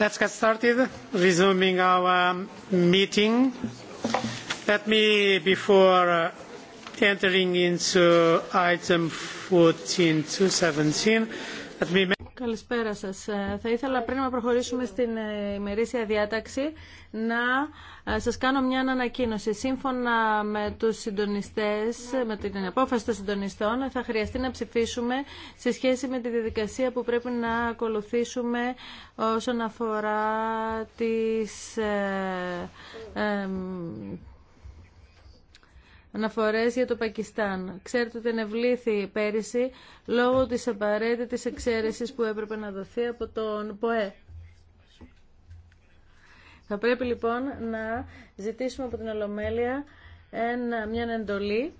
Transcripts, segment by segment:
Let's get started, resuming our meeting. Let me, before entering into item 14 to 17, let me Καλησπέρα σα. Ε, θα ήθελα πριν να προχωρήσουμε στην ε, ημερήσια διάταξη να ε, σας κάνω μια ανακοίνωση. Σύμφωνα με τους συντονιστές, με την απόφαση των συντονιστών, θα χρειαστεί να ψηφίσουμε σε σχέση με τη διαδικασία που πρέπει να ακολουθήσουμε όσον αφορά τις Αναφορές για το Πακιστάν. Ξέρετε ότι ενευλήθη πέρυσι λόγω της απαραίτητης εξαίρεσης που έπρεπε να δοθεί από τον ΠΟΕ. Θα πρέπει λοιπόν να ζητήσουμε από την Ολομέλεια μια εντολή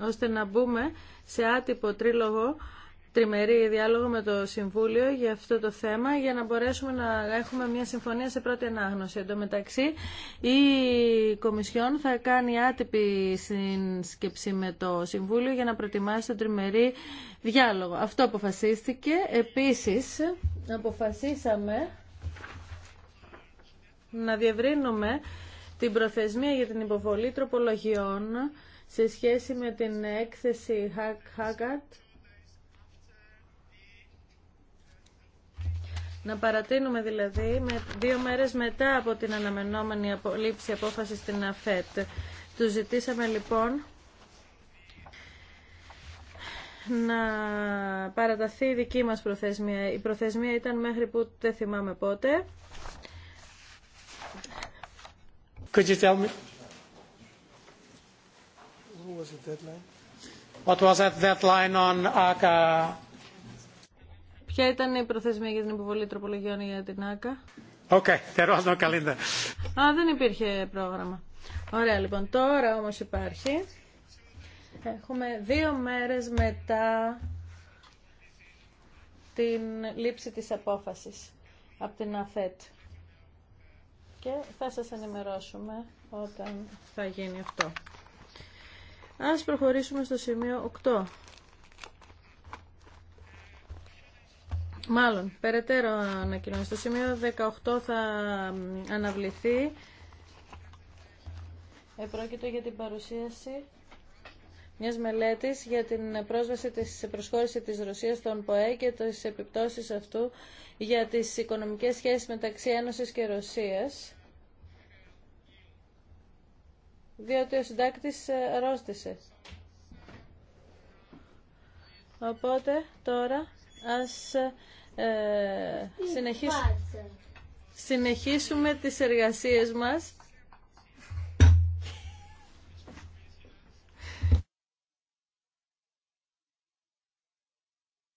ώστε να μπούμε σε άτυπο τρίλογο τριμερή διάλογο με το Συμβούλιο για αυτό το θέμα για να μπορέσουμε να έχουμε μια συμφωνία σε πρώτη ανάγνωση. Εν τω μεταξύ, η Κομισιόν θα κάνει άτυπη σύσκεψη με το Συμβούλιο για να προετοιμάσει το τριμερή διάλογο. Αυτό αποφασίστηκε. Επίσης, αποφασίσαμε να διευρύνουμε την προθεσμία για την υποβολή τροπολογιών σε σχέση με την έκθεση Hackard Να παρατείνουμε δηλαδή με δύο μέρες μετά από την αναμενόμενη λήψη απόφαση στην ΑΦΕΤ. Του ζητήσαμε λοιπόν να παραταθεί η δική μας προθεσμία. Η προθεσμία ήταν μέχρι που δεν θυμάμαι πότε. Could you tell me? What was the deadline? deadline on uh, Ποια ήταν η προθεσμία για την υποβολή τροπολογιών για την ΆΚΑ. Οκ, there Α, δεν υπήρχε πρόγραμμα. Ωραία, λοιπόν, τώρα όμως υπάρχει. Έχουμε δύο μέρες μετά την λήψη της απόφασης από την ΑΦΕΤ. Και θα σας ενημερώσουμε όταν θα γίνει αυτό. Ας προχωρήσουμε στο σημείο 8. Μάλλον, περαιτέρω ανακοινώσει. Το σημείο 18 θα αναβληθεί. Επρόκειτο για την παρουσίαση μια μελέτης για την πρόσβαση της προσχώρηση της Ρωσία στον ΠΟΕ και τι επιπτώσει αυτού για τις οικονομικές σχέσεις μεταξύ Ένωση και Ρωσία. Διότι ο συντάκτη αρρώστησε. Ε, Οπότε τώρα ας ε, συνεχίσουμε, συνεχίσουμε τις εργασίες μας.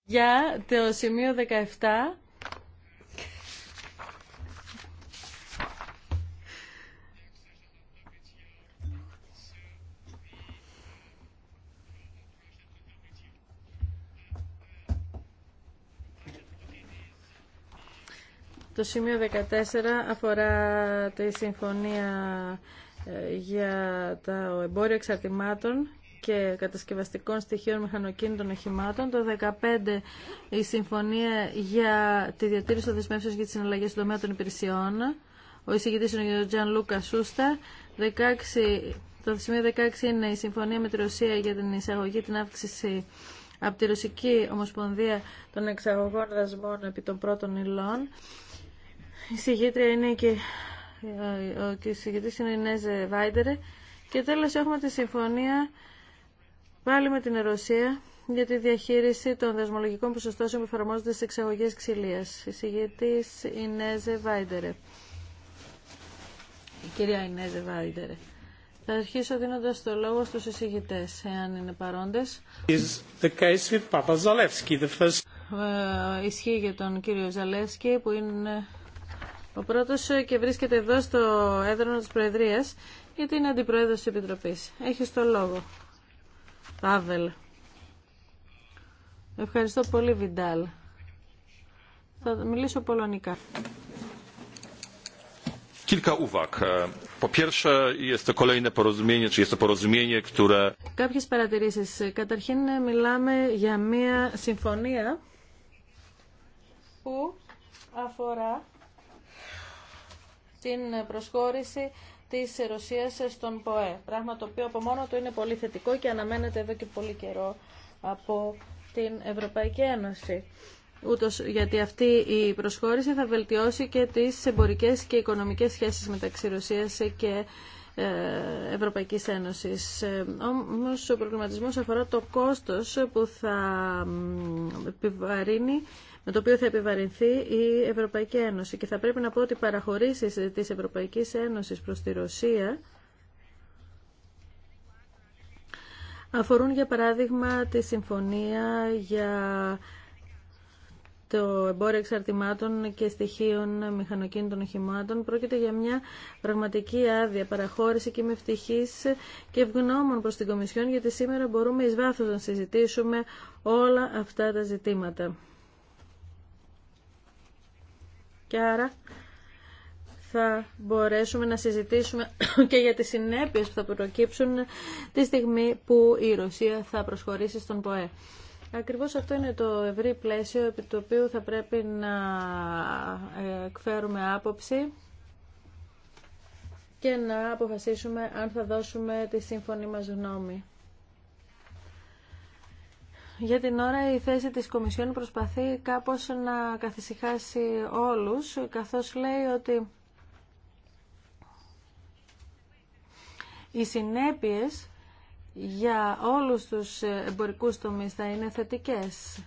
Για το σημείο 17 Το σημείο 14 αφορά τη συμφωνία ε, για το εμπόριο εξαρτημάτων και κατασκευαστικών στοιχείων μηχανοκίνητων οχημάτων. Το 15 η συμφωνία για τη διατήρηση των δεσμεύσεων για τις συναλλαγέ στον τομέα των υπηρεσιών. Ο εισηγητή είναι ο Τζαν Λούκα Σούστα. 16, το σημείο 16 είναι η συμφωνία με τη Ρωσία για την εισαγωγή, την αύξηση από τη Ρωσική Ομοσπονδία των Εξαγωγών Δασμών επί των πρώτων υλών. Η συγγήτρια είναι ε, και ο συγγητής είναι η Νέζε Βάιντερε. Και τέλος έχουμε τη συμφωνία πάλι με την Ρωσία για τη διαχείριση των δεσμολογικών ποσοστώσεων που εφαρμόζονται στις εξαγωγές ξυλίας. Η συγγητής Νέζε Βάιντερε. Η κυρία Νέζε Βάιντερε. Θα αρχίσω δίνοντας το λόγο στους εισηγητές, εάν είναι παρόντες. Ε, ισχύει για τον κύριο Ζαλέσκι που είναι ο πρώτο ε, και βρίσκεται εδώ στο έδρανο τη Προεδρία γιατί είναι αντιπρόεδρο τη Επιτροπή. Έχει το λόγο. Πάβελ. Ευχαριστώ πολύ Βιντάλ. Θα μιλήσω πολωνικά. Κάποιες παρατηρήσεις. Καταρχήν μιλάμε για μια συμφωνία που αφορά την προσχώρηση της Ρωσίας στον ΠΟΕ. Πράγμα το οποίο από μόνο του είναι πολύ θετικό και αναμένεται εδώ και πολύ καιρό από την Ευρωπαϊκή Ένωση. Ούτως, γιατί αυτή η προσχώρηση θα βελτιώσει και τις εμπορικές και οικονομικές σχέσεις μεταξύ Ρωσίας και ε, Ευρωπαϊκής Ένωσης. Ε, όμως ο προβληματισμός αφορά το κόστος που θα επιβαρύνει με το οποίο θα επιβαρυνθεί η Ευρωπαϊκή Ένωση. Και θα πρέπει να πω ότι οι παραχωρήσεις της Ευρωπαϊκής Ένωσης προς τη Ρωσία αφορούν για παράδειγμα τη συμφωνία για το εμπόριο εξαρτημάτων και στοιχείων μηχανοκίνητων οχημάτων. Πρόκειται για μια πραγματική άδεια παραχώρηση και είμαι ευτυχή και ευγνώμων προ την Κομισιόν, γιατί σήμερα μπορούμε ει βάθο να συζητήσουμε όλα αυτά τα ζητήματα. Και άρα θα μπορέσουμε να συζητήσουμε και για τις συνέπειες που θα προκύψουν τη στιγμή που η Ρωσία θα προσχωρήσει στον ΠΟΕ. Ακριβώς αυτό είναι το ευρύ πλαίσιο επί το οποίο θα πρέπει να ε, εκφέρουμε άποψη και να αποφασίσουμε αν θα δώσουμε τη σύμφωνη μας γνώμη. Για την ώρα η θέση της Κομισιόν προσπαθεί κάπως να καθησυχάσει όλους, καθώς λέει ότι οι συνέπειες για όλους τους εμπορικούς τομείς θα είναι θετικές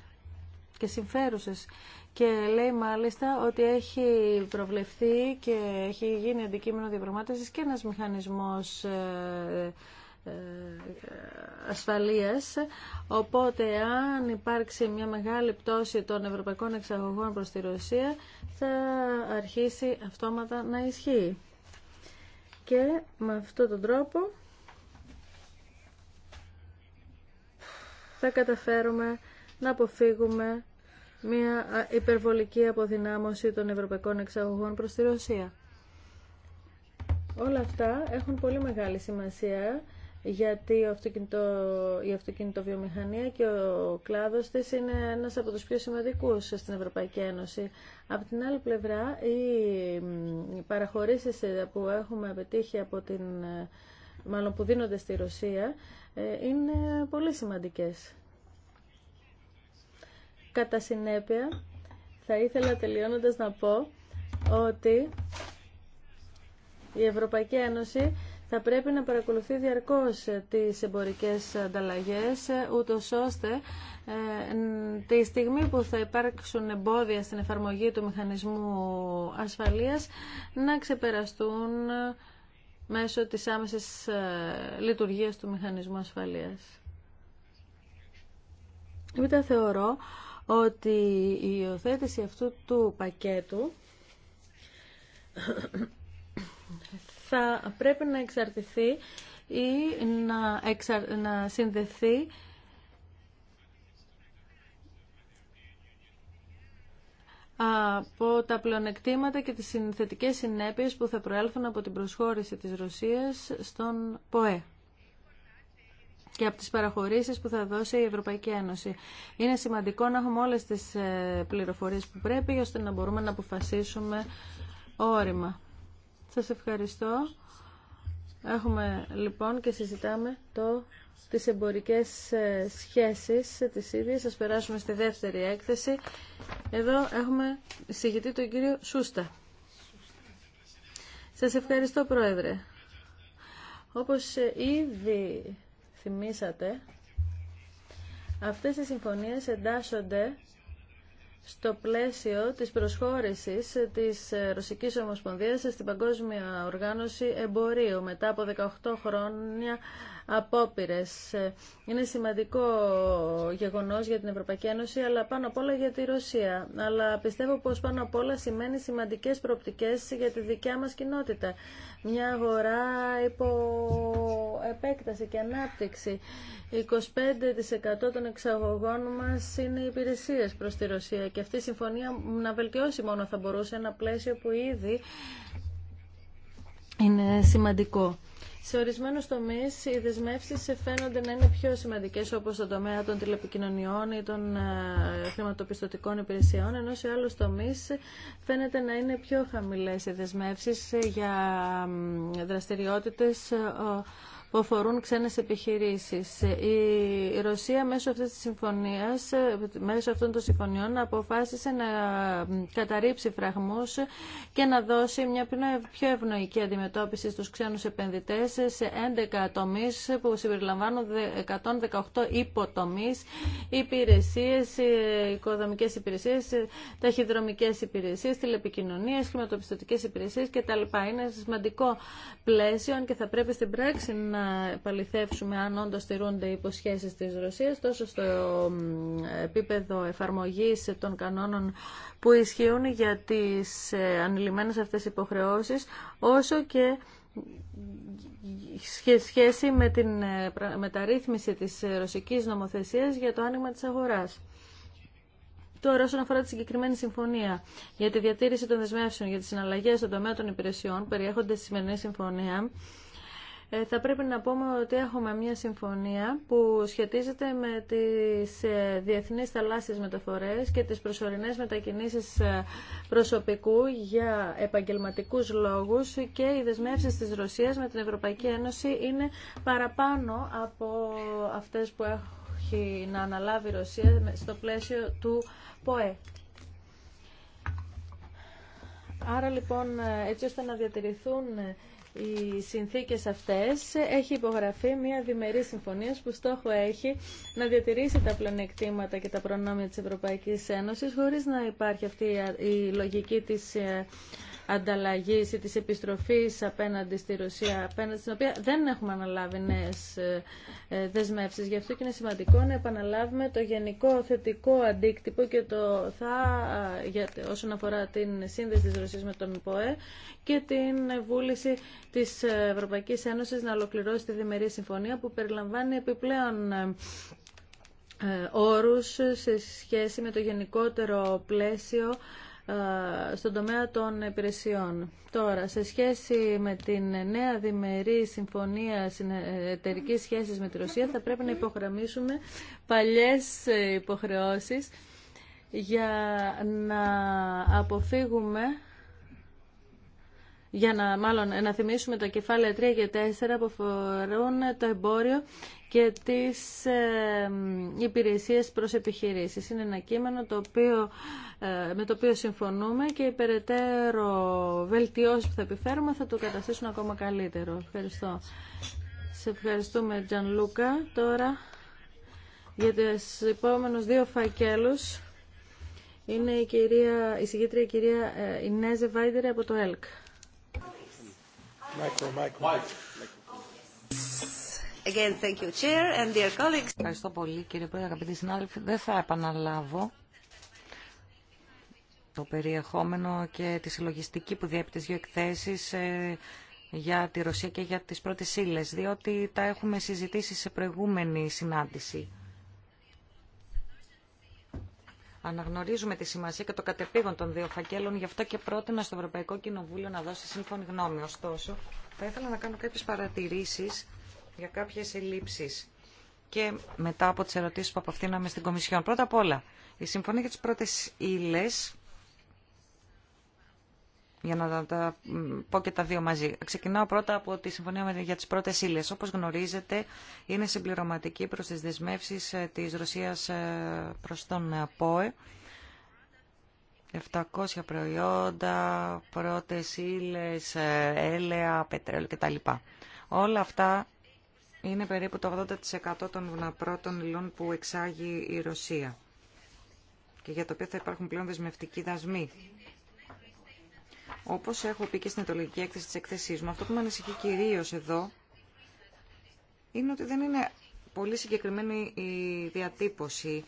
και συμφέρουσες. Και λέει μάλιστα ότι έχει προβλεφθεί και έχει γίνει αντικείμενο διαπραγμάτευσης και ένας μηχανισμός ε, ε, ασφαλείας. Οπότε αν υπάρξει μια μεγάλη πτώση των ευρωπαϊκών εξαγωγών προς τη Ρωσία θα αρχίσει αυτόματα να ισχύει. Και με αυτόν τον τρόπο θα καταφέρουμε να αποφύγουμε μια υπερβολική αποδυνάμωση των ευρωπαϊκών εξαγωγών προς τη Ρωσία. Όλα αυτά έχουν πολύ μεγάλη σημασία γιατί ο αυτοκινητο, η αυτοκινητοβιομηχανία και ο κλάδος της είναι ένας από τους πιο σημαντικούς στην Ευρωπαϊκή Ένωση. Από την άλλη πλευρά, οι παραχωρήσεις ε, που έχουμε πετύχει από την, ε, μάλλον που δίνονται στη Ρωσία, ε, είναι πολύ σημαντικές. Κατά συνέπεια, θα ήθελα τελειώνοντας να πω ότι η Ευρωπαϊκή Ένωση θα πρέπει να παρακολουθεί διαρκώς ε, τις εμπορικές ανταλλαγές, ε, ούτως ώστε ε, τη στιγμή που θα υπάρξουν εμπόδια στην εφαρμογή του μηχανισμού ασφαλείας να ξεπεραστούν μέσω της άμεσης λειτουργίας του μηχανισμού ασφαλείας. Επίτα θεωρώ ότι η υιοθέτηση αυτού του πακέτου θα πρέπει να εξαρτηθεί ή να, να συνδεθεί από τα πλεονεκτήματα και τις συνθετικές συνέπειες που θα προέλθουν από την προσχώρηση της Ρωσίας στον ΠΟΕ και από τις παραχωρήσεις που θα δώσει η Ευρωπαϊκή Ένωση. Είναι σημαντικό να έχουμε όλες τις ε, πληροφορίες που πρέπει ώστε να μπορούμε να αποφασίσουμε όριμα. Σας ευχαριστώ. Έχουμε λοιπόν και συζητάμε το, τις εμπορικές ε, σχέσεις της ίδιας. Σας περάσουμε στη δεύτερη έκθεση. Εδώ έχουμε συγητή τον κύριο Σούστα. Σας ευχαριστώ Πρόεδρε. Όπως ε, ήδη θυμήσατε, αυτές οι συμφωνίες εντάσσονται στο πλαίσιο της προσχώρησης της Ρωσικής Ομοσπονδίας στην Παγκόσμια Οργάνωση Εμπορίου μετά από 18 χρόνια Απόπειρε. Είναι σημαντικό γεγονός για την Ευρωπαϊκή Ένωση, αλλά πάνω απ' όλα για τη Ρωσία. Αλλά πιστεύω πως πάνω απ' όλα σημαίνει σημαντικές προοπτικές για τη δικιά μας κοινότητα. Μια αγορά υπό επέκταση και ανάπτυξη. 25% των εξαγωγών μας είναι υπηρεσίε προς τη Ρωσία και αυτή η συμφωνία να βελτιώσει μόνο θα μπορούσε ένα πλαίσιο που ήδη είναι σημαντικό. Σε ορισμένου τομεί οι δεσμεύσει φαίνονται να είναι πιο σημαντικέ, όπω στον τομέα των τηλεπικοινωνιών ή των ε, χρηματοπιστωτικών υπηρεσιών, ενώ σε άλλου τομεί φαίνεται να είναι πιο χαμηλέ οι δεσμεύσει για δραστηριότητε ε, που αφορούν ξένες επιχειρήσεις. Η Ρωσία μέσω αυτής της συμφωνίας, μέσω αυτών των συμφωνιών αποφάσισε να καταρρύψει φραγμούς και να δώσει μια πιο ευνοϊκή αντιμετώπιση στους ξένους επενδυτές σε 11 τομείς που συμπεριλαμβάνουν 118 υποτομείς, υπηρεσίες, ε, οικοδομικές υπηρεσίες, ε, ταχυδρομικές υπηρεσίες, τηλεπικοινωνίες, χρηματοπιστωτικές υπηρεσίες κτλ. Είναι σημαντικό πλαίσιο και θα πρέπει στην πράξη να να επαληθεύσουμε αν όντω τηρούνται οι υποσχέσεις της Ρωσίας τόσο στο επίπεδο εφαρμογής των κανόνων που ισχύουν για τις ε, ανηλυμένες αυτές υποχρεώσεις όσο και σχέση με την ε, μεταρρύθμιση της ρωσικής νομοθεσίας για το άνοιγμα της αγοράς. Τώρα, όσον αφορά τη συγκεκριμένη συμφωνία για τη διατήρηση των δεσμεύσεων για τι συναλλαγέ στον τομέα των υπηρεσιών, περιέχονται στη σημερινή συμφωνία, ε, θα πρέπει να πούμε ότι έχουμε μια συμφωνία που σχετίζεται με τις ε, διεθνείς θαλάσσιες μεταφορές και τις προσωρινές μετακινήσεις ε, προσωπικού για επαγγελματικούς λόγους και οι δεσμεύσεις της Ρωσίας με την Ευρωπαϊκή Ένωση είναι παραπάνω από αυτές που έχει να αναλάβει η Ρωσία στο πλαίσιο του ΠΟΕ. Άρα λοιπόν έτσι ώστε να διατηρηθούν οι συνθήκες αυτές έχει υπογραφεί μια διμερή συμφωνία που στόχο έχει να διατηρήσει τα πλεονεκτήματα και τα προνόμια της Ευρωπαϊκής Ένωσης χωρίς να υπάρχει αυτή η λογική της ε, Ανταλλαγή ή της επιστροφής απέναντι στη Ρωσία, απέναντι στην οποία δεν έχουμε αναλάβει νέε ε, ε, δεσμεύσεις. Γι' αυτό και είναι σημαντικό να επαναλάβουμε το γενικό θετικό αντίκτυπο και το θα, ε, για, όσον αφορά την σύνδεση της Ρωσία με τον ΠΟΕ και την βούληση της Ευρωπαϊκής Ένωση να ολοκληρώσει τη διμερή συμφωνία που περιλαμβάνει επιπλέον όρους σε σχέση με το γενικότερο πλαίσιο ε, στον τομέα των υπηρεσιών. Τώρα, σε σχέση με την νέα διμερή συμφωνία εταιρική σχέση με τη Ρωσία, θα πρέπει να υπογραμμίσουμε παλιές ε, υποχρεώσεις για να αποφύγουμε για να, μάλλον, να θυμίσουμε τα κεφάλαια 3 και 4 που αφορούν το εμπόριο και τις υπηρεσίες προς επιχειρήσεις. Είναι ένα κείμενο ε, με το οποίο συμφωνούμε και οι περαιτέρω βελτιώσεις που θα επιφέρουμε θα το καταστήσουν ακόμα καλύτερο. Ευχαριστώ. Σε ευχαριστούμε Τζαν Λούκα τώρα για τις επόμενους δύο φακέλους. Είναι η, κυρία, η η κυρία ε, Ινέζε Βάιντερ από το ΕΛΚ. Ευχαριστώ πολύ κύριε Πρόεδρε, αγαπητοί συνάδελφοι. Δεν θα επαναλάβω το περιεχόμενο και τη συλλογιστική που διέπει δύο εκθέσεις ε, για τη Ρωσία και για τι πρώτε ύλε, διότι τα έχουμε συζητήσει σε προηγούμενη συνάντηση. Αναγνωρίζουμε τη σημασία και το κατεπήγον των δύο φακέλων, γι' αυτό και πρότεινα στο Ευρωπαϊκό Κοινοβούλιο να δώσει σύμφωνη γνώμη. Ωστόσο, θα ήθελα να κάνω κάποιε παρατηρήσει για κάποιες ελλείψεις και μετά από τις ερωτήσεις που αποφθήναμε στην Κομισιόν. Πρώτα απ' όλα, η Συμφωνία για τις πρώτες ύλες, για να τα πω και τα δύο μαζί. Ξεκινάω πρώτα από τη Συμφωνία για τις πρώτες ύλες. Όπως γνωρίζετε, είναι συμπληρωματική προς τις δεσμεύσεις ε, της Ρωσίας ε, προς τον ε, ΠΟΕ. 700 προϊόντα, πρώτες ύλες, έλαια, πετρέλαιο κτλ. Όλα αυτά είναι περίπου το 80% των βουναπρώτων υλών που εξάγει η Ρωσία και για το οποίο θα υπάρχουν πλέον δεσμευτικοί δασμοί. Όπως έχω πει και στην ετολογική έκθεση της εκθέσή μου, αυτό που με ανησυχεί κυρίω εδώ είναι ότι δεν είναι πολύ συγκεκριμένη η διατύπωση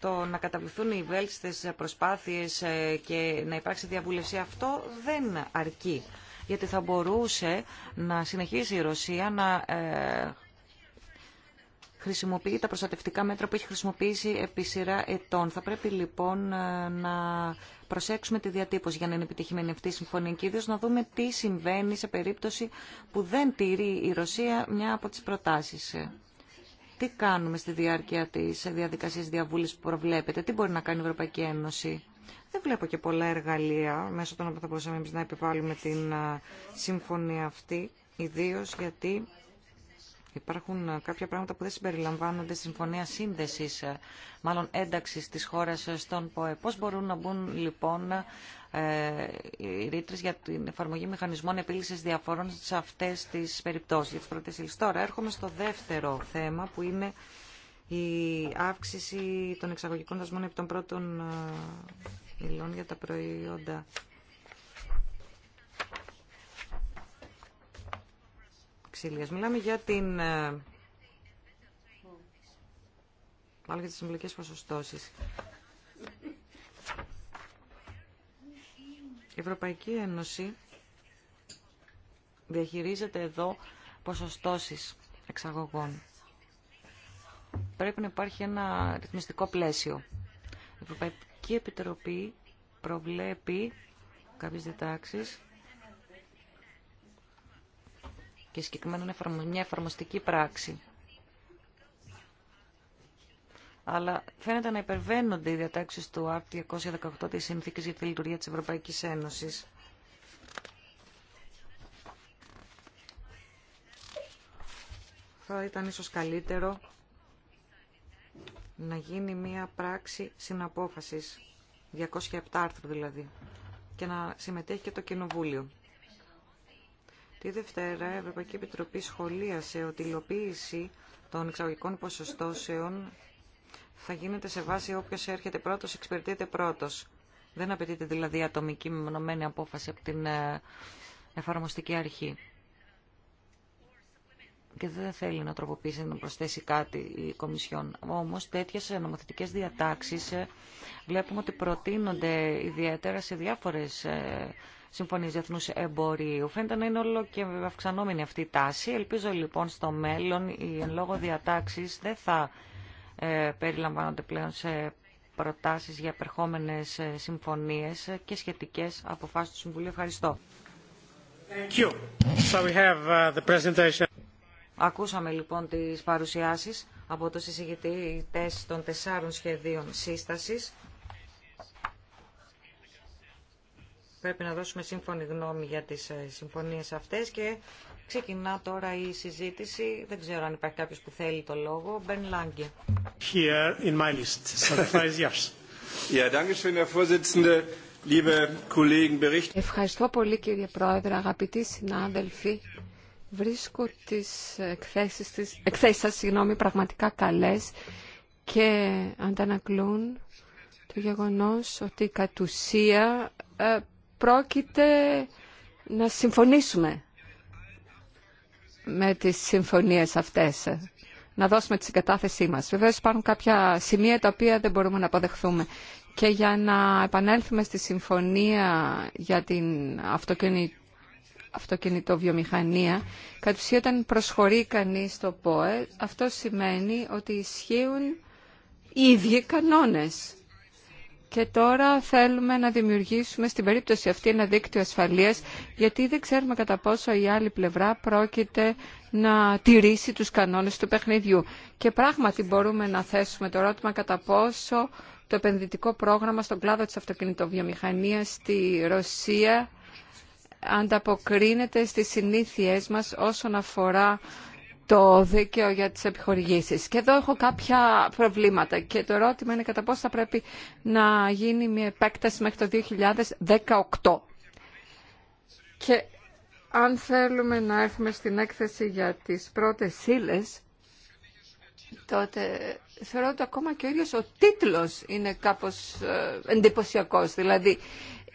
το να καταβληθούν οι βέλτιστες προσπάθειες ε, και να υπάρξει διαβούλευση αυτό δεν αρκεί γιατί θα μπορούσε να συνεχίσει η Ρωσία να ε, χρησιμοποιεί τα προστατευτικά μέτρα που έχει χρησιμοποιήσει επί σειρά ετών. Θα πρέπει λοιπόν ε, να προσέξουμε τη διατύπωση για να είναι επιτυχημένη αυτή η συμφωνία και ιδίως να δούμε τι συμβαίνει σε περίπτωση που δεν τηρεί η Ρωσία μια από τις προτάσεις. Τι κάνουμε στη διάρκεια της διαδικασίας διαβούλης που προβλέπετε, τι μπορεί να κάνει η Ευρωπαϊκή Ένωση. Δεν βλέπω και πολλά εργαλεία μέσω των οποίων θα μπορούσαμε εμείς να επιβάλλουμε την συμφωνία αυτή, ιδίω γιατί υπάρχουν κάποια πράγματα που δεν συμπεριλαμβάνονται στη συμφωνία σύνδεση, μάλλον ένταξης της χώρας στον ΠΟΕ. Πώ μπορούν να μπουν λοιπόν ε, οι ρήτρε για την εφαρμογή μηχανισμών επίλυσης διαφορών σε αυτέ τι περιπτώσει. για Τώρα έρχομαι στο δεύτερο θέμα που είναι η αύξηση των εξαγωγικών δασμών επί των πρώτων ε, υλών για τα προϊόντα. Ξυλίας. Μιλάμε για την ε, μάλλον για τις ποσοστώσεις. Η Ευρωπαϊκή Ένωση διαχειρίζεται εδώ ποσοστώσεις εξαγωγών πρέπει να υπάρχει ένα ρυθμιστικό πλαίσιο. Η Ευρωπαϊκή Επιτροπή προβλέπει κάποιες διτάξεις και συγκεκριμένα μια εφαρμοστική πράξη. Αλλά φαίνεται να υπερβαίνονται οι διατάξεις του ΑΡΤ 218 της Συνθήκης για τη Λειτουργία της Ευρωπαϊκής Ένωσης. Θα ήταν ίσως καλύτερο να γίνει μία πράξη συναπόφασης, 207 άρθρο δηλαδή, και να συμμετέχει και το Κοινοβούλιο. Τη Δευτέρα η Ευρωπαϊκή Επιτροπή σχολίασε ότι η υλοποίηση των εξαγωγικών ποσοστώσεων θα γίνεται σε βάση όποιο έρχεται πρώτος εξυπηρετείται πρώτος. Δεν απαιτείται δηλαδή ατομική μεμονωμένη απόφαση από την ε, εφαρμοστική αρχή και δεν θέλει να τροποποιήσει, να προσθέσει κάτι η Κομισιόν. Όμω τέτοιε νομοθετικέ διατάξει ε, βλέπουμε ότι προτείνονται ιδιαίτερα σε διάφορε συμφωνίε διεθνού εμπορίου. Φαίνεται να είναι όλο και αυξανόμενη αυτή η τάση. Ελπίζω λοιπόν στο μέλλον οι εν λόγω διατάξει δεν θα ε, περιλαμβάνονται πλέον σε προτάσεις για επερχόμενες ε, συμφωνίες και σχετικές αποφάσεις του Συμβουλίου. Ευχαριστώ. Thank you. So we have uh, the presentation. Ακούσαμε λοιπόν τις παρουσιάσεις από τους εισηγητές των τεσσάρων σχεδίων σύστασης. Πρέπει να δώσουμε σύμφωνη γνώμη για τις ε, συμφωνίες αυτές και ξεκινά τώρα η συζήτηση. Δεν ξέρω αν υπάρχει κάποιος που θέλει το λόγο. Μπεν Λάγκε. in Ευχαριστώ πολύ κύριε Πρόεδρε, αγαπητοί συνάδελφοι. Βρίσκω τις εκθέσεις, τις εκθέσεις σας πραγματικά καλές και αντανακλούν το γεγονός ότι κατ' ουσία ε, πρόκειται να συμφωνήσουμε με τις συμφωνίες αυτές, ε, να δώσουμε τη συγκατάθεσή μας. Βεβαίως υπάρχουν κάποια σημεία τα οποία δεν μπορούμε να αποδεχθούμε. Και για να επανέλθουμε στη συμφωνία για την αυτοκίνητη αυτοκινητοβιομηχανία, κατ' ουσία όταν προσχωρεί κανείς στο ΠΟΕ, αυτό σημαίνει ότι ισχύουν οι ίδιοι κανόνες. Και τώρα θέλουμε να δημιουργήσουμε στην περίπτωση αυτή ένα δίκτυο ασφαλείας, γιατί δεν ξέρουμε κατά πόσο η άλλη πλευρά πρόκειται να τηρήσει τους κανόνες του παιχνιδιού. Και πράγματι μπορούμε να θέσουμε το ερώτημα κατά πόσο το επενδυτικό πρόγραμμα στον κλάδο της αυτοκινητοβιομηχανίας στη Ρωσία ανταποκρίνεται στις συνήθειές μας όσον αφορά το δίκαιο για τις επιχορηγήσεις. Και εδώ έχω κάποια προβλήματα και το ερώτημα είναι κατά πώς θα πρέπει να γίνει μια επέκταση μέχρι το 2018. Και αν θέλουμε να έρθουμε στην έκθεση για τις πρώτες ύλε, τότε θεωρώ ότι ακόμα και ο ίδιος ο τίτλος είναι κάπως ε, εντυπωσιακός. Δηλαδή,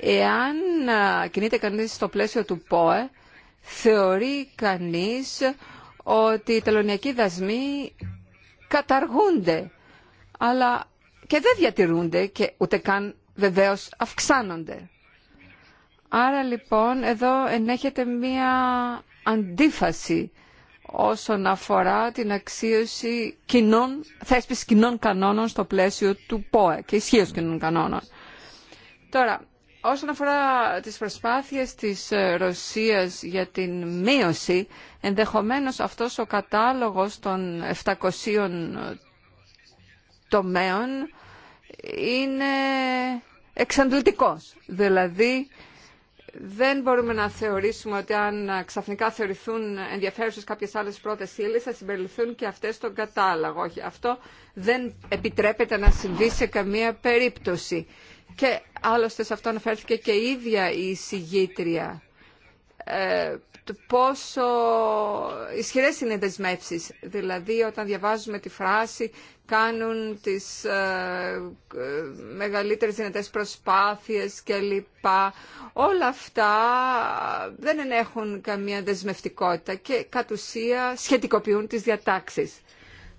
Εάν κινείται κανείς στο πλαίσιο του ΠΟΕ, θεωρεί κανείς ότι οι τελωνιακοί δασμοί καταργούνται, αλλά και δεν διατηρούνται και ούτε καν βεβαίως αυξάνονται. Άρα λοιπόν εδώ ενέχεται μία αντίφαση όσον αφορά την αξίωση κοινών, θέσπιση κοινών κανόνων στο πλαίσιο του ΠΟΕ και ισχύω κοινών κανόνων. Τώρα, Όσον αφορά τις προσπάθειες της ε, Ρωσίας για την μείωση, ενδεχομένως αυτός ο κατάλογος των 700 ε, τομέων είναι εξαντλητικός. Δηλαδή, δεν μπορούμε να θεωρήσουμε ότι αν ε, ξαφνικά θεωρηθούν ενδιαφέρουσες κάποιες άλλες πρώτες ύλες θα συμπεριληφθούν και αυτές στον κατάλογο. Όχι, αυτό δεν επιτρέπεται να συμβεί σε καμία περίπτωση. Και άλλωστε σε αυτό αναφέρθηκε και η ίδια η συγγήτρια. Ε, πόσο ισχυρές είναι οι δεσμεύσεις. Δηλαδή όταν διαβάζουμε τη φράση κάνουν τις ε, ε μεγαλύτερες δυνατές προσπάθειες κλπ. Όλα αυτά δεν έχουν καμία δεσμευτικότητα και κατ' ουσία σχετικοποιούν τις διατάξεις.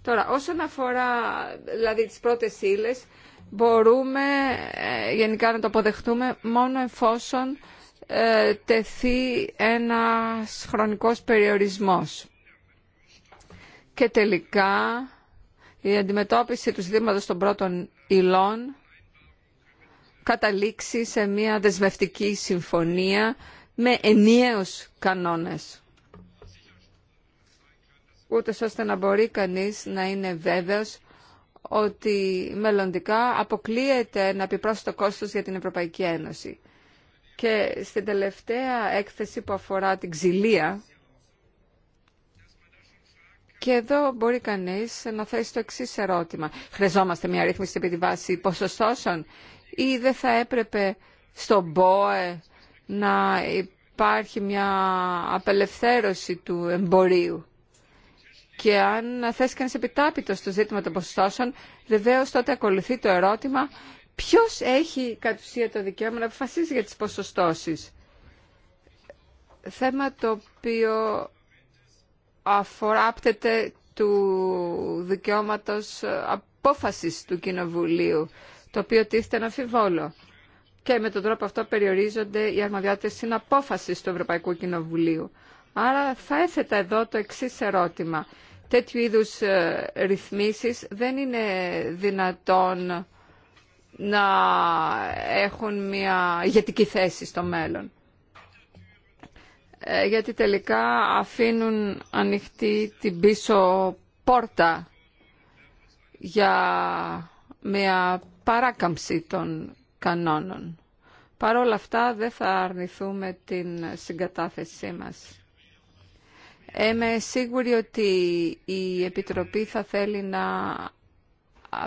Τώρα όσον αφορά δηλαδή τις πρώτες ύλες, μπορούμε ε, γενικά να το αποδεχτούμε μόνο εφόσον ε, τεθεί ένας χρονικός περιορισμός. Και τελικά η αντιμετώπιση του ζητήματος των πρώτων υλών καταλήξει σε μια δεσμευτική συμφωνία με ενιαίους κανόνες. Ούτε ώστε να μπορεί κανείς να είναι βέβαιος ότι μελλοντικά αποκλείεται να ένα το κόστος για την Ευρωπαϊκή Ένωση. Και στην τελευταία έκθεση που αφορά την ξυλία, και εδώ μπορεί κανείς να θέσει το εξή ερώτημα. Χρειαζόμαστε μια ρύθμιση επί τη βάση ποσοστώσεων ή δεν θα έπρεπε στον ΠΟΕ να υπάρχει μια απελευθέρωση του εμπορίου. Και αν θέσει κανείς επιτάπητο στο ζήτημα των ποσοστώσεων, βεβαίω τότε ακολουθεί το ερώτημα ποιος έχει κατ' ουσία το δικαίωμα να αποφασίζει για τις ποσοστώσεις. Θέμα το οποίο αφοράπτεται του δικαιώματος απόφασης του Κοινοβουλίου, το οποίο τίθεται να αμφιβόλο. Και με τον τρόπο αυτό περιορίζονται οι στην απόφαση του Ευρωπαϊκού Κοινοβουλίου. Άρα θα έθετα εδώ το εξής ερώτημα τέτοιου είδους ε, ρυθμίσεις δεν είναι δυνατόν να έχουν μια ηγετική θέση στο μέλλον. Ε, γιατί τελικά αφήνουν ανοιχτή την πίσω πόρτα για μια παράκαμψη των κανόνων. Παρ' όλα αυτά δεν θα αρνηθούμε την συγκατάθεσή μας. Είμαι σίγουρη ότι η Επιτροπή θα θέλει να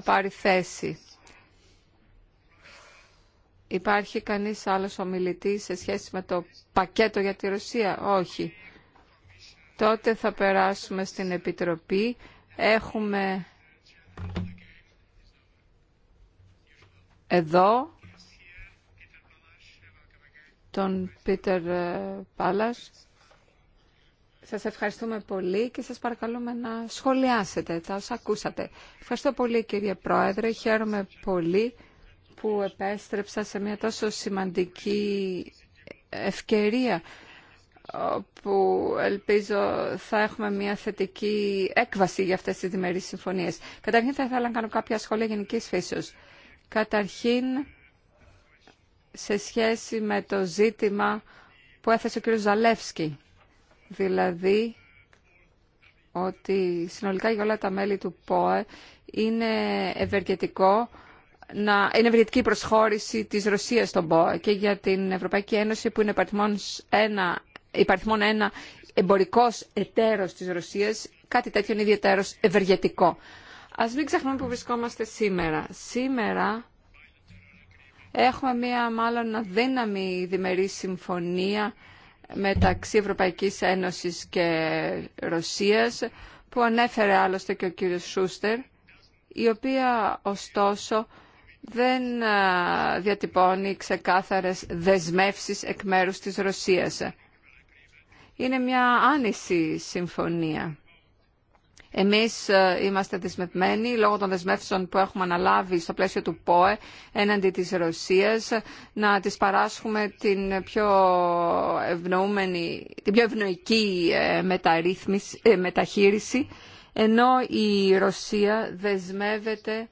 πάρει θέση. Υπάρχει κανείς άλλος ομιλητής σε σχέση με το πακέτο για τη Ρωσία. Όχι. Τότε θα περάσουμε στην Επιτροπή. Έχουμε εδώ τον Πίτερ ε, Πάλας. Σας ευχαριστούμε πολύ και σας παρακαλούμε να σχολιάσετε τα όσα ακούσατε. Ευχαριστώ πολύ κύριε Πρόεδρε, χαίρομαι πολύ που επέστρεψα σε μια τόσο σημαντική ευκαιρία που ελπίζω θα έχουμε μια θετική έκβαση για αυτές τις διμερείς συμφωνίες. Καταρχήν θα ήθελα να κάνω κάποια σχόλια γενική φύσεως. Καταρχήν σε σχέση με το ζήτημα που έθεσε ο κ. Ζαλεύσκη δηλαδή ότι συνολικά για όλα τα μέλη του ΠΟΕ είναι ευεργετικό να είναι ευεργετική η προσχώρηση της Ρωσίας στον ΠΟΕ και για την Ευρωπαϊκή Ένωση που είναι υπαριθμόν ένα, ένα εμπορικός εταίρος της Ρωσίας, κάτι τέτοιο είναι ιδιαίτερος ευεργετικό. Ας μην ξεχνάμε που βρισκόμαστε σήμερα. Σήμερα έχουμε μία μάλλον αδύναμη διμερή συμφωνία μεταξύ Ευρωπαϊκής Ένωσης και Ρωσίας που ανέφερε άλλωστε και ο κύριος Σούστερ η οποία ωστόσο δεν διατυπώνει ξεκάθαρες δεσμεύσεις εκ μέρους της Ρωσίας. Είναι μια άνηση συμφωνία. Εμείς ε, είμαστε δεσμευμένοι λόγω των δεσμεύσεων που έχουμε αναλάβει στο πλαίσιο του ΠΟΕ έναντι της Ρωσίας να της παράσχουμε την πιο, ευνοούμενη, την πιο ευνοϊκή ε, ε, μεταχείριση ενώ η Ρωσία δεσμεύεται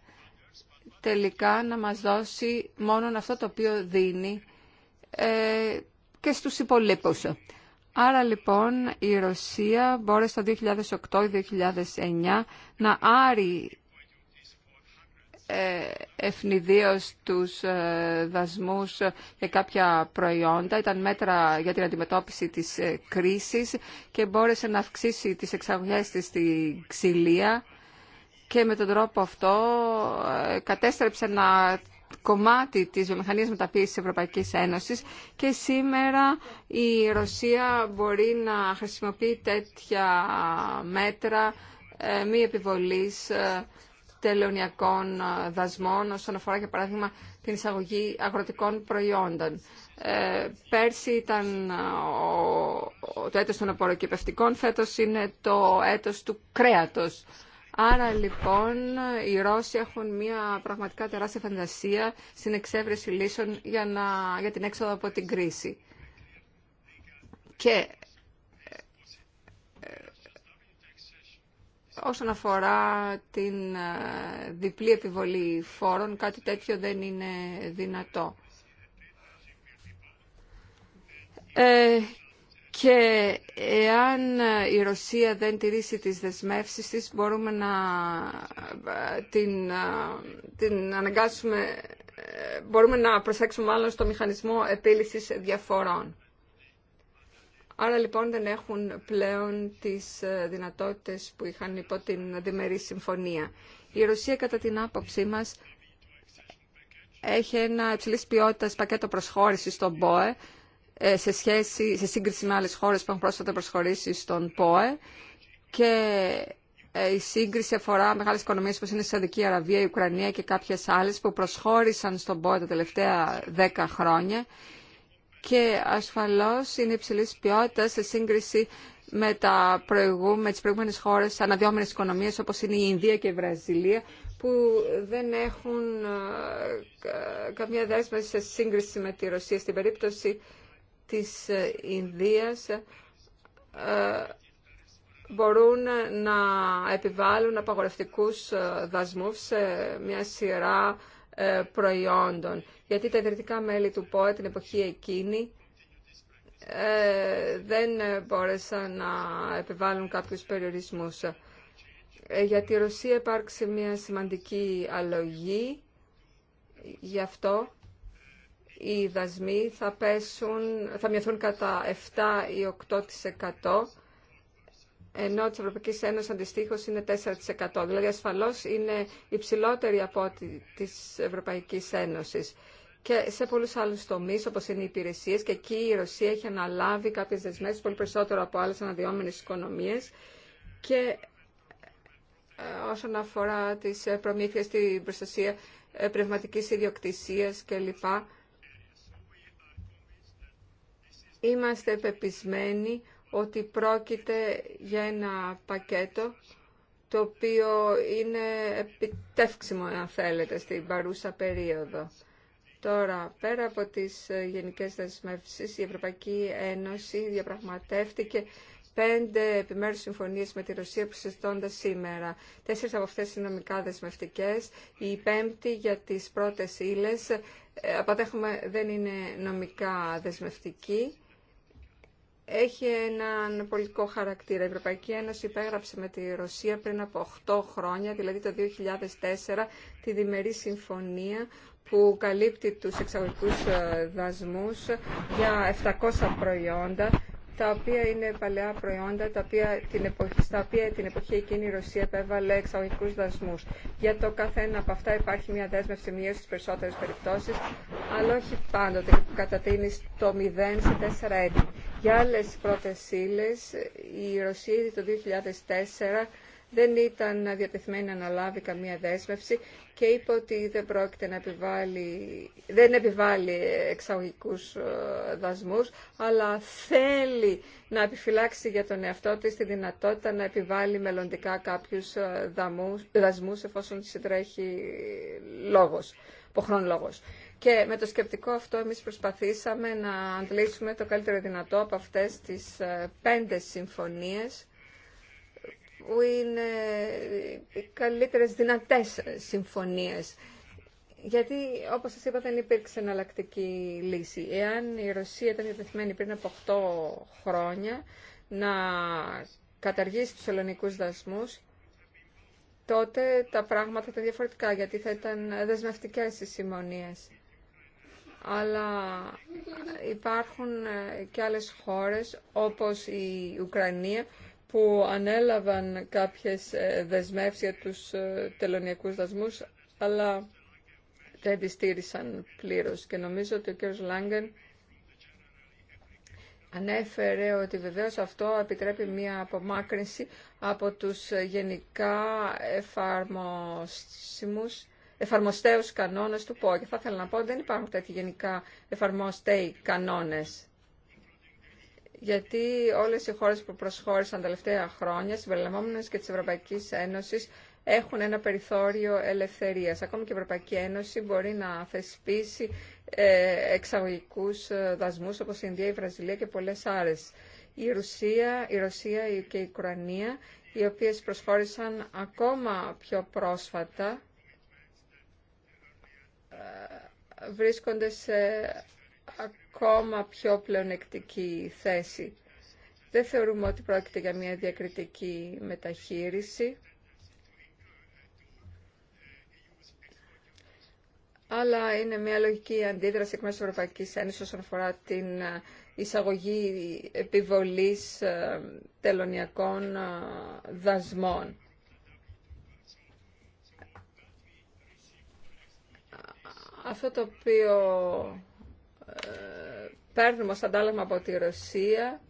τελικά να μας δώσει μόνο αυτό το οποίο δίνει και στους υπολείπους. Άρα λοιπόν η Ρωσία μπόρεσε το 2008-2009 να άρει ε, ευνηδίως τους ε, δασμούς για κάποια προϊόντα. Ήταν μέτρα για την αντιμετώπιση της ε, κρίσης και μπόρεσε να αυξήσει τις εξαγωγές της στη ξυλία και με τον τρόπο αυτό κατέστρεψε να κομμάτι της βιομηχανίας μεταποίησης της Ευρωπαϊκής Ένωσης και σήμερα η Ρωσία μπορεί να χρησιμοποιεί τέτοια μέτρα ε, μη επιβολής ε, τελωνιακών ε, δασμών όσον αφορά για παράδειγμα την εισαγωγή αγροτικών προϊόντων. πέρσι ήταν το έτος των απορροκυπευτικών, φέτος είναι το έτος του κρέατος. Άρα λοιπόν οι Ρώσοι έχουν μια πραγματικά τεράστια φαντασία στην εξέβρεση λύσεων για, να, για την έξοδο από την κρίση. Και ε, ε, όσον αφορά την ε, διπλή επιβολή φόρων, κάτι τέτοιο δεν είναι δυνατό και εάν η Ρωσία δεν τηρήσει τις δεσμεύσεις της μπορούμε να ε, την, ε, την αναγκάσουμε ε, μπορούμε να προσέξουμε μάλλον στο μηχανισμό επίλυσης διαφορών. Άρα λοιπόν δεν έχουν πλέον τις δυνατότητες που είχαν υπό την διμερή συμφωνία. Η Ρωσία κατά την άποψή μας έχει ένα υψηλής ποιότητας πακέτο προσχώρησης στον ΠΟΕ ε, σε, σχέση, σε σύγκριση με άλλες χώρες που έχουν πρόσφατα προσχωρήσει στον ΠΟΕ και ε, η σύγκριση αφορά μεγάλες οικονομίες όπως είναι η Σαουδική Αραβία, η Ουκρανία και κάποιες άλλες που προσχώρησαν στον ΠΟΕ τα τελευταία δέκα χρόνια και ασφαλώς είναι υψηλή ποιότητα σε σύγκριση με, τα προηγού, με τις προηγούμενες χώρες αναδυόμενες οικονομίες όπως είναι η Ινδία και η Βραζιλία που δεν έχουν ε, καμία δέσμευση σε σύγκριση με τη Ρωσία στην περίπτωση της Ινδίας ε, μπορούν να επιβάλλουν απαγορευτικούς ε, δασμούς σε μια σειρά ε, προϊόντων. Γιατί τα ιδρυτικά μέλη του ΠΟΕ την εποχή εκείνη δεν μπόρεσαν να επιβάλλουν κάποιους περιορισμούς. Για τη Ρωσία υπάρξει μια σημαντική αλλογή, γι' αυτό οι δασμοί θα, πέσουν, θα μειωθούν κατά 7 ή 8% ενώ της Ευρωπαϊκής Ένωσης αντιστοίχως είναι 4%. Δηλαδή ασφαλώς είναι υψηλότερη από ό,τι της Ευρωπαϊκής Ένωσης. Και σε πολλούς άλλους τομείς όπως είναι οι υπηρεσίες και εκεί η Ρωσία έχει αναλάβει κάποιες δεσμεύσεις πολύ περισσότερο από άλλες αναδυόμενες οικονομίες και ε, όσον αφορά τις ε, προμήθειες, την προστασία ε, πνευματικής ιδιοκτησίας κλπ. Είμαστε πεπισμένοι ότι πρόκειται για ένα πακέτο το οποίο είναι επιτεύξιμο, αν θέλετε, στην παρούσα περίοδο. Τώρα, πέρα από τις ε, γενικές δεσμεύσεις, η Ευρωπαϊκή Ένωση διαπραγματεύτηκε πέντε επιμέρους συμφωνίες με τη Ρωσία που συζητώνται σήμερα. Τέσσερις από αυτές είναι νομικά δεσμευτικές. Η πέμπτη για τις πρώτες ύλες, ε, αποτέχουμε δεν είναι νομικά δεσμευτική έχει έναν πολιτικό χαρακτήρα. Η Ευρωπαϊκή Ένωση υπέγραψε με τη Ρωσία πριν από 8 χρόνια, δηλαδή το 2004, τη διμερή συμφωνία που καλύπτει τους εξαγωγικούς ε, δασμούς για 700 προϊόντα, τα οποία είναι παλαιά προϊόντα, τα οποία την εποχή, στα οποία την εποχή εκείνη η Ρωσία επέβαλε εξαγωγικού δασμού. Για το καθένα από αυτά υπάρχει μια δέσμευση μείωση στι περισσότερε περιπτώσει, αλλά όχι πάντοτε που κατατείνει το 0 σε 4 έτη. Για άλλε πρώτε ύλε, η Ρωσία ήδη το 2004 δεν ήταν διατεθειμένη να αναλάβει καμία δέσμευση και είπε ότι δεν πρόκειται να επιβάλλει, δεν επιβάλλει εξαγωγικούς ε, δασμούς, αλλά θέλει να επιφυλάξει για τον εαυτό της τη δυνατότητα να επιβάλλει μελλοντικά κάποιους ε, δασμούς εφόσον συντρέχει λόγος, υποχρόν λόγος. Και με το σκεπτικό αυτό εμείς προσπαθήσαμε να αντλήσουμε το καλύτερο δυνατό από αυτές τις ε, πέντε συμφωνίες που είναι οι καλύτερες δυνατές συμφωνίες. Γιατί, όπως σας είπα, δεν υπήρξε εναλλακτική λύση. Εάν η Ρωσία ήταν διατεθειμένη πριν από 8 χρόνια να καταργήσει τους ελληνικούς δασμούς, τότε τα πράγματα ήταν διαφορετικά, γιατί θα ήταν δεσμευτικές οι συμμονίες αλλά υπάρχουν ε, και άλλες χώρες όπως η Ουκρανία που ανέλαβαν κάποιες ε, δεσμεύσεις για τους ε, τελωνιακούς δασμούς αλλά δεν τις στήρισαν πλήρως και νομίζω ότι ο κ. Λάγκεν ανέφερε ότι βεβαίως αυτό επιτρέπει μία απομάκρυνση από τους γενικά εφαρμοσιμούς εφαρμοστέους κανόνες του πω Και θα ήθελα να πω ότι δεν υπάρχουν τέτοιοι γενικά εφαρμοστέοι κανόνες. Γιατί όλες οι χώρες που προσχώρησαν τα τελευταία χρόνια, συμπεριλαμβάνονες και της Ευρωπαϊκής Ένωσης, έχουν ένα περιθώριο ελευθερίας. Ακόμη και η Ευρωπαϊκή Ένωση μπορεί να θεσπίσει ε, εξαγωγικούς ε, δασμούς όπως η Ινδία, η Βραζιλία και πολλές άλλες. Η Ρουσία, η Ρωσία και η Ουκρανία, οι οποίες προσχώρησαν ακόμα πιο πρόσφατα, βρίσκονται σε ακόμα πιο πλεονεκτική θέση. Δεν θεωρούμε ότι πρόκειται για μια διακριτική μεταχείριση, αλλά είναι μια λογική αντίδραση εκ μέρους της Ευρωπαϊκής όσον αφορά την ε, εισαγωγή επιβολής ε, τελωνιακών ε, δασμών. Αυτό το οποίο ε, παίρνουμε ως αντάλλαγμα από τη Ρωσία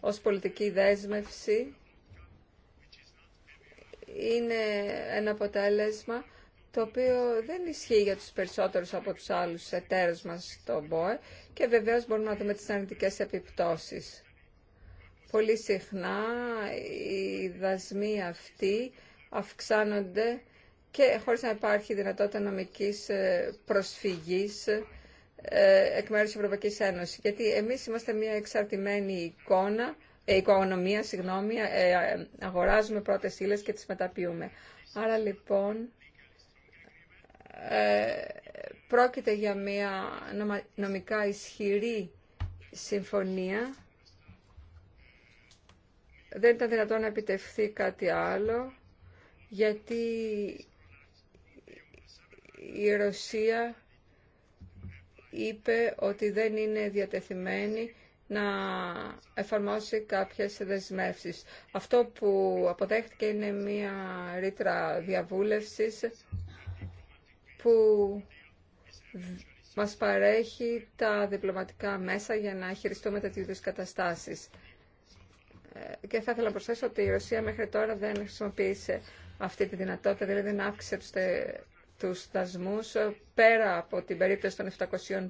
ως πολιτική δέσμευση είναι ένα αποτέλεσμα το οποίο δεν ισχύει για τους περισσότερους από τους άλλους εταίρους μας στον ΠΟΕ και βεβαίως μπορούμε να δούμε τις αρνητικές επιπτώσεις. Πολύ συχνά οι δασμοί αυτοί αυξάνονται και χωρίς να υπάρχει δυνατότητα νομικής ε, προσφυγής ε, εκ μέρους της Ευρωπαϊκής Ένωσης. Γιατί εμείς είμαστε μια εξαρτημένη εικόνα, ε, οικονομία, συγγνώμη, αγοράζουμε πρώτες ύλες και τις μεταποιούμε. Άρα λοιπόν πρόκειται για μια νομικά ισχυρή συμφωνία. Δεν ήταν δυνατόν να επιτευχθεί κάτι άλλο, γιατί η Ρωσία είπε ότι δεν είναι διατεθειμένη να εφαρμόσει κάποιες δεσμεύσεις. Αυτό που αποδέχτηκε είναι μία ρήτρα διαβούλευσης που μας παρέχει τα διπλωματικά μέσα για να χειριστούμε τέτοιου είδους καταστάσεις. Ε, και θα ήθελα να προσθέσω ότι η Ρωσία μέχρι τώρα δεν χρησιμοποίησε αυτή τη δυνατότητα, δηλαδή δεν αύξησε τους δασμούς ε, πέρα από την περίπτωση των 700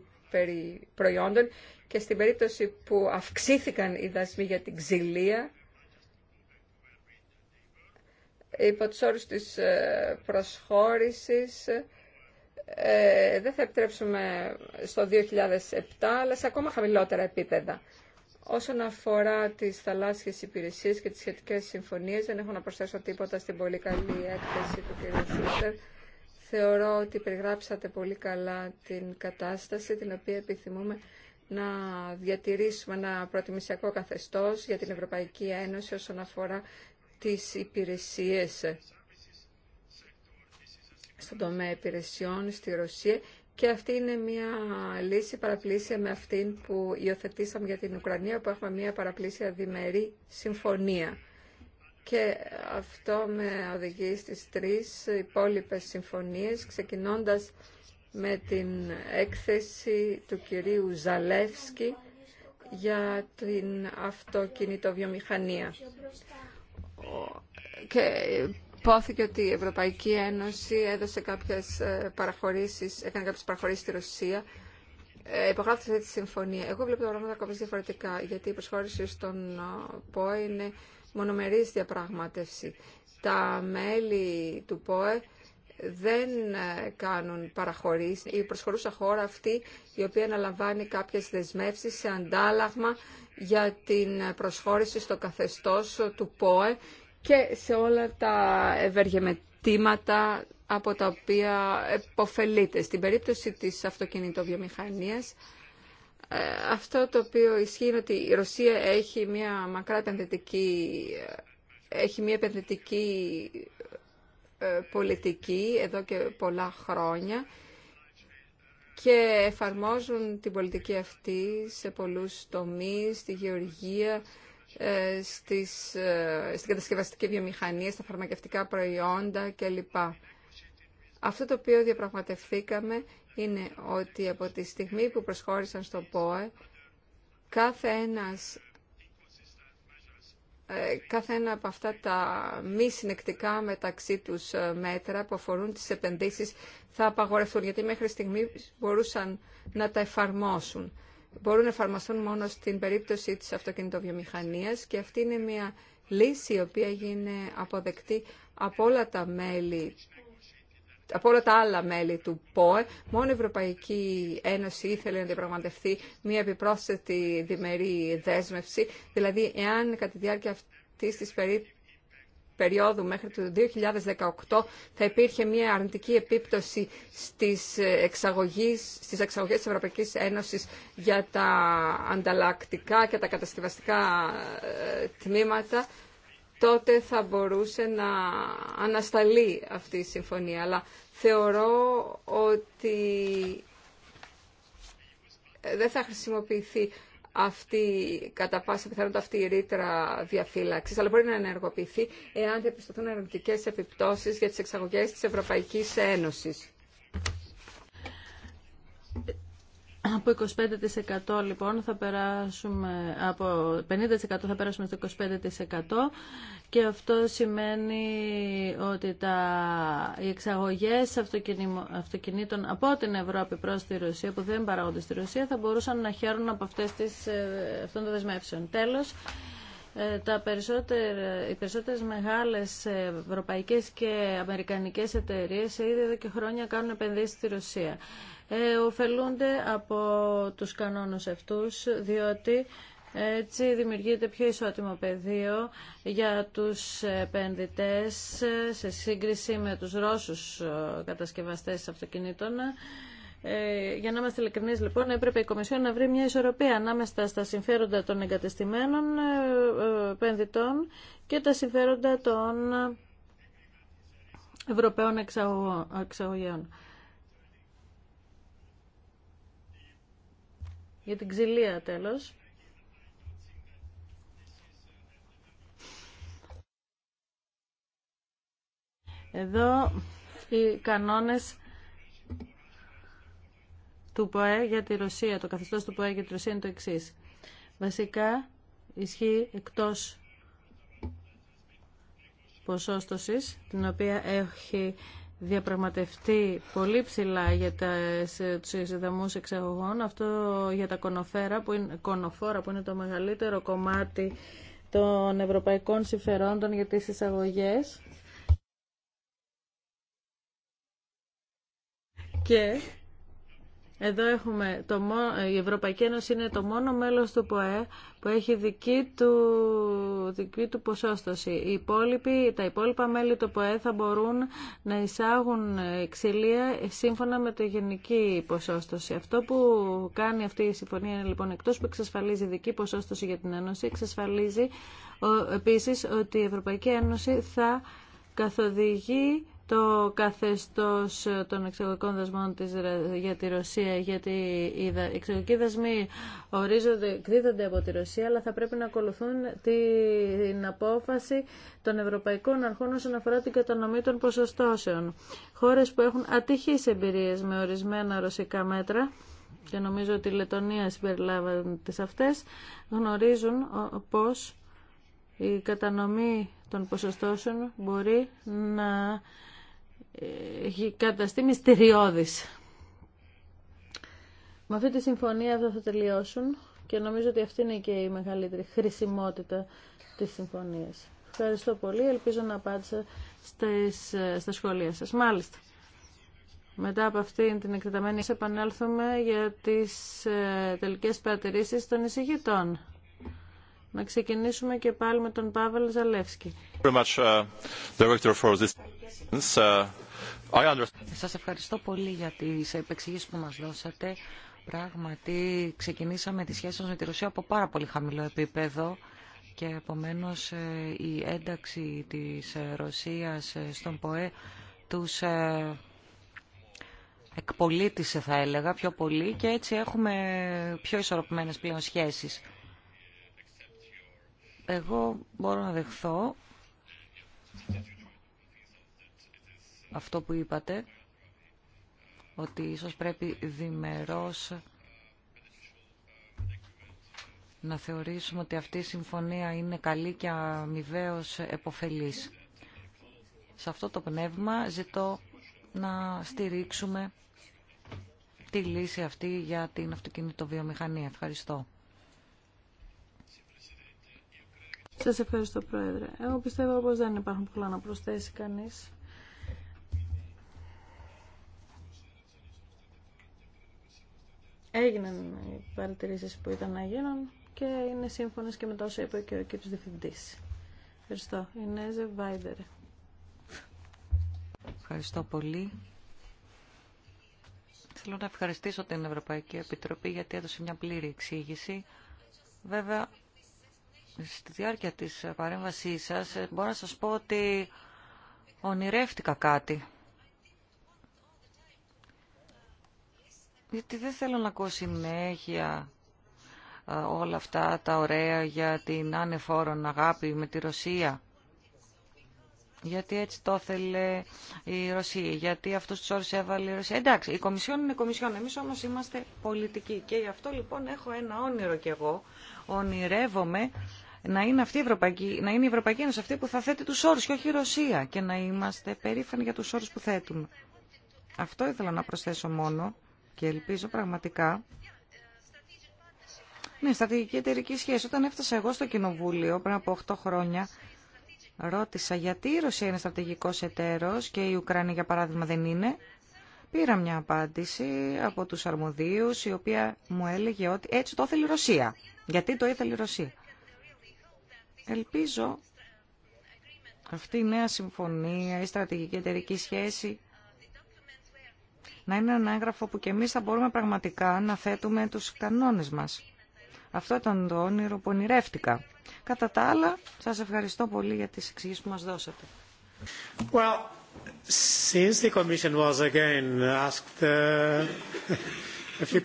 προϊόντων και στην περίπτωση που αυξήθηκαν οι δασμοί για την ξυλία υπό τους όρους της ε, προσχώρησης ε, δεν θα επιτρέψουμε στο 2007 αλλά σε ακόμα χαμηλότερα επίπεδα. Όσον αφορά τις θαλάσσιες υπηρεσίες και τις σχετικές συμφωνίες, δεν έχω να προσθέσω τίποτα στην πολύ καλή έκθεση του κ. Σούστερ. Θεωρώ ότι περιγράψατε πολύ καλά την κατάσταση την οποία επιθυμούμε να διατηρήσουμε ένα προτιμησιακό καθεστώς για την Ευρωπαϊκή Ένωση όσον αφορά τις υπηρεσίες στον τομέα υπηρεσιών στη Ρωσία και αυτή είναι μια λύση παραπλήσια με αυτήν που υιοθετήσαμε για την Ουκρανία που έχουμε μια παραπλήσια διμερή συμφωνία. Και αυτό με οδηγεί στις τρεις υπόλοιπες συμφωνίες, ξεκινώντας με την έκθεση του κυρίου Ζαλεύσκη για την αυτοκινητοβιομηχανία. Και υπόθηκε ότι η Ευρωπαϊκή Ένωση έδωσε κάποιες ε, παραχωρήσεις, έκανε κάποιες παραχωρήσεις στη Ρωσία, ε, υπογράφησε τη συμφωνία. Εγώ βλέπω τα πράγματα ακόμα διαφορετικά, γιατί η προσχώρηση στον ΠΟΕ είναι μονομερής διαπραγμάτευση. Τα μέλη του ΠΟΕ δεν ε, κάνουν παραχωρήσεις. Η προσχωρούσα χώρα αυτή η οποία αναλαμβάνει κάποιες δεσμεύσεις σε αντάλλαγμα για την προσχώρηση στο καθεστώς του ΠΟΕ και σε όλα τα ευεργεμετήματα από τα οποία εποφελείται. Στην περίπτωση της αυτοκινητοβιομηχανίας ε, αυτό το οποίο ισχύει είναι ότι η Ρωσία έχει μια μακρά επενδυτική, ε, έχει μια επενδυτική ε, πολιτική εδώ και πολλά χρόνια και εφαρμόζουν την πολιτική αυτή σε πολλούς τομείς, στη γεωργία, στις, στην κατασκευαστική βιομηχανία, στα φαρμακευτικά προϊόντα κλπ. Αυτό το οποίο διαπραγματευθήκαμε είναι ότι από τη στιγμή που προσχώρησαν στο ΠΟΕ, κάθε ένας ε, κάθε ένα από αυτά τα μη συνεκτικά μεταξύ τους ε, μέτρα που αφορούν τις επενδύσεις θα απαγορευτούν, γιατί μέχρι στιγμή μπορούσαν να τα εφαρμόσουν. Μπορούν να εφαρμοστούν μόνο στην περίπτωση της αυτοκινητοβιομηχανίας και αυτή είναι μια λύση η οποία γίνεται αποδεκτή από όλα τα μέλη από όλα τα άλλα μέλη του ΠΟΕ. Μόνο η Ευρωπαϊκή Ένωση ήθελε να διαπραγματευτεί μια επιπρόσθετη διμερή δέσμευση, δηλαδή εάν κατά τη διάρκεια αυτή τη περίοδου μέχρι το 2018 θα υπήρχε μια αρνητική επίπτωση στις εξαγωγές, στις εξαγωγές της Ευρωπαϊκής Ένωσης για τα ανταλλακτικά και τα κατασκευαστικά ε, τμήματα τότε θα μπορούσε να ανασταλεί αυτή η συμφωνία. Αλλά θεωρώ ότι δεν θα χρησιμοποιηθεί αυτή, κατά πάσα πιθανότητα αυτή η ρήτρα διαφύλαξη, αλλά μπορεί να ενεργοποιηθεί εάν διαπιστωθούν αρνητικέ επιπτώσει για τι εξαγωγέ τη Ευρωπαϊκή Ένωση. Από 25% λοιπόν θα περάσουμε, από 50% θα περάσουμε στο 25% και αυτό σημαίνει ότι τα, οι εξαγωγές αυτοκινήτων από την Ευρώπη προς τη Ρωσία που δεν παράγονται στη Ρωσία θα μπορούσαν να χαίρουν από αυτές τις, ε, αυτών των δεσμεύσεων. Τέλος, ε, τα περισσότερα, οι περισσότερες μεγάλες ευρωπαϊκές και αμερικανικές εταιρείες ήδη εδώ και χρόνια κάνουν επενδύσεις στη Ρωσία. Ε, ωφελούνται από τους κανόνες αυτούς, διότι έτσι δημιουργείται πιο ισότιμο πεδίο για τους επενδυτές σε σύγκριση με τους Ρώσους ε, κατασκευαστές αυτοκινήτων. Ε, για να είμαστε ειλικρινεί, λοιπόν έπρεπε η Κομισιόν να βρει μια ισορροπία ανάμεσα στα συμφέροντα των εγκατεστημένων επενδυτών και τα συμφέροντα των Ευρωπαίων εξαγωγέων. Για την ξυλία τέλος. Εδώ οι κανόνες του ΠΟΕ για τη Ρωσία, το καθεστώς του ΠΟΕ για τη Ρωσία είναι το εξής. Βασικά ισχύει εκτός ποσόστοσης, την οποία έχει διαπραγματευτεί πολύ ψηλά για τα, τους εξαγωγών, αυτό για τα κονοφέρα που είναι, κονοφόρα που είναι το μεγαλύτερο κομμάτι των ευρωπαϊκών συμφερόντων για τις εισαγωγές. Και εδώ έχουμε, το, η Ευρωπαϊκή Ένωση είναι το μόνο μέλος του ΠΟΕ που έχει δική του, δική του ποσόστοση. Οι υπόλοιποι, τα υπόλοιπα μέλη του ΠΟΕ θα μπορούν να εισάγουν ξυλία σύμφωνα με τη γενική ποσόστοση. Αυτό που κάνει αυτή η συμφωνία είναι, λοιπόν εκτός που εξασφαλίζει δική ποσόστοση για την Ένωση, εξασφαλίζει επίσης ότι η Ευρωπαϊκή Ένωση θα καθοδηγεί το καθεστώς των εξαγωγικών δασμών της, για τη Ρωσία, γιατί οι εξαγωγικοί δασμοί ορίζονται, εκδίδονται από τη Ρωσία, αλλά θα πρέπει να ακολουθούν την απόφαση των ευρωπαϊκών αρχών όσον αφορά την κατανομή των ποσοστώσεων. Χώρες που έχουν ατυχείς εμπειρίες με ορισμένα ρωσικά μέτρα, και νομίζω ότι η Λετωνία συμπεριλάβανε τις αυτές, γνωρίζουν πως η κατανομή των ποσοστώσεων μπορεί να έχει καταστεί μυστηριώδης. Με αυτή τη συμφωνία αυτά θα τελειώσουν και νομίζω ότι αυτή είναι και η μεγαλύτερη χρησιμότητα της συμφωνίας. Ευχαριστώ πολύ. Ελπίζω να απάντησα στις, στα σχόλια σας. Μάλιστα. Μετά από αυτή την εκτεταμένη επανέλθουμε για τις ε, τελικές παρατηρήσεις των εισηγητών. Να ξεκινήσουμε και πάλι με τον Παύλ Ζαλεύσκη. Uh, uh, σας ευχαριστώ πολύ για τις επεξηγήσεις που μας δώσατε. Πράγματι, ξεκινήσαμε τις σχέσεις μας με τη Ρωσία από πάρα πολύ χαμηλό επίπεδο και επομένως ε, η ένταξη της ε, Ρωσίας ε, στον ΠΟΕ τους εκπολίτησε θα έλεγα πιο πολύ και έτσι έχουμε πιο ισορροπημένες πλέον σχέσεις. Εγώ μπορώ να δεχθώ αυτό που είπατε, ότι ίσως πρέπει διμερώς να θεωρήσουμε ότι αυτή η συμφωνία είναι καλή και αμοιβαίως επωφελής. Σε αυτό το πνεύμα ζητώ να στηρίξουμε τη λύση αυτή για την αυτοκινητοβιομηχανία. Ευχαριστώ. Σας ευχαριστώ, Πρόεδρε. Εγώ πιστεύω πως δεν υπάρχουν πολλά να προσθέσει κανείς. έγιναν οι παρατηρήσεις που ήταν να γίνουν και είναι σύμφωνες και με τα όσα είπε και ο κύριο Διευθυντή. Ευχαριστώ. Ινέζε Βάιντερ. Ευχαριστώ πολύ. Θέλω να ευχαριστήσω την Ευρωπαϊκή Επιτροπή γιατί έδωσε μια πλήρη εξήγηση. Βέβαια, στη διάρκεια της παρέμβασής σας ε, μπορώ να σας πω ότι ονειρεύτηκα κάτι. γιατί δεν θέλω να ακούω συνέχεια όλα αυτά τα ωραία για την ανεφόρον αγάπη με τη Ρωσία. Γιατί έτσι το ήθελε η Ρωσία, γιατί αυτούς τους όρους έβαλε η Ρωσία. Εντάξει, η Κομισιόν είναι η Κομισιόν, εμείς όμως είμαστε πολιτικοί και γι' αυτό λοιπόν έχω ένα όνειρο κι εγώ. Ονειρεύομαι να είναι, αυτή η Ευρωπαϊκή, να είναι η Ευρωπαϊκή Ένωση αυτή που θα θέτει τους όρους και όχι η Ρωσία και να είμαστε περήφανοι για τους όρους που θέτουμε. Αυτό ήθελα να προσθέσω μόνο και ελπίζω πραγματικά ναι, στρατηγική εταιρική σχέση. Όταν έφτασα εγώ στο Κοινοβούλιο πριν από 8 χρόνια, ρώτησα γιατί η Ρωσία είναι στρατηγικό εταίρο και η Ουκρανία, για παράδειγμα, δεν είναι. Πήρα μια απάντηση από του αρμοδίου, η οποία μου έλεγε ότι έτσι το ήθελε η Ρωσία. Γιατί το ήθελε η Ρωσία. Ελπίζω αυτή η νέα συμφωνία, η στρατηγική εταιρική σχέση να είναι ένα έγγραφο που και εμείς θα μπορούμε πραγματικά να θέτουμε τους κανόνες μας. Αυτό ήταν το όνειρο που ονειρεύτηκα. Κατά τα άλλα, σας ευχαριστώ πολύ για τις εξηγήσεις που μας δώσατε. Well, Commission was again asked uh,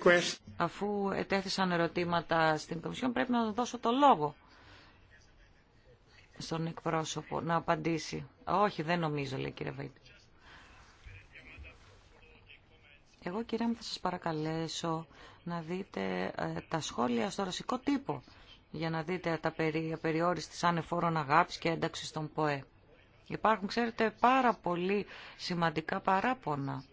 a Αφού ετέθησαν ερωτήματα στην Κομισιόν, πρέπει να δώσω το λόγο στον εκπρόσωπο να απαντήσει. Όχι, δεν νομίζω, λέει κύριε Βαϊτή. Εγώ κυρία μου θα σας παρακαλέσω να δείτε ε, τα σχόλια στο ρωσικό τύπο για να δείτε τα περί, περιόριστης ανεφόρων αγάπης και ένταξης στον ΠΟΕ. Υπάρχουν, ξέρετε, πάρα πολύ σημαντικά παράπονα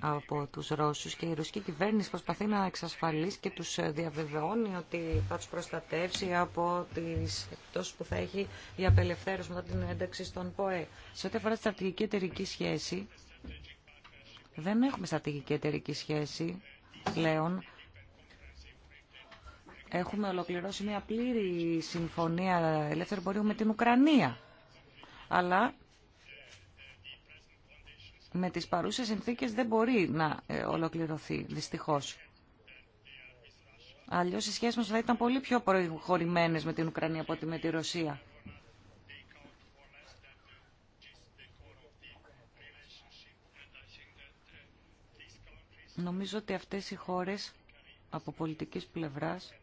από τους Ρώσους και η ρωσική κυβέρνηση προσπαθεί να εξασφαλίσει και τους ε, διαβεβαιώνει ότι θα τους προστατεύσει από τις εκτός που θα έχει η απελευθέρωση μετά την ένταξη στον ΠΟΕ. Σε ό,τι αφορά τη στρατηγική εταιρική σχέση, δεν έχουμε στρατηγική εταιρική σχέση πλέον. Έχουμε ολοκληρώσει μια πλήρη συμφωνία ελεύθερου πορείου με την Ουκρανία. Αλλά με τις παρούσες συνθήκες δεν μπορεί να ε, ολοκληρωθεί, δυστυχώς. Αλλιώς οι σχέσεις μας θα ήταν πολύ πιο προχωρημένες με την Ουκρανία από ότι με τη Ρωσία. Νομίζω ότι αυτές οι χώρες από πολιτικής πλευράς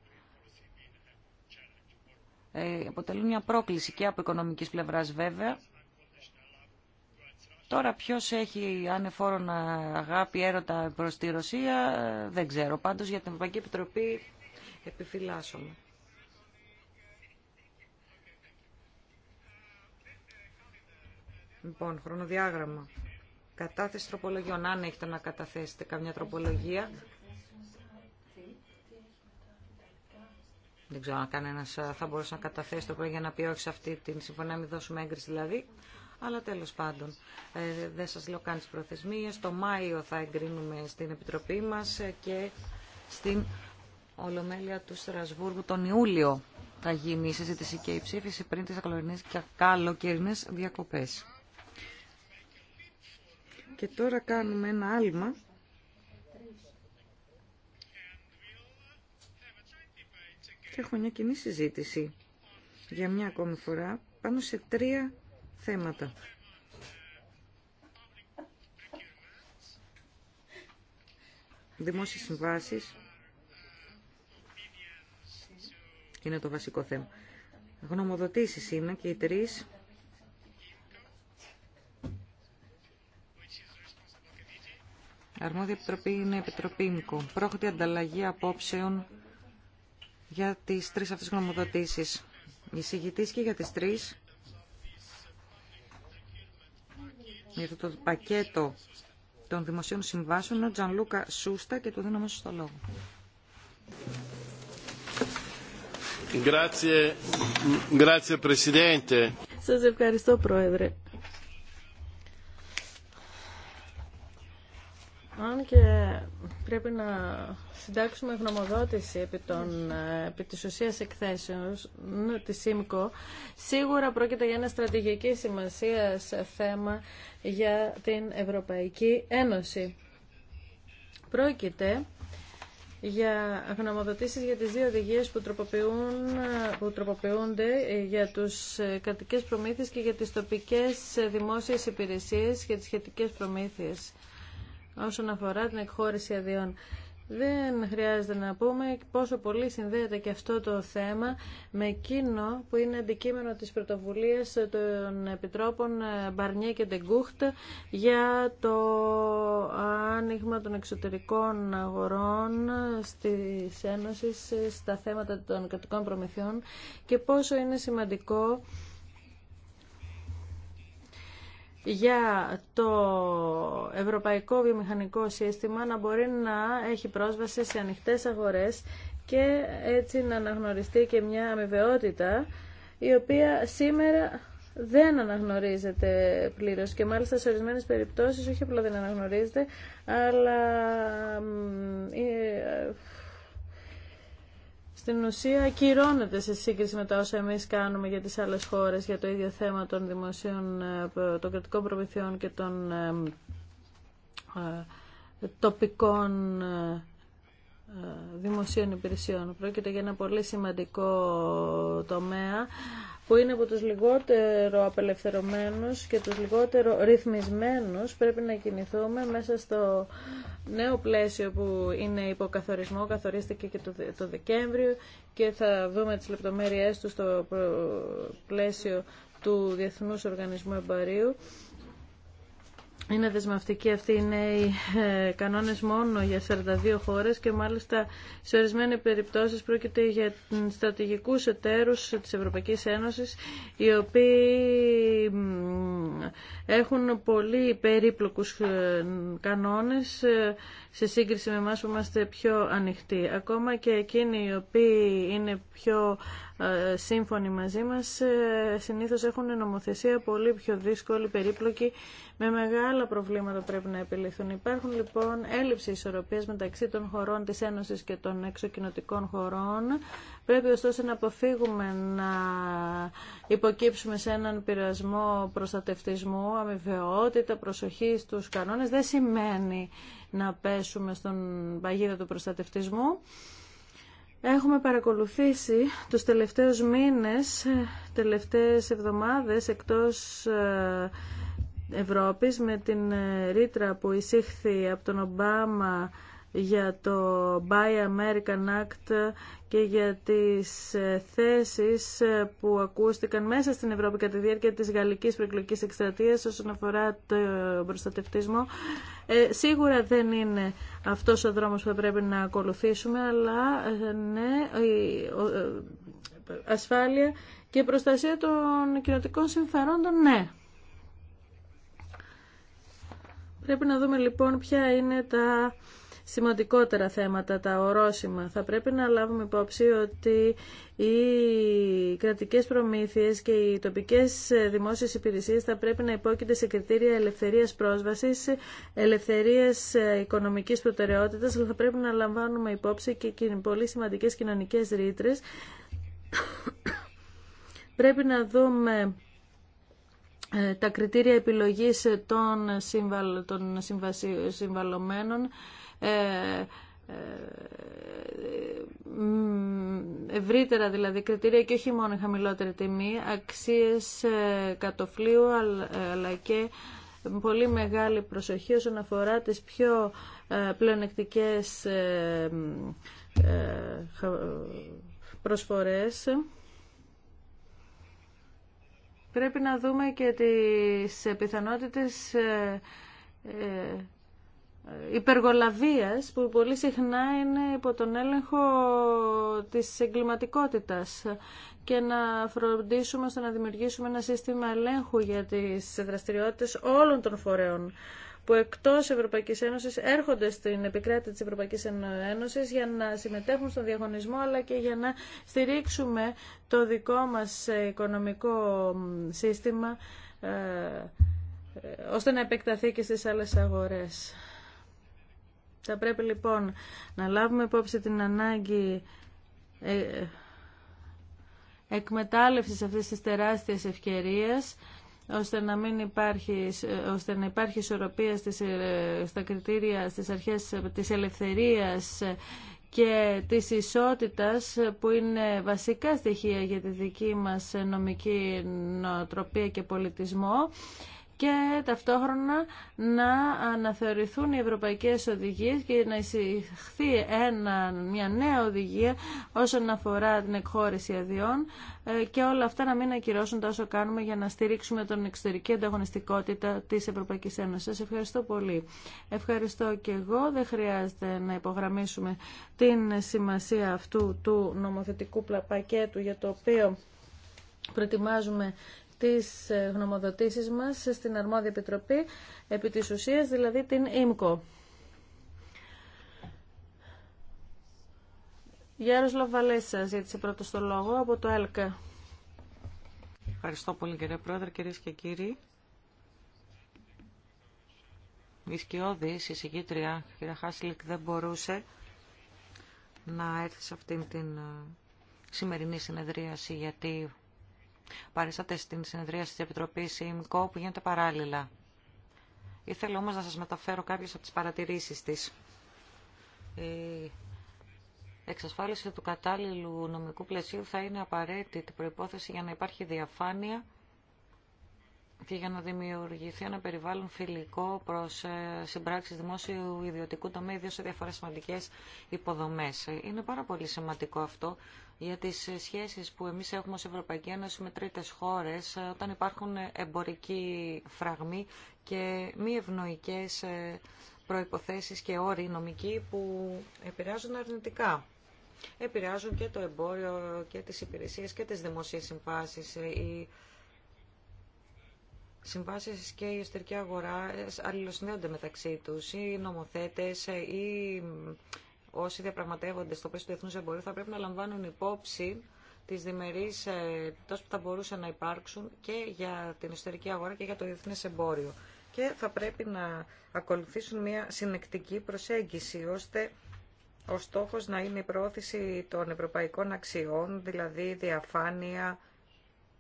ε, αποτελούν μια πρόκληση και από οικονομικής πλευράς βέβαια. Τώρα ποιος έχει να αγάπη, έρωτα προς τη Ρωσία ε, δεν ξέρω. Πάντως για την Ευρωπαϊκή Επιτροπή επιφυλάσσομαι. Λοιπόν, χρονοδιάγραμμα. Κατάθεση τροπολογιών, αν έχετε να καταθέσετε καμιά τροπολογία. Δεν ξέρω αν κανένα ε, θα μπορούσε να καταθέσει το για να πει όχι σε αυτή την συμφωνία, να μην δώσουμε έγκριση δηλαδή. Αλλά τέλο πάντων, ε, δεν σα λέω καν τι προθεσμίε. Το Μάιο θα εγκρίνουμε στην Επιτροπή μα ε, και στην Ολομέλεια του Στρασβούργου τον Ιούλιο θα γίνει η συζήτηση και η ψήφιση πριν τι καλοκαιρινέ διακοπέ. Και τώρα κάνουμε ένα άλμα. Και έχουμε μια κοινή συζήτηση για μια ακόμη φορά πάνω σε τρία θέματα. Δημόσιες συμβάσεις είναι το βασικό θέμα. Γνωμοδοτήσεις είναι και οι τρεις Αρμόδια επιτροπή είναι Επιτροπή ΜΚΟ. Πρόκειται ανταλλαγή απόψεων για τις τρεις αυτές γνωμοδοτήσεις. Εισηγητής και για τις τρεις. Για το πακέτο των δημοσίων συμβάσεων, ο Τζανλούκα Σούστα και του δίνω μέσα στο λόγο. Σας ευχαριστώ, Πρόεδρε. Αν και πρέπει να συντάξουμε γνωμοδότηση επί, των, επί της ουσίας εκθέσεως ναι, της ΣΥΜΚΟ, σίγουρα πρόκειται για ένα στρατηγική σημασία θέμα για την Ευρωπαϊκή Ένωση. Πρόκειται για γνωμοδοτήσεις για τις δύο οδηγίες που, που τροποποιούνται για τους κατοικές προμήθειες και για τις τοπικές δημόσιες υπηρεσίες και τις σχετικές προμήθειες όσον αφορά την εκχώρηση αδειών. Δεν χρειάζεται να πούμε πόσο πολύ συνδέεται και αυτό το θέμα με εκείνο που είναι αντικείμενο της πρωτοβουλίας των Επιτρόπων Μπαρνιέ και Ντεγκούχτ για το άνοιγμα των εξωτερικών αγορών στις Ένωσης στα θέματα των κρατικών προμηθειών και πόσο είναι σημαντικό για το ευρωπαϊκό βιομηχανικό σύστημα να μπορεί να έχει πρόσβαση σε ανοιχτές αγορές και έτσι να αναγνωριστεί και μια αμοιβαιότητα η οποία σήμερα δεν αναγνωρίζεται πλήρως και μάλιστα σε ορισμένες περιπτώσεις όχι απλά δεν αναγνωρίζεται αλλά ε, στην ουσία ακυρώνεται σε σύγκριση με τα όσα εμείς κάνουμε για τις άλλες χώρες για το ίδιο θέμα των δημοσίων, ε, των κρατικών προμηθειών και των ε, ε, τοπικών δημοσίων υπηρεσιών. Πρόκειται για ένα πολύ σημαντικό τομέα που είναι από τους λιγότερο απελευθερωμένους και τους λιγότερο ρυθμισμένους πρέπει να κινηθούμε μέσα στο νέο πλαίσιο που είναι υποκαθορισμό, καθορίστηκε και το Δεκέμβριο και θα δούμε τις λεπτομέρειές του στο πλαίσιο του Διεθνούς Οργανισμού Εμπαρίου. Είναι δεσμευτικοί αυτή οι νέοι ε, κανόνες μόνο για 42 χώρες και μάλιστα σε ορισμένε περιπτώσεις πρόκειται για στρατηγικού εταίρου της Ευρωπαϊκής Ένωσης οι οποίοι έχουν πολύ περίπλοκους ε, κανόνες ε, σε σύγκριση με εμάς που είμαστε πιο ανοιχτοί. Ακόμα και εκείνοι οι οποίοι είναι πιο ε, σύμφωνοι μαζί μας συνήθως έχουν νομοθεσία πολύ πιο δύσκολη, περίπλοκη, με μεγάλα προβλήματα πρέπει να επιληθούν. Υπάρχουν λοιπόν έλλειψη ισορροπίας μεταξύ των χωρών της Ένωσης και των εξοκοινωτικών χωρών Πρέπει ωστόσο να αποφύγουμε να υποκύψουμε σε έναν πειρασμό προστατευτισμού, αμοιβαιότητα, προσοχή στους κανόνες. Δεν σημαίνει να πέσουμε στον παγίδα του προστατευτισμού. Έχουμε παρακολουθήσει τους τελευταίους μήνες, τελευταίες εβδομάδες εκτός ε, Ευρώπης με την ρήτρα που εισήχθη από τον Ομπάμα για το Buy American Act και για τις ε, θέσεις ε, που ακούστηκαν μέσα στην Ευρώπη κατά τη διάρκεια της γαλλικής προεκλογικής εκστρατείας όσον αφορά το προστατευτισμό. Ε, σίγουρα δεν είναι αυτός ο δρόμος που πρέπει να ακολουθήσουμε, αλλά ναι, ασφάλεια και προστασία των κοινωτικών συμφερόντων, ναι. Πρέπει να δούμε λοιπόν ποια είναι τα σημαντικότερα θέματα, τα ορόσημα. Θα πρέπει να λάβουμε υπόψη ότι οι κρατικές προμήθειες και οι τοπικές δημόσιες υπηρεσίες θα πρέπει να υπόκειται σε κριτήρια ελευθερίας πρόσβασης, ελευθερίας οικονομικής προτεραιότητας, αλλά θα πρέπει να λαμβάνουμε υπόψη και πολύ σημαντικές κοινωνικές ρήτρε. πρέπει να δούμε ε, τα κριτήρια επιλογής των, συμβαλ, συμβασι, συμβαλωμένων ε, ε, ε, ευρύτερα δηλαδή κριτήρια και όχι μόνο η χαμηλότερη τιμή, αξίες κατοφλίου αλλά και πολύ μεγάλη προσοχή όσον αφορά τις πιο πλεονεκτικές προσφορές. Πρέπει να δούμε και τις πιθανότητες υπεργολαβίας που πολύ συχνά είναι υπό τον έλεγχο της εγκληματικότητα και να φροντίσουμε ώστε να δημιουργήσουμε ένα σύστημα ελέγχου για τις δραστηριότητες όλων των φορέων που εκτός Ευρωπαϊκής Ένωσης έρχονται στην επικράτεια της Ευρωπαϊκής Ένωσης για να συμμετέχουν στον διαγωνισμό αλλά και για να στηρίξουμε το δικό μας οικονομικό σύστημα ε, ε, ώστε να επεκταθεί και στις άλλες αγορές. Θα πρέπει λοιπόν να λάβουμε υπόψη την ανάγκη ε, εκμετάλλευσης αυτής της τεράστιας ευκαιρίας ώστε να, μην υπάρχει, ώστε να υπάρχει ισορροπία στις, ε, στα κριτήρια, στις αρχές της ελευθερίας και της ισότητας που είναι βασικά στοιχεία για τη δική μας νομική νοοτροπία και πολιτισμό και ταυτόχρονα να αναθεωρηθούν οι ευρωπαϊκές οδηγίες και να εισηχθεί ένα, μια νέα οδηγία όσον αφορά την εκχώρηση αδειών ε, και όλα αυτά να μην ακυρώσουν τόσο όσο κάνουμε για να στηρίξουμε τον εξωτερική ανταγωνιστικότητα της Ευρωπαϊκής Ένωσης. Σας ευχαριστώ πολύ. Ευχαριστώ και εγώ. Δεν χρειάζεται να υπογραμμίσουμε την σημασία αυτού του νομοθετικού πακέτου για το οποίο προετοιμάζουμε τις ε, γνωμοδοτήσεις μας στην αρμόδια επιτροπή επί της ουσίας, δηλαδή την ΙΜΚΟ. Γιάρος Λαβαλέσσα, ζήτησε πρώτο το λόγο από το ΕΛΚΑ. Ευχαριστώ πολύ κύριε Πρόεδρε, κυρίε και κύριοι. Η Σκιώδη, η συγκήτρια, κυρία Χάσλικ, δεν μπορούσε να έρθει σε αυτήν την ε, σημερινή συνεδρίαση γιατί παρήσατε στην συνεδρία της Επιτροπής ΙΜΚΟ που γίνεται παράλληλα. Ήθελα όμως να σας μεταφέρω κάποιες από τις παρατηρήσεις της. Η εξασφάλιση του κατάλληλου νομικού πλαισίου θα είναι απαραίτητη προϋπόθεση για να υπάρχει διαφάνεια και για να δημιουργηθεί ένα περιβάλλον φιλικό προς ε, συμπράξει δημόσιου ιδιωτικού τομέα, ιδίω σε διαφορέ σημαντικέ υποδομές. Είναι πάρα πολύ σημαντικό αυτό για τις σχέσεις που εμείς έχουμε ως Ευρωπαϊκή Ένωση με τρίτες χώρες ε, όταν υπάρχουν εμπορικοί φραγμοί και μη ευνοϊκές ε, προϋποθέσεις και όροι νομικοί που επηρεάζουν αρνητικά. Επηρεάζουν και το εμπόριο και τις υπηρεσίες και τις δημοσίες συμβάσεις. Ε, οι συμβάσεις και η εσωτερική αγορά αλληλοσυνδέονται μεταξύ τους. Οι νομοθέτες, οι όσοι διαπραγματεύονται στο πλαίσιο του διεθνού εμπορίου θα πρέπει να λαμβάνουν υπόψη τι διμερεί επιπτώσει που θα μπορούσαν να υπάρξουν και για την εσωτερική αγορά και για το διεθνέ εμπόριο. Και θα πρέπει να ακολουθήσουν μια συνεκτική προσέγγιση ώστε ο στόχος να είναι η προώθηση των ευρωπαϊκών αξιών, δηλαδή διαφάνεια,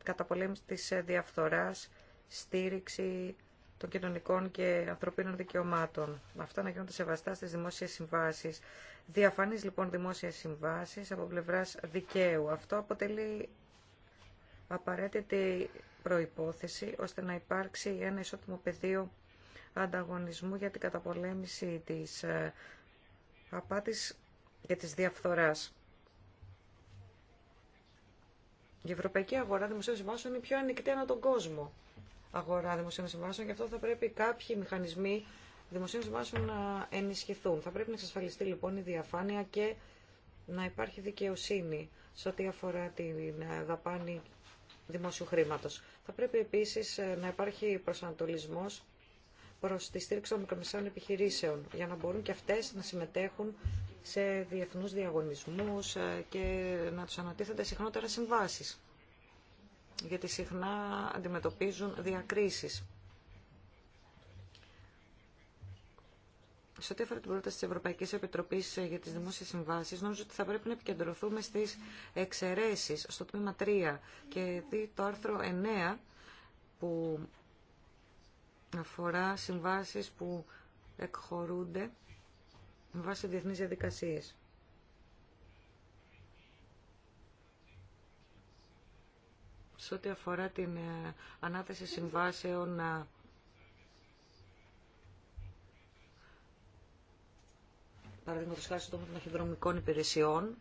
καταπολέμηση της ε, διαφθοράς, στήριξη των κοινωνικών και ανθρωπίνων δικαιωμάτων. Αυτά να γίνονται σεβαστά στις δημόσιες συμβάσεις. Διαφανείς λοιπόν δημόσιες συμβάσεις από πλευράς δικαίου. Αυτό αποτελεί απαραίτητη προϋπόθεση ώστε να υπάρξει ένα ισότιμο πεδίο ανταγωνισμού για την καταπολέμηση της ε, απάτης και της διαφθοράς. Η ευρωπαϊκή αγορά δημοσίων συμβάσεων είναι πιο ανοιχτή ανά τον κόσμο. Αγορά δημοσίων συμβάσεων και αυτό θα πρέπει κάποιοι μηχανισμοί δημοσίων συμβάσεων να ενισχυθούν. Θα πρέπει να εξασφαλιστεί λοιπόν η διαφάνεια και να υπάρχει δικαιοσύνη σε ό,τι αφορά την ε, δαπάνη δημοσίου χρήματος. Θα πρέπει επίσης ε, να υπάρχει προσανατολισμός προς τη στήριξη των μικρομεσαίων επιχειρήσεων για να μπορούν και αυτές να συμμετέχουν σε διεθνούς διαγωνισμούς ε, και να τους ανατίθενται συχνότερα συμβάσεις γιατί συχνά αντιμετωπίζουν διακρίσεις σε ό,τι αφορά την πρόταση τη Ευρωπαϊκή Επιτροπή ε, για τι δημόσιε συμβάσει, νομίζω ότι θα πρέπει να επικεντρωθούμε στι εξαιρέσει στο τμήμα 3 και δει το άρθρο 9 που αφορά συμβάσει που εκχωρούνται με βάση διεθνεί διαδικασίε. Σε ό,τι αφορά την ε, ανάθεση συμβάσεων ε, παραδείγματο χάρη στον των αχυδρομικών υπηρεσιών,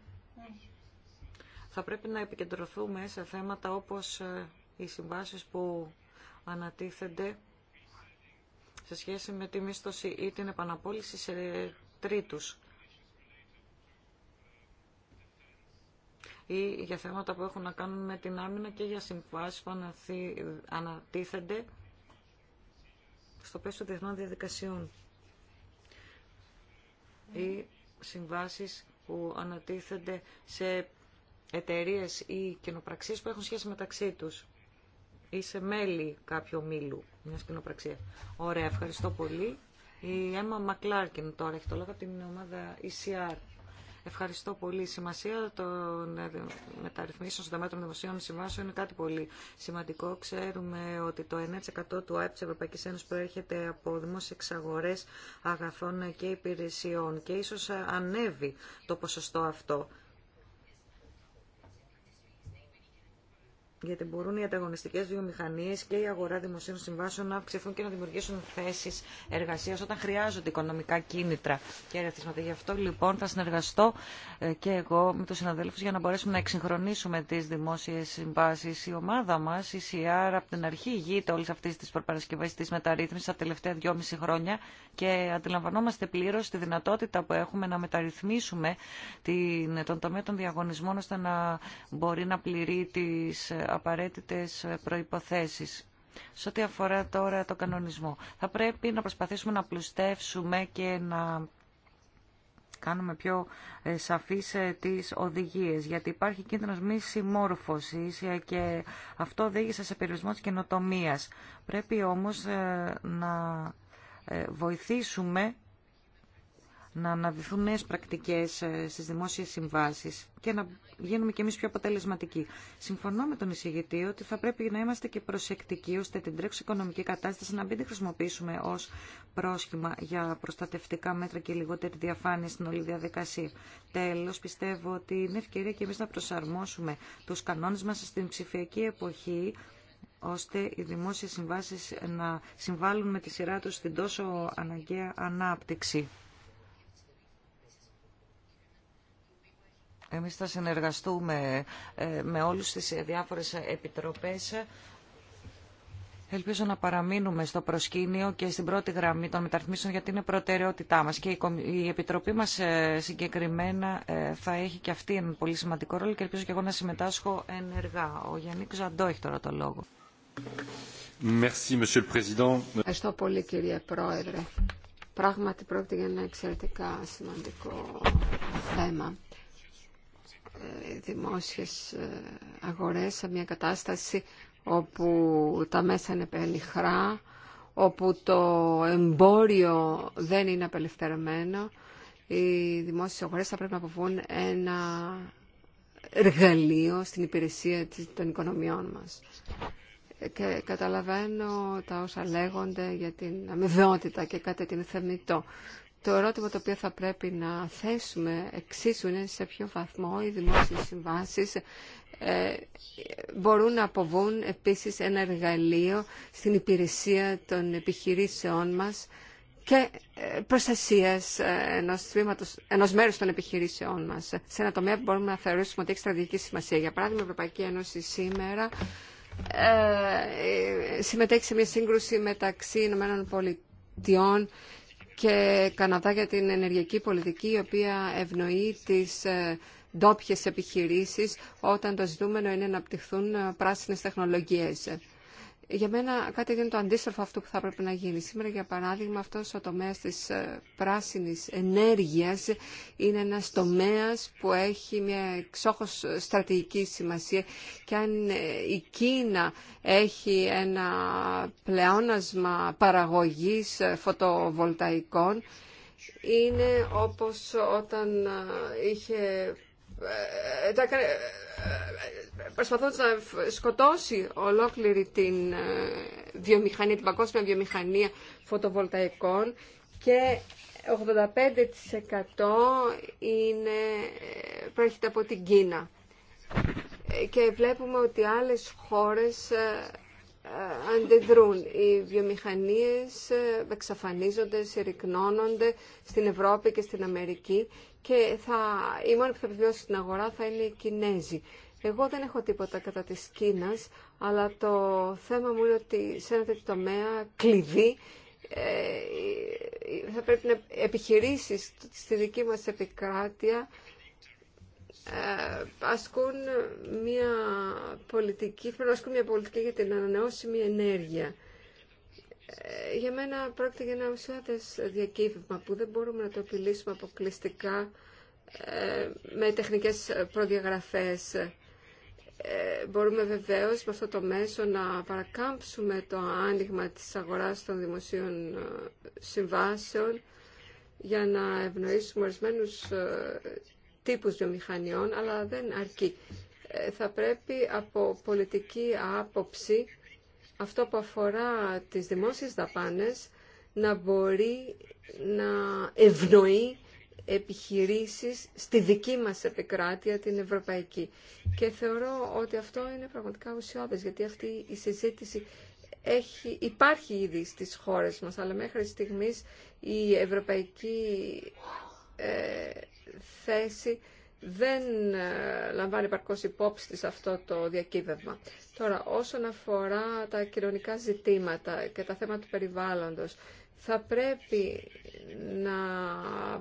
θα πρέπει να επικεντρωθούμε σε θέματα όπως ε, οι συμβάσεις που ανατίθενται σε σχέση με τη μίσθωση ή την επαναπόληση σε τρίτους ή για θέματα που έχουν να κάνουν με την άμυνα και για συμβάσεις που ανατίθενται στο πλαίσιο διεθνών διαδικασιών ή συμβάσεις που ανατίθενται σε εταιρείε ή κοινοπραξίες που έχουν σχέση μεταξύ τους ή σε μέλη κάποιου μήλου μιας κοινοπραξίας. Ωραία, ευχαριστώ πολύ. Η Έμα Μακλάρκιν τώρα έχει το λόγο από την ομάδα ECR. Ευχαριστώ πολύ. Η σημασία των ε, μεταρρυθμίσεων στον τομέα δημοσίων συμβάσεων είναι κάτι πολύ σημαντικό. Ξέρουμε ότι το 9% του ΑΕΠ τη Ευρωπαϊκή Ένωση προέρχεται από δημόσιε εξαγορέ αγαθών και υπηρεσιών και ίσω ανέβει το ποσοστό αυτό. γιατί μπορούν οι ανταγωνιστικέ βιομηχανίε και η αγορά δημοσίων συμβάσεων να αυξηθούν και να δημιουργήσουν θέσει εργασία όταν χρειάζονται οικονομικά κίνητρα και ρεθίσματα. Γι' αυτό λοιπόν θα συνεργαστώ ε, και εγώ με του συναδέλφου για να μπορέσουμε να εξυγχρονίσουμε τι δημόσιε συμβάσει. Η ομάδα μα, η CR, από την αρχή ηγείται όλη αυτή τη προπαρασκευή τη μεταρρύθμιση τα τελευταία δυόμιση χρόνια και αντιλαμβανόμαστε πλήρω τη δυνατότητα που έχουμε να μεταρρυθμίσουμε την, τον τομέα των διαγωνισμών ώστε να μπορεί να πληρεί τις ε, απαραίτητες προϋποθέσεις. Σε ό,τι αφορά τώρα το κανονισμό, θα πρέπει να προσπαθήσουμε να πλουστεύσουμε και να κάνουμε πιο ε, σαφείς ε, τις οδηγίες, γιατί υπάρχει κίνδυνος μη συμμόρφωσης ε, και αυτό οδήγησε σε περιορισμό της καινοτομίας. Πρέπει όμως να βοηθήσουμε να αναδυθούν νέες πρακτικές ε, στις δημόσιες συμβάσεις και να γίνουμε κι εμείς πιο αποτελεσματικοί. Συμφωνώ με τον εισηγητή ότι θα πρέπει να είμαστε και προσεκτικοί ώστε την τρέξη οικονομική κατάσταση να μην τη χρησιμοποιήσουμε ως πρόσχημα για προστατευτικά μέτρα και λιγότερη διαφάνεια στην όλη διαδικασία. Τέλος, πιστεύω ότι είναι ευκαιρία και εμείς να προσαρμόσουμε τους κανόνες μας στην ψηφιακή εποχή ώστε οι δημόσιες συμβάσεις να συμβάλλουν με τη σειρά τους στην τόσο αναγκαία ανάπτυξη. Εμείς θα συνεργαστούμε ε, με όλους τις διάφορες επιτροπές. Ελπίζω να παραμείνουμε στο προσκήνιο και στην πρώτη γραμμή των μεταρρυθμίσεων γιατί είναι προτεραιότητά μας και η Επιτροπή μας ε, συγκεκριμένα ε, θα έχει και αυτή ένα πολύ σημαντικό ρόλο και ελπίζω και εγώ να συμμετάσχω ενεργά. Ο Γιάννη Ζαντό έχει τώρα το λόγο. Ευχαριστώ πολύ κύριε Πρόεδρε. Πράγματι πρόκειται για ένα εξαιρετικά σημαντικό θέμα δημόσιες ε, αγορές σε μια κατάσταση όπου τα μέσα είναι πενιχρά, όπου το εμπόριο δεν είναι απελευθερωμένο, οι δημόσιες αγορές θα πρέπει να αποβούν ένα εργαλείο στην υπηρεσία των οικονομιών μας. Και καταλαβαίνω τα όσα λέγονται για την αμοιβαιότητα και κάτι την θεμητό. Το ερώτημα το οποίο θα πρέπει να θέσουμε εξίσου είναι σε ποιο βαθμό οι δημόσιες συμβάσεις ε, μπορούν να αποβούν επίσης ένα εργαλείο στην υπηρεσία των επιχειρήσεών μας και ε, προστασία ε, ενός, τμήματος, ενός μέρους των επιχειρήσεών μας σε ένα τομέα που μπορούμε να θεωρήσουμε ότι έχει στρατηγική σημασία. Για παράδειγμα, η Ευρωπαϊκή Ένωση σήμερα συμμετέχει σε μια σύγκρουση μεταξύ Ηνωμένων Πολιτειών και Καναδά για την ενεργειακή πολιτική η οποία ευνοεί τις ε, ντόπιε επιχειρήσεις όταν το ζητούμενο είναι να απτυχθούν ε, πράσινες τεχνολογίες. Για μένα κάτι είναι το αντίστροφο αυτό που θα πρέπει να γίνει. Σήμερα, για παράδειγμα, αυτός ο τομέας της ε, πράσινης ενέργειας είναι ένα τομέα που έχει μια εξόχω ε, στρατηγική σημασία και αν ε, η Κίνα έχει ένα πλεόνασμα παραγωγής φωτοβολταϊκών, είναι όπως όταν είχε ε, ε, ε, προσπαθώντας να σκοτώσει ολόκληρη την βιομηχανία, την παγκόσμια βιομηχανία φωτοβολταϊκών και 85% είναι, από την Κίνα. Και βλέπουμε ότι άλλες χώρες αντιδρούν. Οι βιομηχανίες ε, εξαφανίζονται, συρρυκνώνονται στην Ευρώπη και στην Αμερική και θα, η μόνη που θα επιβιώσει στην αγορά θα είναι οι Κινέζοι. Εγώ δεν έχω τίποτα κατά της Κίνας, αλλά το θέμα μου είναι ότι σε ένα τέτοιο τομέα κλειδί ε, θα πρέπει να επιχειρήσεις στη δική μας επικράτεια ε, ασκούν μια πολιτική, να μια για την ανανεώσιμη ενέργεια. Ε, για μένα πρόκειται για ένα ουσιώδες διακύβευμα που δεν μπορούμε να το επιλύσουμε αποκλειστικά ε, με τεχνικές προδιαγραφές. Μπορούμε βεβαίως με αυτό το μέσο να παρακάμψουμε το άνοιγμα της αγοράς των δημοσίων συμβάσεων για να ευνοήσουμε ορισμένους τύπους βιομηχανιών, αλλά δεν αρκεί. Ε, θα πρέπει από πολιτική άποψη αυτό που αφορά τις δημόσιες δαπάνες να μπορεί να ευνοεί επιχειρήσεις στη δική μας επικράτεια, την ευρωπαϊκή. Και θεωρώ ότι αυτό είναι πραγματικά ουσιώδες, γιατί αυτή η συζήτηση έχει, υπάρχει ήδη στις χώρες μας, αλλά μέχρι στιγμής η ευρωπαϊκή ε, θέση δεν ε, λαμβάνει παρκώς υπόψη της αυτό το διακύβευμα. Τώρα, όσον αφορά τα κοινωνικά ζητήματα και τα θέματα του περιβάλλοντος, θα πρέπει να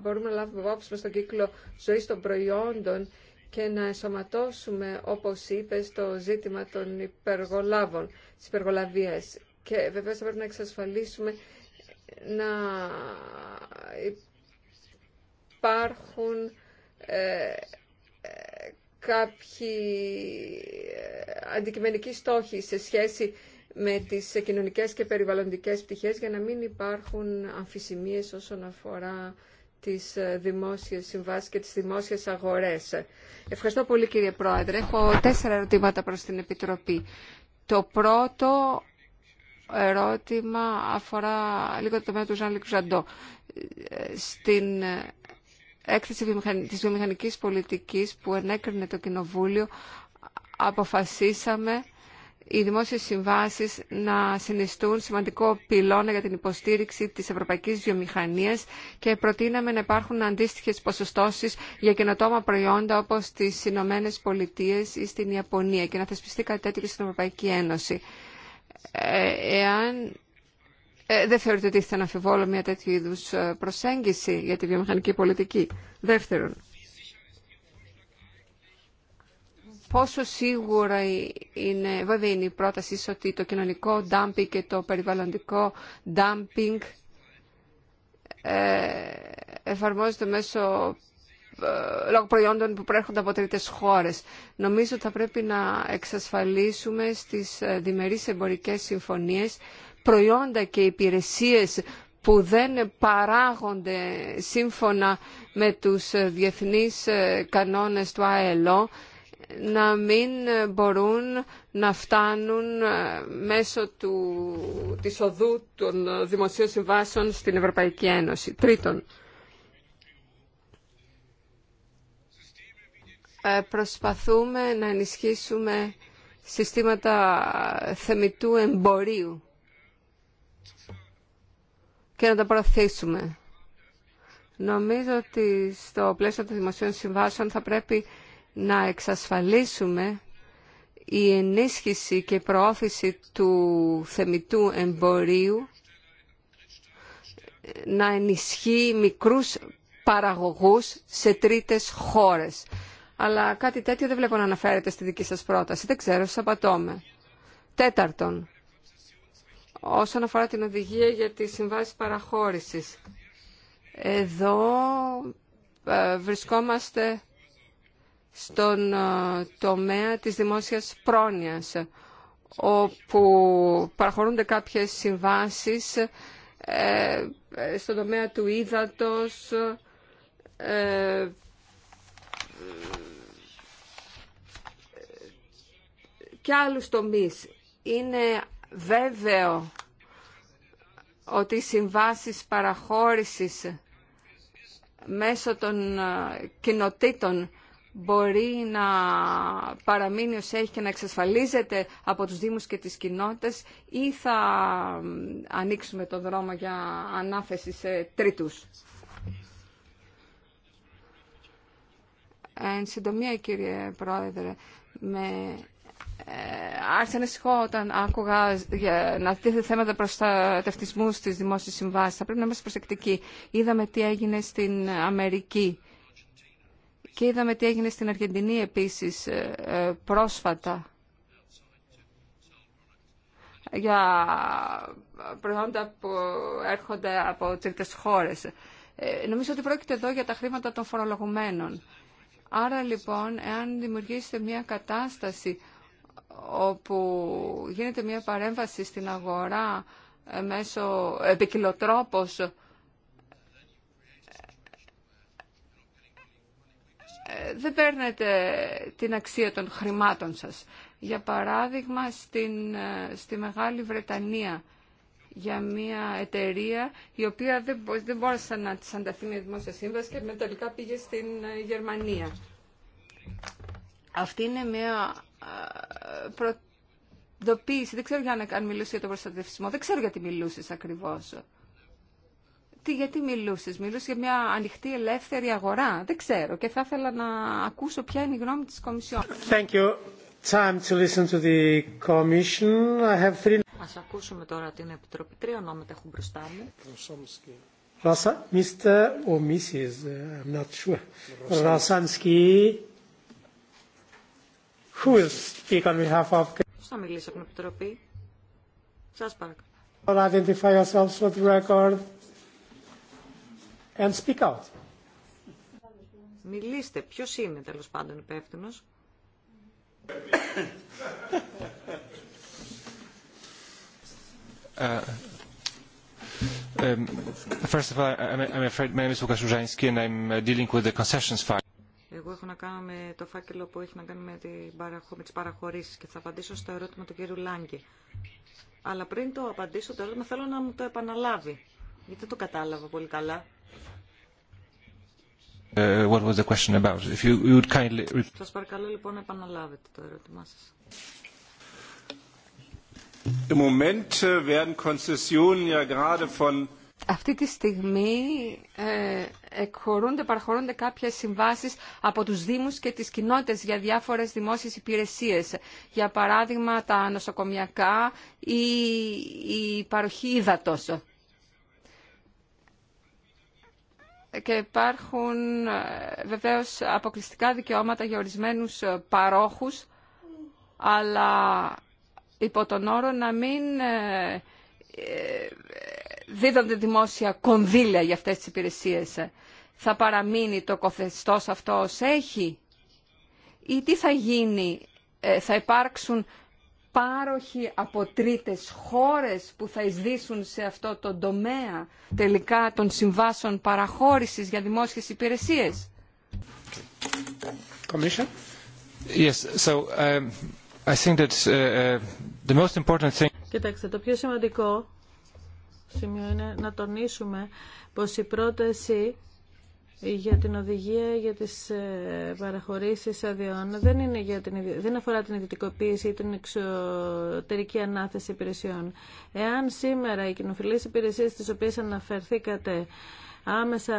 μπορούμε να λάβουμε υπόψη μας τον κύκλο ζωής των προϊόντων και να εσωματώσουμε, όπως είπε, το ζήτημα των υπεργολάβων, της υπεργολαβίας. Και βεβαίως θα πρέπει να εξασφαλίσουμε να υπάρχουν ε, ε, κάποιοι ε, αντικειμενικοί στόχοι σε σχέση με τις κοινωνικές και περιβαλλοντικές πτυχές για να μην υπάρχουν αμφισημίες όσον αφορά τις δημόσιες συμβάσεις και τις δημόσιες αγορές. Ευχαριστώ πολύ κύριε Πρόεδρε. Έχω τέσσερα ερωτήματα προς την Επιτροπή. Το πρώτο ερώτημα αφορά λίγο το τομέα του Ζαν Λικουζαντό. Στην έκθεση της βιομηχανικής πολιτικής που ενέκρινε το Κοινοβούλιο αποφασίσαμε οι δημόσιες συμβάσεις να συνιστούν σημαντικό πυλώνα για την υποστήριξη της ευρωπαϊκής βιομηχανίας και προτείναμε να υπάρχουν αντίστοιχες ποσοστώσεις για καινοτόμα προϊόντα όπως στις Ηνωμένε Πολιτείε ή στην Ιαπωνία και να θεσπιστεί κάτι τέτοιο στην Ευρωπαϊκή Ένωση. Ε, εάν ε, δεν θεωρείτε ότι να αφιβόλω μια τέτοιου είδου ε, προσέγγιση για τη βιομηχανική πολιτική. Δεύτερον, πόσο σίγουρα είναι, βέβαια είναι η πρόταση ότι το κοινωνικό dumping και το περιβαλλοντικό dumping ε, εφαρμόζεται μέσω ε, λόγω προϊόντων που προέρχονται από τρίτες χώρες. Νομίζω ότι θα πρέπει να εξασφαλίσουμε στις ε, διμερείς εμπορικές συμφωνίες προϊόντα και υπηρεσίες που δεν παράγονται σύμφωνα με τους διεθνείς ε, κανόνες του ΑΕΛΟ να μην μπορούν να φτάνουν ε, μέσω του, της οδού των δημοσίων συμβάσεων στην Ευρωπαϊκή Ένωση. Τρίτον, ε, προσπαθούμε να ενισχύσουμε συστήματα θεμητού εμπορίου και να τα προωθήσουμε. Νομίζω ότι στο πλαίσιο των δημοσίων συμβάσεων θα πρέπει να εξασφαλίσουμε η ενίσχυση και η προώθηση του θεμητού εμπορίου να ενισχύει μικρούς παραγωγούς σε τρίτες χώρες. Αλλά κάτι τέτοιο δεν βλέπω να αναφέρεται στη δική σας πρόταση. Δεν ξέρω, σας απατώμε. Τέταρτον, όσον αφορά την οδηγία για τις συμβάσεις παραχώρησης. Εδώ ε, βρισκόμαστε στον ε, τομέα της δημόσιας πρόνοιας, όπου παραχωρούνται κάποιες συμβάσεις ε, στον τομέα του ύδατος, και άλλους τομείς. Είναι βέβαιο ότι οι συμβάσεις παραχώρησης μέσω των ε, κοινοτήτων μπορεί να παραμείνει ως έχει και να εξασφαλίζεται από τους Δήμους και τις κοινότητες ή θα ανοίξουμε το δρόμο για ανάθεση σε τρίτους. συντομία, κύριε Πρόεδρε, με ε, άρχισα να σηκώ όταν άκουγα για να τίθεται θέματα προστατευτισμού στι δημόσιε συμβάσει. Θα πρέπει να είμαστε προσεκτικοί. Είδαμε τι έγινε στην Αμερική και είδαμε τι έγινε στην Αργεντινή επίση ε, ε, πρόσφατα για προϊόντα που έρχονται από τρίτες χώρες. νομίζω ότι πρόκειται εδώ για τα χρήματα των φορολογουμένων. Άρα λοιπόν, εάν δημιουργήσετε μια κατάσταση όπου γίνεται μια παρέμβαση στην αγορά ε, μέσω επικοινοτρόπος ε, δεν παίρνετε την αξία των χρημάτων σας. Για παράδειγμα, στην, ε, στη Μεγάλη Βρετανία, για μια εταιρεία η οποία δεν, δεν μπόρεσε να της ανταθεί με δημόσια σύμβαση και τελικά πήγε στην Γερμανία. Αυτή είναι μια δεν ξέρω για αν μιλούσε για τον προστατευσμό. Δεν ξέρω γιατί μιλούσε ακριβώ. Τι, γιατί μιλούσε, Μιλούσες για μια ανοιχτή ελεύθερη αγορά. Δεν ξέρω. Και θα ήθελα να ακούσω ποια είναι η γνώμη της Κομισιόν. Thank ακούσουμε τώρα την Επιτροπή. Τρία ονόματα έχουν μπροστά μου. Mr. or Mrs. Ε, I'm not sure. Who Ποιος θα μιλήσει από την Επιτροπή. Σας παρακαλώ. Μιλήστε. Ποιος είναι τέλος πάντων υπεύθυνο. Uh, ε, um, ε, first of all, I'm, I'm afraid my name εγώ έχω να κάνω με το φάκελο που έχει να κάνει με, την παραχω... με τις και θα απαντήσω στο ερώτημα του κύριου Λάγκη. Αλλά πριν το απαντήσω το ερώτημα θέλω να μου το επαναλάβει, γιατί δεν το κατάλαβα πολύ καλά. Ε, what was the question about? If you, would kindly... Σας παρακαλώ λοιπόν να επαναλάβετε το ερώτημά σας. Im Moment äh, werden Konzessionen ja gerade von αυτή τη στιγμή ε, εκχωρούνται, παραχωρούνται κάποιες συμβάσεις από τους Δήμους και τις κοινότητες για διάφορες δημόσιες υπηρεσίες. Για παράδειγμα τα νοσοκομιακά ή η παροχή ύδατος. Και υπάρχουν ε, βεβαίως αποκλειστικά δικαιώματα για ορισμένους ε, παρόχους, αλλά υπό τον όρο να μην ε, δίδονται δημόσια κονδύλια για αυτές τις υπηρεσίες. Θα παραμείνει το κοθεστώς αυτό ως έχει ή τι θα γίνει, ε, θα υπάρξουν πάροχοι από τρίτες χώρες που θα εισδύσουν σε αυτό το τομέα τελικά των συμβάσεων παραχώρησης για δημόσιες υπηρεσίες. Yes, so um, I think that uh, uh, Κοιτάξτε, το πιο σημαντικό σημείο είναι να τονίσουμε πως η πρόταση για την οδηγία για τις ε, παραχωρήσεις αδειών δεν, είναι για την, δεν αφορά την ιδιωτικοποίηση ή την εξωτερική ανάθεση υπηρεσιών. Εάν σήμερα οι κοινοφιλείς υπηρεσίες τις οποίες αναφερθήκατε άμεσα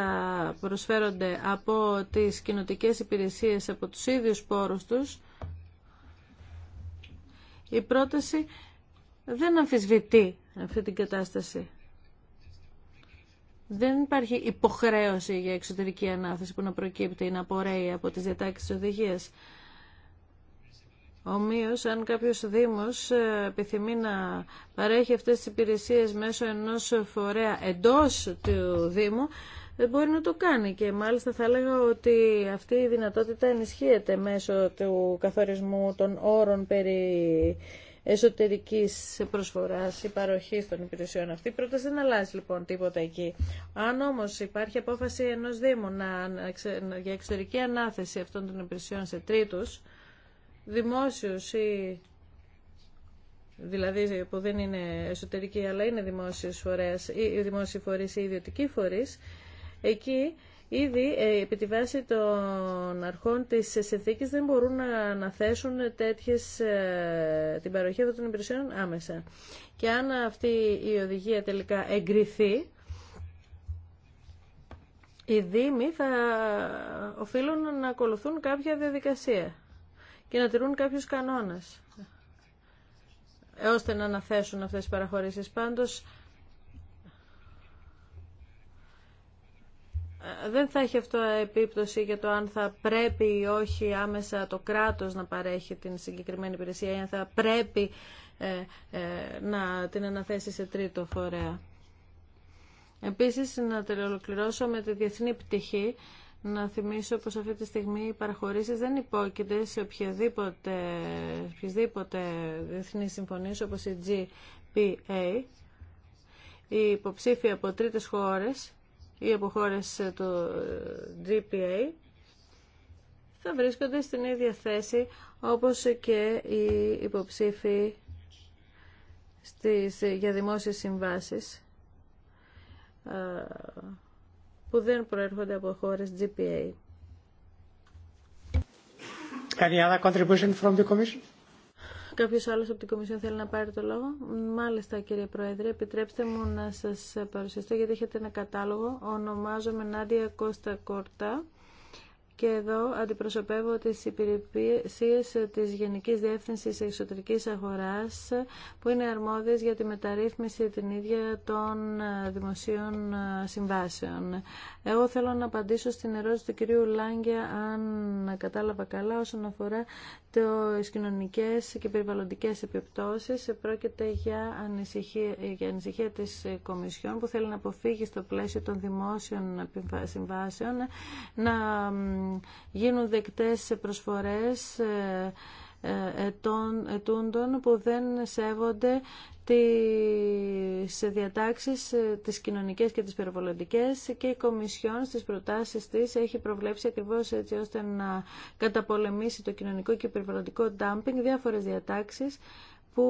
προσφέρονται από τις κοινοτικέ υπηρεσίες από τους ίδιους πόρους τους, η πρόταση δεν αμφισβητεί αυτή την κατάσταση. Δεν υπάρχει υποχρέωση για εξωτερική ανάθεση που να προκύπτει ή να απορρέει από τις διατάξεις της οδηγίας. Ομοίως, αν κάποιος Δήμος ε, επιθυμεί να παρέχει αυτές τις υπηρεσίες μέσω ενός φορέα εντός του Δήμου, δεν μπορεί να το κάνει και μάλιστα θα έλεγα ότι αυτή η δυνατότητα ενισχύεται μέσω του καθορισμού των όρων περί Εσωτερική προσφορά ή παροχή των υπηρεσιών αυτή. Πρώτα δεν αλλάζει λοιπόν τίποτα εκεί. Αν όμω υπάρχει απόφαση ενό Δήμου για εξωτερική ανάθεση αυτών των υπηρεσιών σε τρίτου, δημόσιους ή δηλαδή που δεν είναι εσωτερική αλλά είναι δημόσιες φορές ή δημόσιοι φορείς ή ιδιωτικοί φορείς, εκεί Ήδη ε, επί τη βάση των αρχών της συνθήκης δεν μπορούν να αναθέσουν τέτοιες, ε, την παροχή αυτών των υπηρεσιών άμεσα. Και αν αυτή η οδηγία τελικά εγκριθεί, οι Δήμοι θα οφείλουν να ακολουθούν κάποια διαδικασία και να τηρούν κάποιους κανόνες ε, ώστε να αναθέσουν αυτές τις παραχωρήσεις. Πάντως, δεν θα έχει αυτό επίπτωση για το αν θα πρέπει ή όχι άμεσα το κράτος να παρέχει την συγκεκριμένη υπηρεσία ή αν θα πρέπει ε, ε, να την αναθέσει σε τρίτο φορέα. Επίσης, να τελειολοκληρώσω με τη διεθνή πτυχή, να θυμίσω πως αυτή τη στιγμή οι παραχωρήσεις δεν υπόκειται σε οποιαδήποτε, οποιαδήποτε διεθνή όπω όπως η GPA, η υποψήφια από τρίτες χώρες ή από ε, του ε, GPA θα βρίσκονται στην ίδια θέση όπως και οι υποψήφοι στις, ε, για δημόσιες συμβάσεις που δεν προέρχονται από χώρες GPA. Any other contribution from the Commission? Κάποιος άλλο από την Κομισιόν θέλει να πάρει το λόγο. Μάλιστα κύριε Πρόεδρε, επιτρέψτε μου να σας παρουσιαστώ γιατί έχετε ένα κατάλογο. Ονομάζομαι Νάντια Κώστα Κόρτα και εδώ αντιπροσωπεύω τις υπηρεσίες της Γενικής Διεύθυνσης Εξωτερικής Αγοράς που είναι αρμόδιες για τη μεταρρύθμιση την ίδια των δημοσίων συμβάσεων. Εγώ θέλω να απαντήσω στην ερώτηση του κυρίου Λάγκια αν κατάλαβα καλά όσον αφορά τις κοινωνικές και περιβαλλοντικές επιπτώσεις. Πρόκειται για ανησυχία, για της Κομισιόν που θέλει να αποφύγει στο πλαίσιο των δημόσιων συμβάσεων να γίνουν δεκτές προσφορές ε, ε, ετών, ετούντων που δεν σέβονται τις διατάξεις ε, τις κοινωνικές και τις περιβαλλοντικές και η Κομισιόν στις προτάσεις της έχει προβλέψει ακριβώς έτσι ώστε να καταπολεμήσει το κοινωνικό και περιβαλλοντικό ντάμπινγκ διάφορες διατάξεις που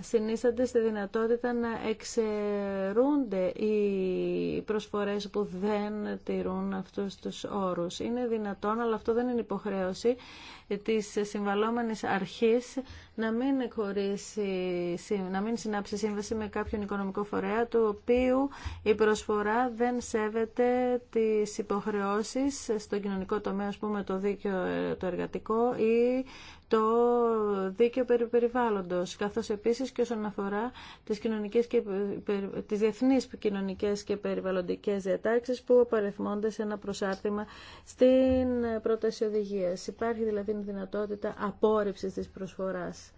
συνίστανται στη δυνατότητα να εξαιρούνται οι προσφορές που δεν τηρούν αυτούς τους όρους. Είναι δυνατόν, αλλά αυτό δεν είναι υποχρέωση της συμβαλόμενης αρχής να μην, χωρίσει, να μην συνάψει σύμβαση με κάποιον οικονομικό φορέα του οποίου η προσφορά δεν σέβεται τις υποχρεώσεις στον κοινωνικό τομέα, ας πούμε το δίκαιο το εργατικό ή το δίκαιο περί περιβάλλοντος, καθώς επίσης και όσον αφορά τις, κοινωνικές και, τις διεθνείς κοινωνικές και περιβαλλοντικές διατάξεις που απαριθμώνται σε ένα προσάρτημα στην πρόταση οδηγίας. Υπάρχει δηλαδή δυνατότητα απόρριψης της προσφοράς.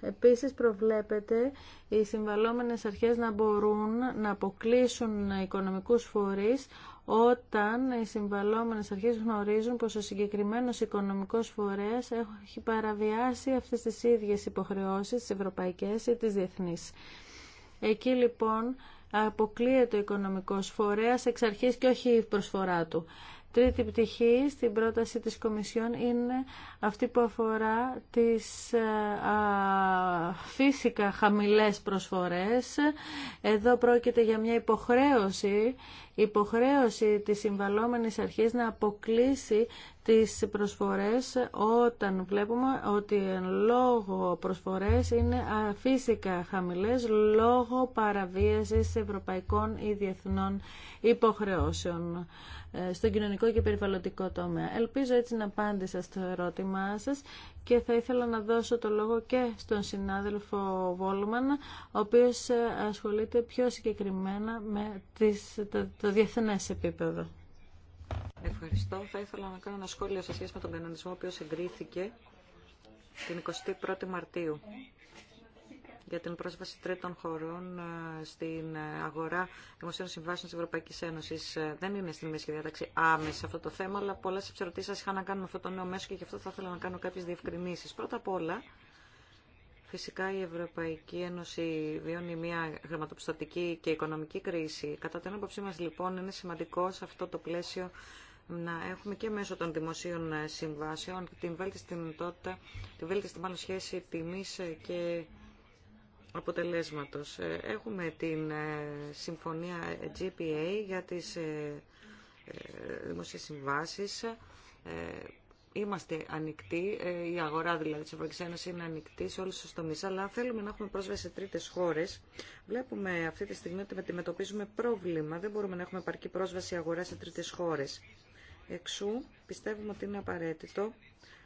Επίσης προβλέπεται οι συμβαλόμενες αρχές να μπορούν να αποκλείσουν οικονομικούς φορείς όταν οι συμβαλόμενες αρχές γνωρίζουν πως ο συγκεκριμένος οικονομικός φορέας έχει παραβιάσει αυτές τις ίδιες υποχρεώσεις, τις ευρωπαϊκές ή τις διεθνείς. Εκεί λοιπόν αποκλείεται ο οικονομικός φορέας εξ αρχής και όχι η προσφορά του. Τρίτη πτυχή στην πρόταση της Κομισιόν είναι αυτή που αφορά τις ε, φύσικα χαμηλές προσφορές. Εδώ πρόκειται για μια υποχρέωση, υποχρέωση της συμβαλόμενης αρχής να αποκλείσει τις προσφορές όταν βλέπουμε ότι λόγω προσφορές είναι φυσικά χαμηλές λόγω παραβίασης ευρωπαϊκών ή διεθνών υποχρεώσεων ε, στον κοινωνικό και περιβαλλοντικό τομέα. Ελπίζω έτσι να απάντησα στο ερώτημά σας και θα ήθελα να δώσω το λόγο και στον συνάδελφο Βόλμαν, ο οποίος ε, ασχολείται πιο συγκεκριμένα με τις, το, το διεθνές επίπεδο. Ευχαριστώ. Θα ήθελα να κάνω ένα σχόλιο σε σχέση με τον κανονισμό ο οποίος εγκρίθηκε την 21η Μαρτίου για την πρόσβαση τρίτων χωρών ε, στην ε, αγορά δημοσίων συμβάσεων τη Ευρωπαϊκή Ένωση. Ε, δεν είναι στην μέση διάταξη άμεση αυτό το θέμα, αλλά πολλέ ερωτήσει είχαν να κάνουν με αυτό το νέο μέσο και γι' αυτό θα ήθελα να κάνω κάποιε διευκρινήσει. Πρώτα απ' όλα, Φυσικά η Ευρωπαϊκή Ένωση βιώνει μια χρηματοπιστωτική και οικονομική κρίση. Κατά την άποψή μας λοιπόν είναι σημαντικό σε αυτό το πλαίσιο να έχουμε και μέσω των δημοσίων συμβάσεων την βέλτιστη δυνατότητα, τη βέλτιστη μάλλον σχέση τιμής και αποτελέσματος. Έχουμε την ε, συμφωνία GPA για τις ε, ε, δημοσίες συμβάσεις είμαστε ανοιχτοί, ε, η αγορά δηλαδή τη Ευρωπαϊκή Ένωση είναι ανοιχτή σε όλου του τομεί, αλλά αν θέλουμε να έχουμε πρόσβαση σε τρίτε χώρε. βλέπουμε αυτή τη στιγμή ότι αντιμετωπίζουμε πρόβλημα, δεν μπορούμε να έχουμε επαρκή πρόσβαση αγορά σε τρίτες χώρε. Εξού πιστεύουμε ότι είναι απαραίτητο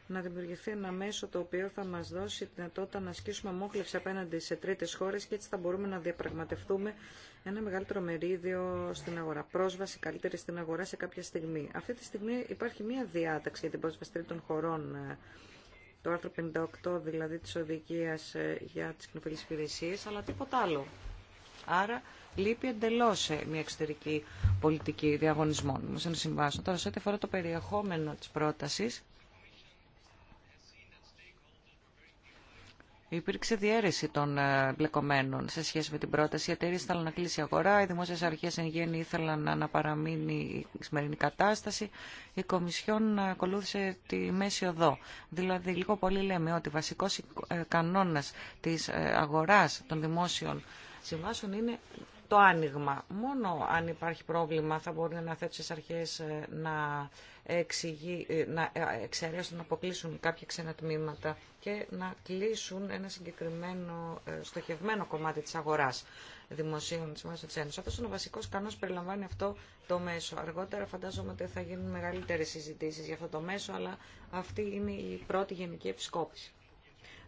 να δημιουργηθεί ένα μέσο το οποίο θα μας δώσει τη δυνατότητα να ασκήσουμε μόχλευση απέναντι σε τρίτες χώρες και έτσι θα μπορούμε να διαπραγματευτούμε ένα μεγαλύτερο μερίδιο στην αγορά, πρόσβαση καλύτερη στην αγορά σε κάποια στιγμή. Αυτή τη στιγμή υπάρχει μία διάταξη για την πρόσβαση τρίτων χωρών, ε, το άρθρο 58 δηλαδή της οδηγίας ε, για τις κοινοφιλείς υπηρεσίε, αλλά τίποτα άλλο. Άρα λείπει εντελώ ε, μια εξωτερική πολιτική διαγωνισμών, να συμβάσω. Τώρα, σε ό,τι αφορά το περιεχόμενο τη πρόταση, Υπήρξε διαίρεση των ε, μπλεκομένων σε σχέση με την πρόταση. Οι εταιρείε ήθελαν να κλείσει η αγορά, οι δημόσιε αρχέ εν γέννη ήθελαν να παραμείνει η σημερινή κατάσταση. Η Κομισιόν ακολούθησε τη μέση οδό. Δηλαδή, λίγο πολύ λέμε ότι βασικό ε, κανόνα τη ε, αγορά των δημόσιων συμβάσεων είναι το άνοιγμα. Μόνο αν υπάρχει πρόβλημα θα μπορεί να θέσει αρχέ να εξηγεί, ε, να ε, εξαιρέσουν, να αποκλείσουν κάποια ξένα τμήματα και να κλείσουν ένα συγκεκριμένο ε, στοχευμένο κομμάτι της αγοράς δημοσίων της Μέσης Ένωσης. Αυτός είναι ο βασικός κανόνας περιλαμβάνει αυτό το μέσο. Αργότερα φαντάζομαι ότι θα γίνουν μεγαλύτερες συζητήσεις για αυτό το μέσο, αλλά αυτή είναι η πρώτη γενική επισκόπηση.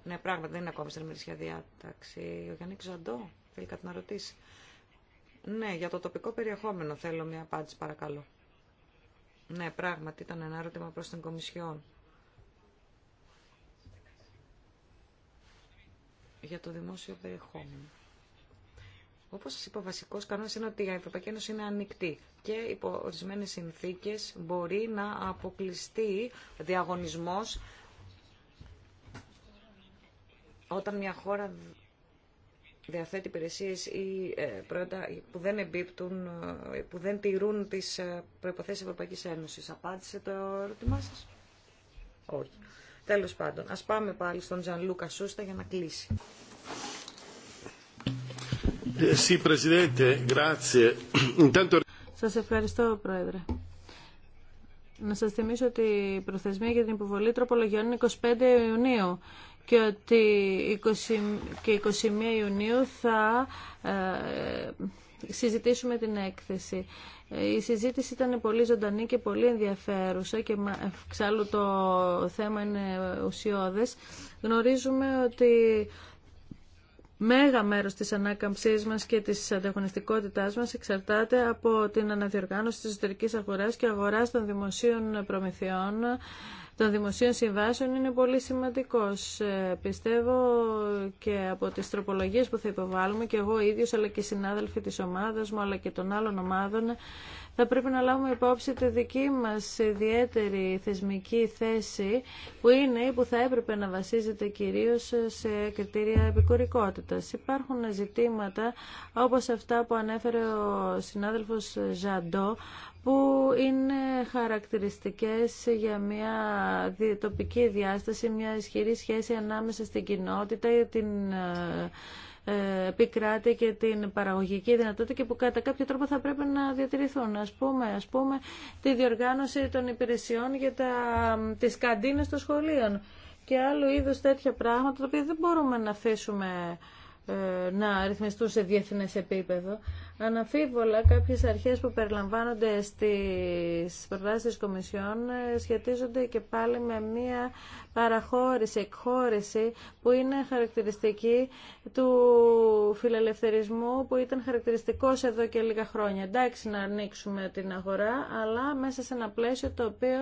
Ναι, πράγματι δεν είναι ακόμα στην ημερησία διάταξη. Ο Γιάννη Ξαντό, θέλει κάτι να ρωτήσει. Ναι, για το τοπικό περιεχόμενο θέλω μια απάντηση παρακαλώ. Ναι, πράγματι ήταν ένα ερώτημα προς την Κομισιόν. Για το δημόσιο περιεχόμενο. Όπως σας είπα, ο βασικός κανόνας είναι ότι η Ευρωπαϊκή Ένωση είναι ανοιχτή και υπό ορισμένες συνθήκες μπορεί να αποκλειστεί διαγωνισμός όταν μια χώρα διαθέτει υπηρεσίε ή ε, που δεν εμπίπτουν, ε, που δεν τηρούν τις ε, προποθέσει Ευρωπαϊκή Ένωση. Απάντησε το ερώτημά σα. Όχι. Τέλο πάντων, Α πάμε πάλι στον Τζαν Λούκα Σούστα για να κλείσει. Σα ευχαριστώ, Πρόεδρε. Να σας θυμίσω ότι η προθεσμία για την υποβολή τροπολογιών είναι 25 Ιουνίου και ότι 20 και 21 Ιουνίου θα ε, συζητήσουμε την έκθεση. Η συζήτηση ήταν πολύ ζωντανή και πολύ ενδιαφέρουσα και εξάλλου το θέμα είναι ουσιώδες. Γνωρίζουμε ότι μέγα μέρος της ανάκαμψής μας και της ανταγωνιστικότητάς μας εξαρτάται από την αναδιοργάνωση της εσωτερικής αγοράς και αγοράς των δημοσίων προμηθειών των δημοσίων συμβάσεων είναι πολύ σημαντικός. Ε, πιστεύω και από τις τροπολογίες που θα υποβάλουμε και εγώ ίδιος αλλά και οι συνάδελφοι της ομάδας μου αλλά και των άλλων ομάδων θα πρέπει να λάβουμε υπόψη τη δική μας ιδιαίτερη θεσμική θέση που είναι ή που θα έπρεπε να βασίζεται κυρίως σε κριτήρια επικουρικότητας. Υπάρχουν ζητήματα όπως αυτά που ανέφερε ο συνάδελφος Ζαντό που είναι χαρακτηριστικές για μια τοπική διάσταση, μια ισχυρή σχέση ανάμεσα στην κοινότητα, την ε, επικράτη και την παραγωγική δυνατότητα και που κατά κάποιο τρόπο θα πρέπει να διατηρηθούν. Ας πούμε, ας πούμε τη διοργάνωση των υπηρεσιών για τα, τις καντίνες των σχολείων και άλλου είδους τέτοια πράγματα, τα οποία δεν μπορούμε να αφήσουμε ε, να ρυθμιστούν σε διεθνές επίπεδο. Αναφίβολα κάποιες αρχές που περιλαμβάνονται στις προτάσεις της Κομισιόν ε, σχετίζονται και πάλι με μια παραχώρηση, εκχώρηση που είναι χαρακτηριστική του φιλελευθερισμού που ήταν χαρακτηριστικός εδώ και λίγα χρόνια. Εντάξει να ανοίξουμε την αγορά, αλλά μέσα σε ένα πλαίσιο το οποίο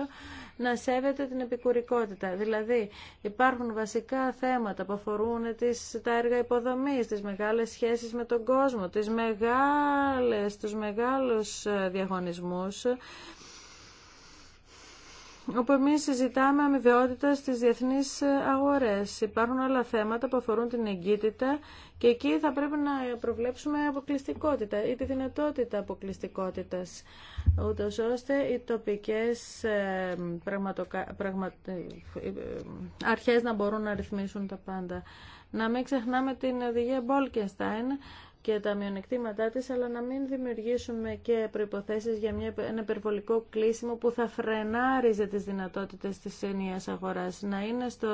να σέβεται την επικουρικότητα. Δηλαδή υπάρχουν βασικά θέματα που αφορούν τις, τα έργα υποδομής, τις μεγάλες σχέσεις με τον κόσμο, τις μεγάλες, τους μεγάλους ε, διαγωνισμούς όπου εμείς συζητάμε αμοιβαιότητα στις διεθνείς αγορές. Υπάρχουν άλλα θέματα που αφορούν την εγκύτητα και εκεί θα πρέπει να προβλέψουμε αποκλειστικότητα ή τη δυνατότητα αποκλειστικότητας, ούτως ώστε οι τοπικές ε, πραγματοκα... Ε, ε, αρχές να μπορούν να ρυθμίσουν τα πάντα. Να μην ξεχνάμε την οδηγία Μπόλκενστάιν, και τα μειονεκτήματά της, αλλά να μην δημιουργήσουμε και προϋποθέσεις για μια, ένα υπερβολικό κλείσιμο που θα φρενάριζε τις δυνατότητες της ενίας αγοράς. Να είναι στο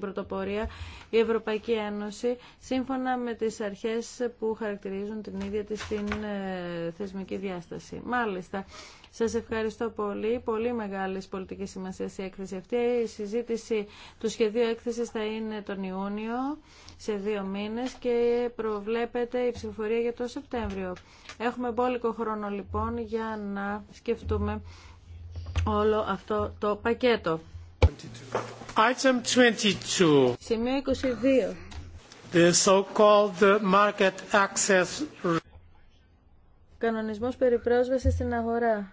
πρωτοπορία η Ευρωπαϊκή Ένωση, σύμφωνα με τις αρχές που χαρακτηρίζουν την ίδια της ε, θεσμική διάσταση. Μάλιστα. Σας ευχαριστώ πολύ. Πολύ μεγάλη πολιτική σημασία η έκθεση αυτή. Η συζήτηση του σχεδίου έκθεσης θα είναι τον Ιούνιο σε δύο μήνες και προβλέπεται η ψηφοφορία για το Σεπτέμβριο. Έχουμε μπόλικο χρόνο λοιπόν για να σκεφτούμε όλο αυτό το πακέτο. 22. Σημείο 22. The so-called market access. Κανονισμός περί πρόσβασης στην αγορά.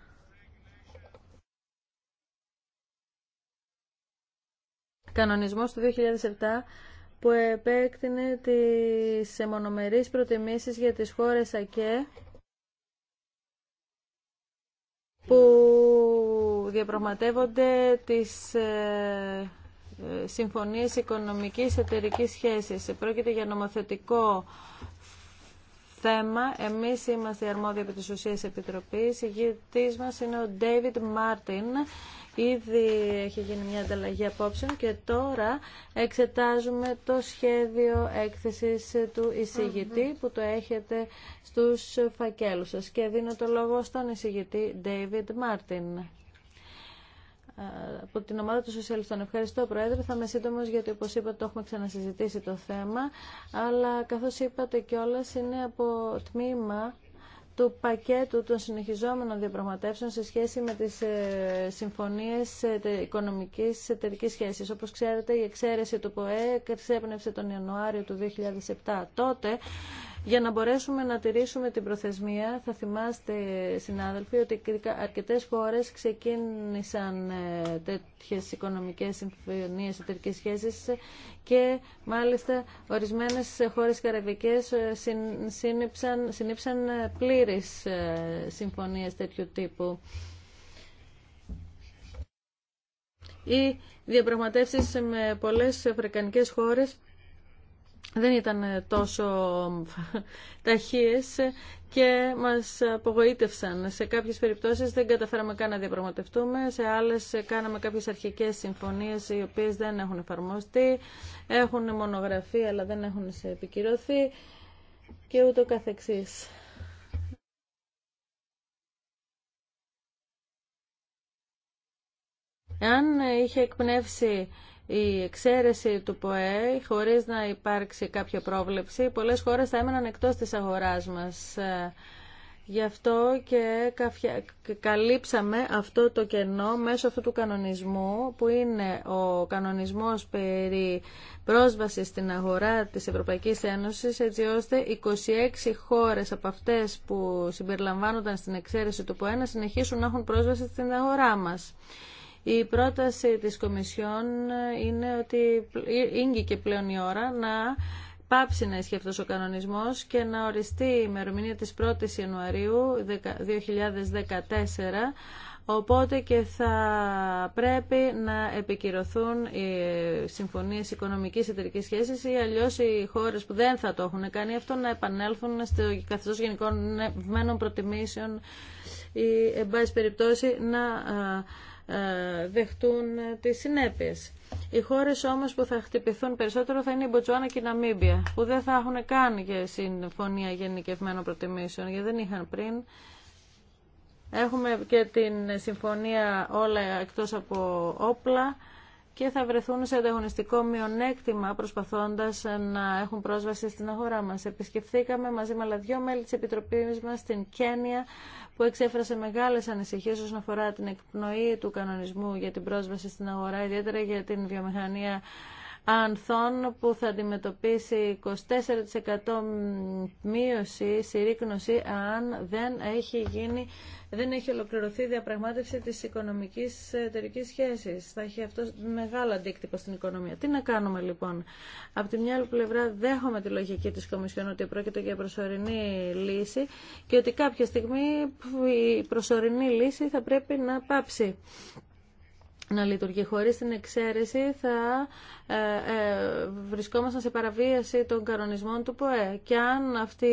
Κανονισμός του 2007 που επέκτηνε τις μονομερείς προτιμήσεις για τις χώρες ΑΚΕ που διαπραγματεύονται τις ε, ε, συμφωνίες οικονομικής εταιρικής σχέσης. Πρόκειται για νομοθετικό θέμα. Εμείς είμαστε οι αρμόδιοι από τις ουσίες επιτροπής. Η μας είναι ο David Μάρτιν. Ήδη έχει γίνει μια ανταλλαγή απόψεων και τώρα εξετάζουμε το σχέδιο έκθεσης του εισηγητή που το έχετε στους φακέλους σας. Και δίνω το λόγο στον εισηγητή David Μάρτιν. Ε, από την ομάδα του Σοσιαλιστών. Ευχαριστώ, Πρόεδρε. Θα είμαι σύντομο γιατί, όπω είπατε, το έχουμε ξανασυζητήσει το θέμα. Αλλά, καθώ είπατε κιόλα, είναι από τμήμα του πακέτου των συνεχιζόμενων διαπραγματεύσεων σε σχέση με τις ε, συμφωνίες ε, οικονομικής εταιρικής σχέση, Όπως ξέρετε, η εξαίρεση του ΠΟΕ ξέπνευσε τον Ιανουάριο του 2007. Τότε για να μπορέσουμε να τηρήσουμε την προθεσμία. Θα θυμάστε, συνάδελφοι, ότι αρκετές χώρε ξεκίνησαν ε, τέτοιε οικονομικές συμφωνίες, εταιρικέ σχέσεις και μάλιστα ορισμένες χώρες καραβικές ε, συνήψαν, συνήψαν ε, πλήρεις συμφωνίες τέτοιου τύπου. Οι διαπραγματεύσεις με πολλές αφρικανικές χώρες δεν ήταν ε, τόσο ταχύες και μας απογοήτευσαν. Σε κάποιες περιπτώσεις δεν καταφέραμε καν να διαπραγματευτούμε, σε άλλες κάναμε κάποιες αρχικές συμφωνίες οι οποίες δεν έχουν εφαρμοστεί, έχουν μονογραφεί αλλά δεν έχουν επικυρωθεί και ούτω καθεξής. Εάν είχε εκπνεύσει η εξαίρεση του ΠΟΕ χωρίς να υπάρξει κάποια πρόβλεψη. Πολλές χώρες θα έμεναν εκτός της αγοράς μας. Ε, γι' αυτό και καλύψαμε αυτό το κενό μέσω αυτού του κανονισμού που είναι ο κανονισμός περί πρόσβασης στην αγορά της Ευρωπαϊκής Ένωσης έτσι ώστε 26 χώρες από αυτές που συμπεριλαμβάνονταν στην εξαίρεση του ΠΟΕ να συνεχίσουν να έχουν πρόσβαση στην αγορά μας. Η πρόταση της Κομισιόν είναι ότι ήγηκε πλέον η ώρα να πάψει να ισχύει αυτός ο κανονισμός και να οριστεί η ημερομηνία της 1ης Ιανουαρίου 2014 οπότε και θα πρέπει να επικυρωθούν οι συμφωνίες οικονομικής εταιρικής σχέσης ή αλλιώς οι χώρες που δεν θα το έχουν κάνει αυτό να επανέλθουν στο καθεστώς γενικών προτιμήσεων ή εν πάση περιπτώσει να ε, ε, δεχτούν τις συνέπειες. Οι χώρες όμως που θα χτυπηθούν περισσότερο θα είναι η Μποτσουάνα και η Ναμίμπια, που δεν θα έχουν καν για συμφωνία γενικευμένων προτιμήσεων, γιατί δεν είχαν πριν. Έχουμε και την συμφωνία όλα εκτός από όπλα και θα βρεθούν σε ανταγωνιστικό μειονέκτημα προσπαθώντας να έχουν πρόσβαση στην αγορά μας. Επισκεφθήκαμε μαζί με άλλα δυο μέλη της Επιτροπής μας στην Κένια που εξέφρασε μεγάλες ανησυχίες όσον αφορά την εκπνοή του κανονισμού για την πρόσβαση στην αγορά, ιδιαίτερα για την βιομηχανία ανθών που θα αντιμετωπίσει 24% μείωση, συρρήκνωση, αν δεν έχει γίνει δεν έχει ολοκληρωθεί η διαπραγμάτευση της οικονομικής εταιρικής σχέσης. Θα έχει αυτό μεγάλο αντίκτυπο στην οικονομία. Τι να κάνουμε λοιπόν. Από τη μια άλλη πλευρά δέχομαι τη λογική της Κομισιόν ότι πρόκειται για προσωρινή λύση και ότι κάποια στιγμή η προσωρινή λύση θα πρέπει να πάψει να λειτουργεί. Χωρίς την εξαίρεση θα ε, ε, βρισκόμασταν σε παραβίαση των κανονισμών του ΠΟΕ. Και αν αυτή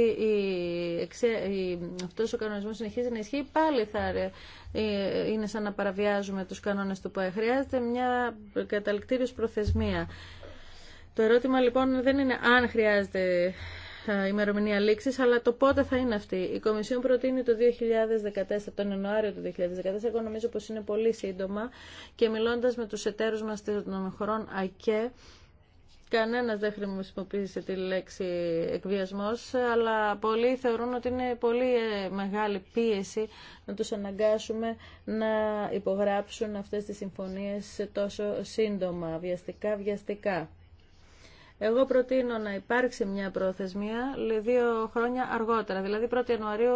η, αυτός ο κανονισμός συνεχίζει να ισχύει, πάλι θα ε, ε, είναι σαν να παραβιάζουμε τους κανόνες του ΠΟΕ. Χρειάζεται μια καταληκτήριος προθεσμία. Το ερώτημα λοιπόν δεν είναι αν χρειάζεται ε, ημερομηνία λήξη, αλλά το πότε θα είναι αυτή. Η Κομισιόν προτείνει το 2014, τον Ιανουάριο του 2014. Εγώ νομίζω πω είναι πολύ σύντομα και μιλώντα με του εταίρου μας των χωρών ΑΚΕ, Κανένα δεν χρησιμοποίησε τη λέξη εκβιασμό, αλλά πολλοί θεωρούν ότι είναι πολύ ε, μεγάλη πίεση να του αναγκάσουμε να υπογράψουν αυτέ τι συμφωνιε τόσο σύντομα, βιαστικά, βιαστικά. Εγώ προτείνω να υπάρξει μια προθεσμία δύο χρόνια αργότερα, δηλαδή 1η Ιανουαρίου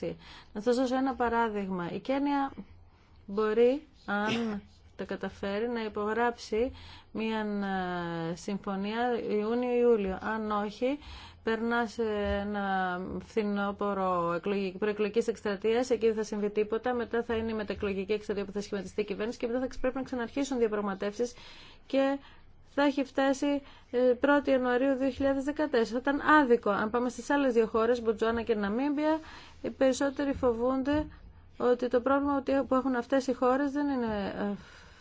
2016. Να σα δώσω ένα παράδειγμα. Η Κένια μπορεί, αν τα καταφέρει, να υπογράψει μια ε, συμφωνία Ιούνιο-Ιούλιο. Αν όχι, περνά σε ένα φθινόπορο προεκλογική εκστρατεία, εκεί δεν θα συμβεί τίποτα. Μετά θα είναι η μεταεκλογική εκστρατεία που θα σχηματιστεί η κυβέρνηση και μετά θα πρέπει να ξαναρχίσουν διαπραγματεύσει και θα έχει φτάσει 1η ε, Ιανουαρίου 2014. Θα ήταν άδικο. Αν πάμε στις άλλες δύο χώρες, Μποτζουάνα και Ναμίμπια, οι περισσότεροι φοβούνται ότι το πρόβλημα που έχουν αυτές οι χώρες δεν είναι ε,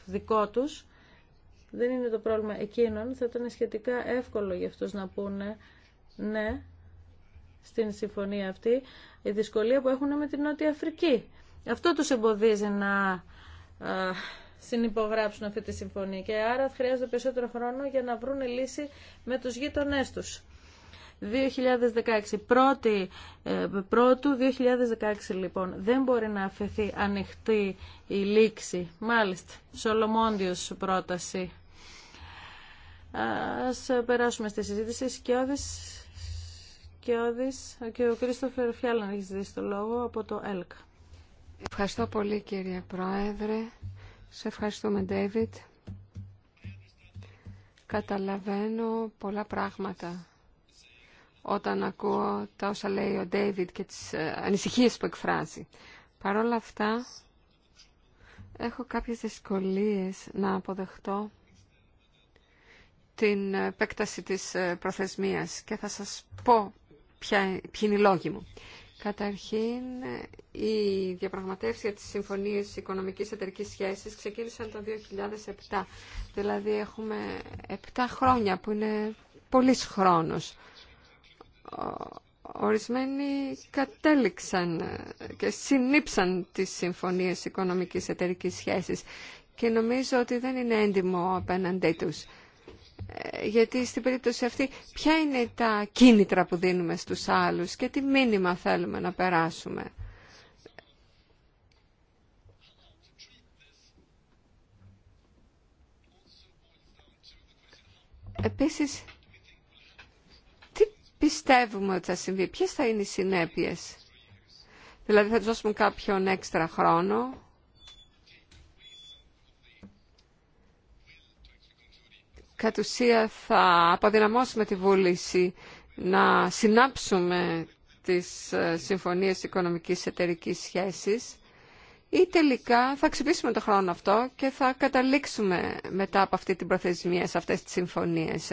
δικό τους, δεν είναι το πρόβλημα εκείνων. Θα ήταν σχετικά εύκολο για αυτούς να πούνε ναι στην συμφωνία αυτή, η δυσκολία που έχουν με την Νότια Αφρική. Αυτό τους εμποδίζει να ε, συνυπογράψουν αυτή τη συμφωνία και άρα χρειάζεται περισσότερο χρόνο για να βρουν λύση με τους γείτονές τους. 2016. Πρώτη, ε, πρώτου 2016 λοιπόν. Δεν μπορεί να αφαιθεί ανοιχτή η λήξη. Μάλιστα. Σολομόντιος πρόταση. Ας περάσουμε στη συζήτηση. Σκιώδης, Σκιώδης και ο Κρίστοφερ Φιάλλαν έχει ζητήσει το λόγο από το ΕΛΚ. Ευχαριστώ πολύ κύριε Πρόεδρε. Σε ευχαριστούμε, Ντέιβιτ. Καταλαβαίνω πολλά πράγματα όταν ακούω τα όσα λέει ο Ντέιβιτ και τις ε, ανησυχίες που εκφράζει. Παρ' όλα αυτά, έχω κάποιες δυσκολίες να αποδεχτώ την επέκταση της ε, προθεσμίας και θα σας πω ποια, ποιοι είναι οι λόγοι μου. Καταρχήν, η διαπραγματεύσεις για τις συμφωνίες οικονομικής εταιρικής σχέσης ξεκίνησαν το 2007. Δηλαδή έχουμε 7 χρόνια που είναι πολύς χρόνος. Ορισμένοι κατέληξαν και συνήψαν τις συμφωνίες οικονομικής εταιρικής σχέσης και νομίζω ότι δεν είναι έντιμο απέναντί τους. Ε, γιατί στην περίπτωση αυτή ποια είναι τα κίνητρα που δίνουμε στους άλλους και τι μήνυμα θέλουμε να περάσουμε. Επίσης, τι πιστεύουμε ότι θα συμβεί, ποιες θα είναι οι συνέπειες. Δηλαδή θα δώσουμε κάποιον έξτρα χρόνο κατ' ουσία θα αποδυναμώσουμε τη βούληση να συνάψουμε τις ε, συμφωνίες οικονομικής εταιρικής σχέσης ή τελικά θα ξυπνήσουμε τον χρόνο αυτό και θα καταλήξουμε μετά από αυτή την προθεσμία σε αυτές τις συμφωνίες.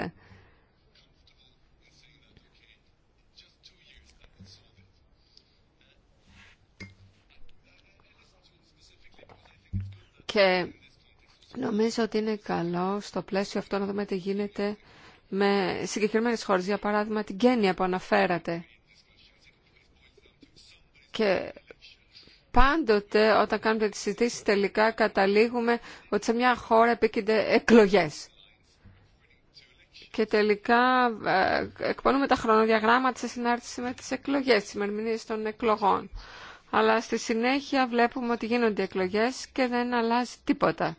Και Νομίζω ότι είναι καλό στο πλαίσιο αυτό να δούμε τι γίνεται με συγκεκριμένες χώρες, για παράδειγμα την Κένια που αναφέρατε. Και πάντοτε όταν κάνουμε τις συζητήσεις τελικά καταλήγουμε ότι σε μια χώρα επίκυνται εκλογές. Και τελικά ε, εκπονούμε τα χρονοδιαγράμματα σε συνάρτηση με τις εκλογές, τις ημερομηνίες των εκλογών. Αλλά στη συνέχεια βλέπουμε ότι γίνονται εκλογές και δεν αλλάζει τίποτα.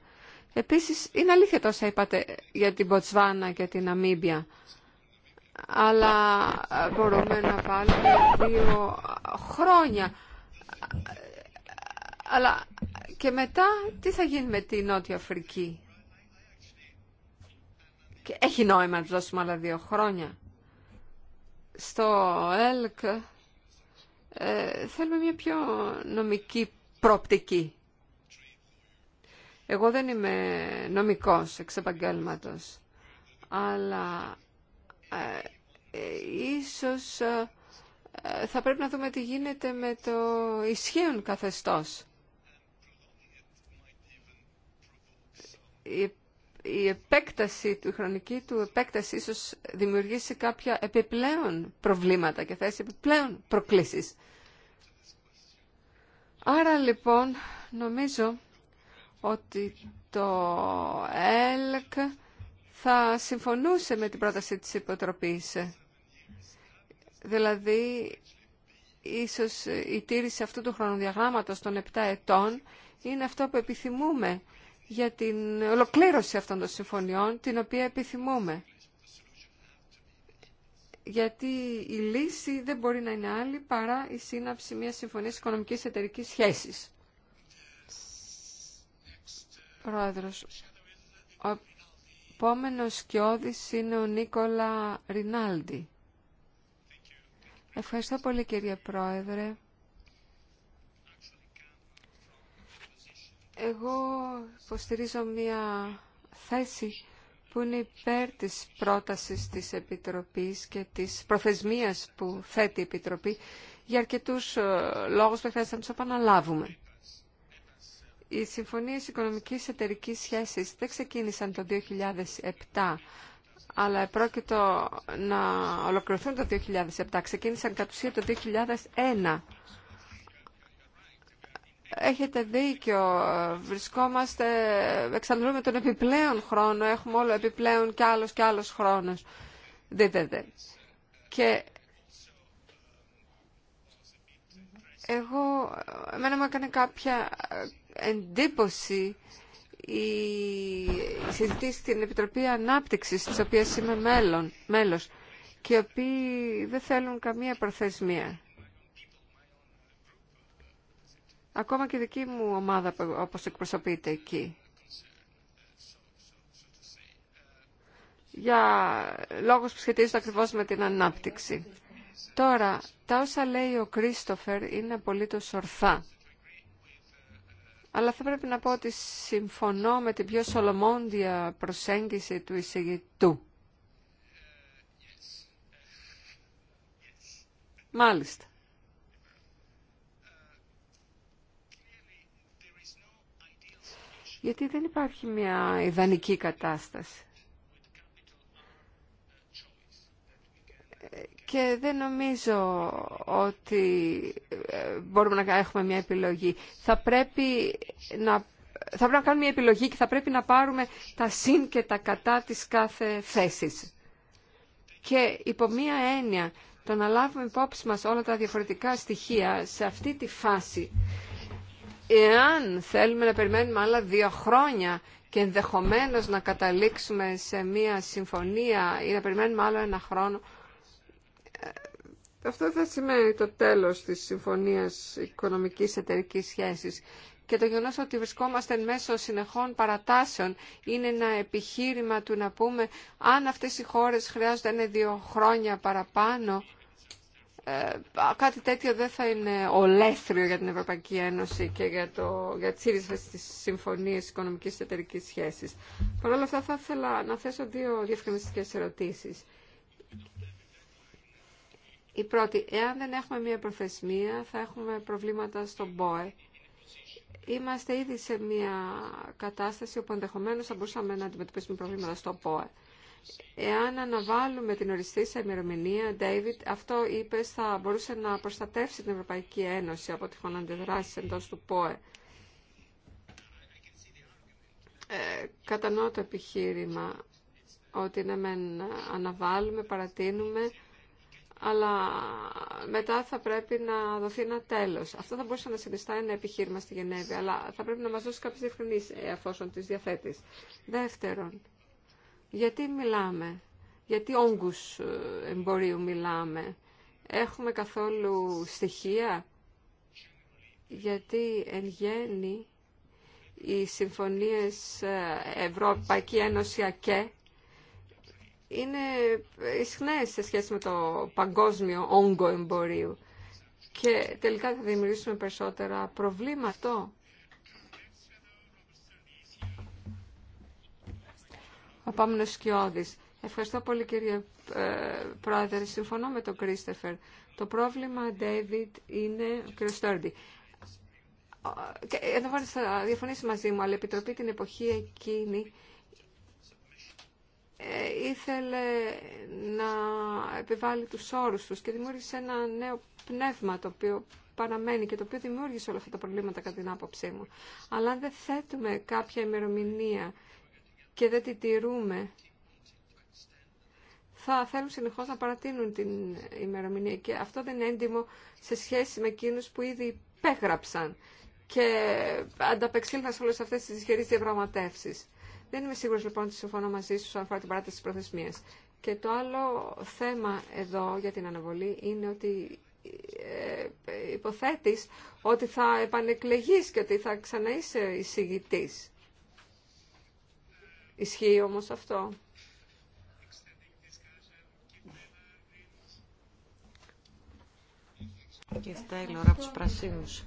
Επίσης, είναι αλήθεια τόσα είπατε για την Ποτσβάνα και την Αμίμπια. Αλλά μπορούμε να βάλουμε δύο χρόνια. Αλλά και μετά τι θα γίνει με τη Νότια Αφρική. Και έχει νόημα να δώσουμε άλλα δύο χρόνια. Στο ΕΛΚ ε, θέλουμε μια πιο νομική προοπτική. Εγώ δεν είμαι νομικός εξ επαγγέλματος, αλλά ε, ε ίσως ε, ε, θα πρέπει να δούμε τι γίνεται με το ισχύον καθεστώς. Η, επέκταση του, η χρονική του επέκταση ίσως δημιουργήσει κάποια επιπλέον προβλήματα και θέσει επιπλέον προκλήσεις. Άρα λοιπόν νομίζω ότι το ΕΛΚ θα συμφωνούσε με την πρόταση της υποτροπής. Δηλαδή, ίσως η τήρηση αυτού του χρονοδιαγράμματος των 7 ετών είναι αυτό που επιθυμούμε για την ολοκλήρωση αυτών των συμφωνιών, την οποία επιθυμούμε. Γιατί η λύση δεν μπορεί να είναι άλλη παρά η σύναψη μιας συμφωνίας οικονομικής εταιρικής σχέσης. Πρόεδρος. Ο επόμενος σκιώδης είναι ο Νίκολα Ρινάλντι. Ευχαριστώ πολύ κύριε Πρόεδρε. Εγώ υποστηρίζω μια θέση που είναι υπέρ της πρότασης της Επιτροπής και της προθεσμίας που θέτει η Επιτροπή για αρκετούς ε, λόγους που χρειάζεται να τους επαναλάβουμε. Οι συμφωνίες οικονομικής εταιρικής σχέσης δεν ξεκίνησαν το 2007, αλλά επρόκειτο να ολοκληρωθούν το 2007. Ξεκίνησαν κατ' ουσία το 2001. Έχετε δίκιο. Βρισκόμαστε, εξαντλούμε τον επιπλέον χρόνο. Έχουμε όλο επιπλέον κι άλλος και άλλος χρόνος. Δίδεται. Και εγώ, εμένα μου έκανε κάποια εντύπωση η συζήτηση στην Επιτροπή Ανάπτυξης, της οποίας είμαι μέλος, και οι οποίοι δεν θέλουν καμία προθεσμία. Ακόμα και η δική μου ομάδα όπως εκπροσωπείται εκεί. Για λόγους που σχετίζονται ακριβώς με την ανάπτυξη. Τώρα, τα όσα λέει ο Κρίστοφερ είναι απολύτως ορθά αλλά θα πρέπει να πω ότι συμφωνώ με την πιο σολομόντια προσέγγιση του εισηγητού. Μάλιστα. Γιατί δεν υπάρχει μια ιδανική κατάσταση. και δεν νομίζω ότι ε, μπορούμε να έχουμε μια επιλογή. Θα πρέπει να, θα πρέπει να κάνουμε μια επιλογή και θα πρέπει να πάρουμε τα συν και τα κατά της κάθε θέσης. Και υπό μία έννοια, το να λάβουμε υπόψη μας όλα τα διαφορετικά στοιχεία σε αυτή τη φάση, εάν θέλουμε να περιμένουμε άλλα δύο χρόνια και ενδεχομένως να καταλήξουμε σε μία συμφωνία ή να περιμένουμε άλλο ένα χρόνο, αυτό θα σημαίνει το τέλος της Συμφωνίας Οικονομικής Εταιρικής Σχέσης. Και το γεγονός ότι βρισκόμαστε μέσω συνεχών παρατάσεων είναι ένα επιχείρημα του να πούμε αν αυτές οι χώρες χρειάζονται ένα-δύο χρόνια παραπάνω, ε, κάτι τέτοιο δεν θα είναι ολέθριο για την Ευρωπαϊκή Ένωση και για, το, για τις ίδιες της Συμφωνίας Οικονομικής Εταιρικής Σχέσης. Παρ' όλα αυτά θα ήθελα να θέσω δύο διευκρινιστικές ερωτήσεις. Η πρώτη, εάν δεν έχουμε μια προθεσμία θα έχουμε προβλήματα στον ΠΟΕ. Είμαστε ήδη σε μια κατάσταση όπου ενδεχομένω θα μπορούσαμε να αντιμετωπίσουμε προβλήματα στον ΠΟΕ. Εάν αναβάλουμε την οριστή σε ημερομηνία, David, αυτό είπε θα μπορούσε να προστατεύσει την Ευρωπαϊκή Ένωση από τυχόν αντιδράσει εντό του ΠΟΕ. Ε, κατανοώ το επιχείρημα ότι ναι μεν αναβάλουμε, παρατείνουμε, αλλά μετά θα πρέπει να δοθεί ένα τέλος. Αυτό θα μπορούσε να συνιστά ένα επιχείρημα στη Γενέβη, αλλά θα πρέπει να μα δώσει κάποιες διευκρινήσει ε, εφόσον τις διαθέτεις. Δεύτερον, γιατί μιλάμε, γιατί όγκους ε, εμπορίου μιλάμε, έχουμε καθόλου στοιχεία, γιατί εν γέννη οι συμφωνίες ε, Ευρωπαϊκή Ένωση ΑΚΕ είναι ισχνές σε σχέση με το παγκόσμιο όγκο εμπορίου και τελικά θα δημιουργήσουμε περισσότερα προβλήματα. Ο Ευχαριστώ πολύ κύριε ε, Πρόεδρε. Συμφωνώ με τον Κρίστεφερ. Το πρόβλημα, David, είναι ο κύριο. Στέρντι. Ε, εδώ θα διαφωνήσει μαζί μου, αλλά Επιτροπή την εποχή εκείνη ε, ήθελε να επιβάλλει τους όρους τους και δημιούργησε ένα νέο πνεύμα το οποίο παραμένει και το οποίο δημιούργησε όλα αυτά τα προβλήματα κατά την άποψή μου. Αλλά αν δεν θέτουμε κάποια ημερομηνία και δεν τη τηρούμε, θα θέλουν συνεχώς να παρατείνουν την ημερομηνία και αυτό δεν είναι έντιμο σε σχέση με εκείνους που ήδη υπέγραψαν και ανταπεξήλθαν σε όλες αυτές τις ισχυρές διαπραγματεύσεις. Δεν είμαι σίγουρος λοιπόν ότι συμφωνώ μαζί σου όσον αφορά την παράταση της προθεσμίας. Και το άλλο θέμα εδώ για την αναβολή είναι ότι ε, ε, υποθέτεις ότι θα επανεκλεγείς και ότι θα ξανά είσαι εισηγητής. Ισχύει όμως αυτό. Και ώρα από τους Πρασίνους.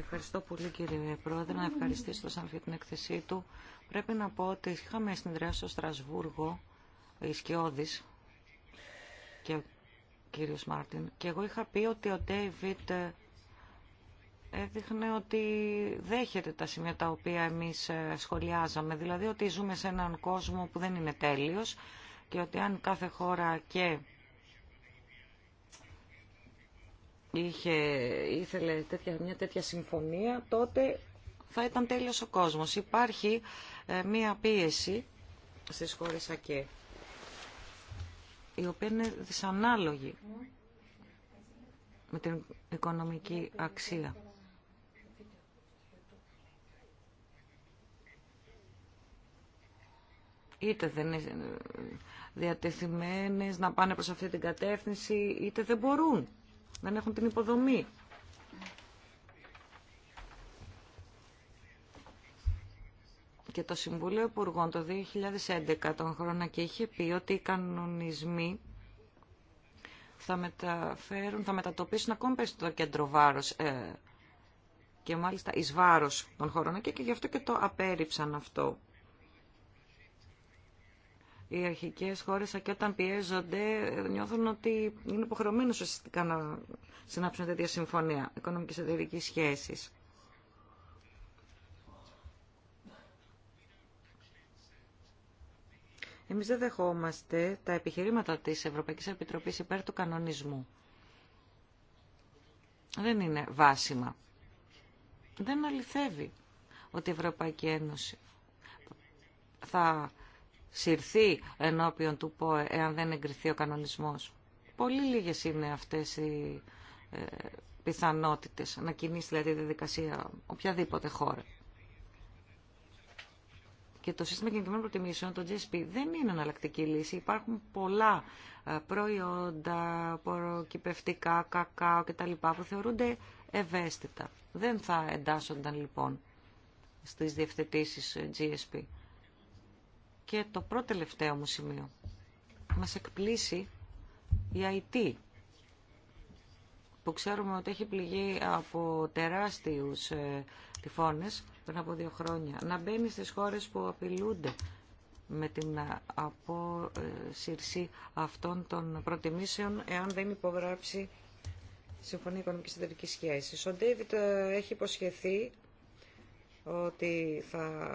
Ευχαριστώ πολύ κύριε Πρόεδρε, να ευχαριστήσω Σαν για την εκθεσή του. Πρέπει να πω ότι είχαμε συνδυάσει στο Στρασβούργο, η Σκιώδης και ο κύριος Μάρτιν, και εγώ είχα πει ότι ο Ντέιβιτ έδειχνε ότι δέχεται τα σημεία τα οποία εμείς ε, σχολιάζαμε, δηλαδή ότι ζούμε σε έναν κόσμο που δεν είναι τέλειος και ότι αν κάθε χώρα και είχε, ήθελε μια τέτοια συμφωνία, τότε θα ήταν τέλειος ο κόσμος. Υπάρχει ε, μια πίεση στις χώρες ΑΚΕ, η οποία είναι δυσανάλογη με την οικονομική αξία. είτε δεν είναι ε, διατεθειμένες να πάνε προς αυτή την κατεύθυνση, είτε δεν μπορούν δεν έχουν την υποδομή. Και το Συμβούλιο Υπουργών το 2011 τον χρόνο και είχε πει ότι οι κανονισμοί θα μεταφέρουν, θα μετατοπίσουν ακόμη περισσότερο κέντρο βάρος ε, και μάλιστα εις βάρος των χωρών και, και γι' αυτό και το απέρριψαν αυτό οι αρχικές χώρες και όταν πιέζονται νιώθουν ότι είναι υποχρεωμένε ουσιαστικά να συνάψουν τέτοια συμφωνία οικονομική εταιρική σχέση. Εμείς δεν δεχόμαστε τα επιχειρήματα της Ευρωπαϊκής Επιτροπής υπέρ του κανονισμού. Δεν είναι βάσιμα. Δεν αληθεύει ότι η Ευρωπαϊκή Ένωση θα συρθεί ενώπιον του ΠΟΕ εάν δεν εγκριθεί ο κανονισμός. Πολύ λίγες είναι αυτές οι ε, πιθανότητες να κινήσει δηλαδή η διαδικασία οποιαδήποτε χώρα. Και το σύστημα κινητικών προτιμήσεων, το GSP, δεν είναι εναλλακτική λύση. Υπάρχουν πολλά ε, προϊόντα, προκυπευτικά, κακάο κτλ. που θεωρούνται ευαίσθητα. Δεν θα εντάσσονταν λοιπόν στις διευθετήσεις ε, GSP. Και το πρώτο τελευταίο μου σημείο. Μας εκπλήσει η IT που ξέρουμε ότι έχει πληγεί από τεράστιους ε, τυφώνες πριν από δύο χρόνια, να μπαίνει στις χώρες που απειλούνται με την απόσυρση ε, αυτών των προτιμήσεων εάν δεν υπογράψει Συμφωνία Οικονομικής Εταιρικής Σχέσης. Ο Ντέιβιτ ε, έχει υποσχεθεί ότι θα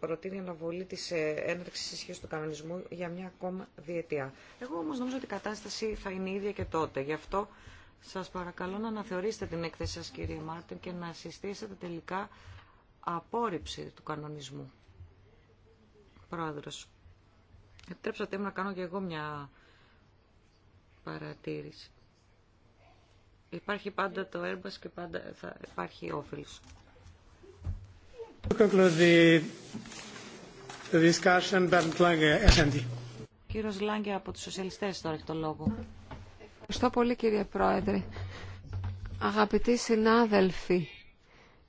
προτείνει αναβολή της ε, έναρξης ισχύω του κανονισμού για μια ακόμα διετία. Εγώ όμως νομίζω ότι η κατάσταση θα είναι η ίδια και τότε. Γι' αυτό σας παρακαλώ να αναθεωρήσετε την έκθεση σας κύριε Μάρτιν και να συστήσετε τελικά απόρριψη του κανονισμού. Πρόεδρος, επιτρέψατε μου να κάνω και εγώ μια παρατήρηση. Υπάρχει πάντα το έρμπας και πάντα θα υπάρχει όφελος. Κύριος Λάγκια από τους Σοσιαλιστές τώρα έχει το λόγο. Ευχαριστώ πολύ κύριε Πρόεδρε. Αγαπητοί συνάδελφοι,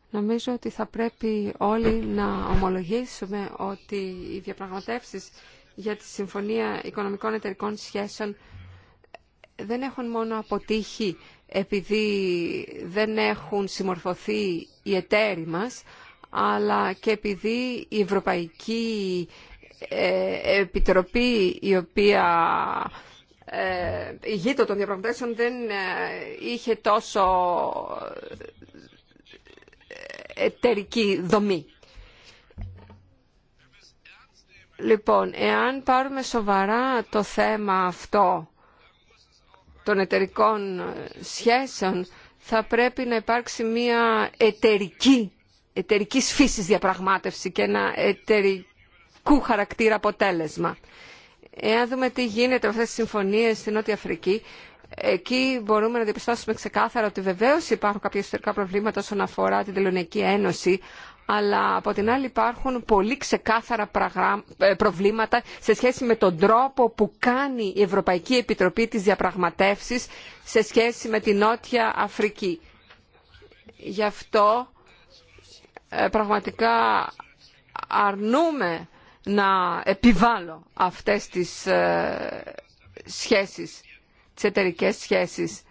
νομίζω ότι θα πρέπει όλοι να ομολογήσουμε ότι οι διαπραγματεύσεις για τη Συμφωνία Οικονομικών Εταιρικών Σχέσεων δεν έχουν μόνο αποτύχει επειδή δεν έχουν συμμορφωθεί οι εταίροι μας, αλλά και επειδή η Ευρωπαϊκή ε, Επιτροπή η οποία ε, ηγείται των διαπραγματεύσεων δεν ε, είχε τόσο εταιρική δομή. Λοιπόν, εάν πάρουμε σοβαρά το θέμα αυτό των εταιρικών σχέσεων, θα πρέπει να υπάρξει μια εταιρική εταιρική φύσης διαπραγμάτευση και ένα εταιρικού χαρακτήρα αποτέλεσμα. Εάν δούμε τι γίνεται με αυτές τις συμφωνίες στην Νότια Αφρική, εκεί μπορούμε να διαπιστώσουμε ξεκάθαρα ότι βεβαίως υπάρχουν κάποια ιστορικά προβλήματα όσον αφορά την Τελωνιακή Ένωση, αλλά από την άλλη υπάρχουν πολύ ξεκάθαρα ε, προβλήματα σε σχέση με τον τρόπο που κάνει η Ευρωπαϊκή Επιτροπή της διαπραγματεύσεις σε σχέση με την Νότια Αφρική. Γι' αυτό ε, πραγματικά αρνούμε να επιβάλλω αυτές τις ε, σχέσεις, τις εταιρικέ σχέσεις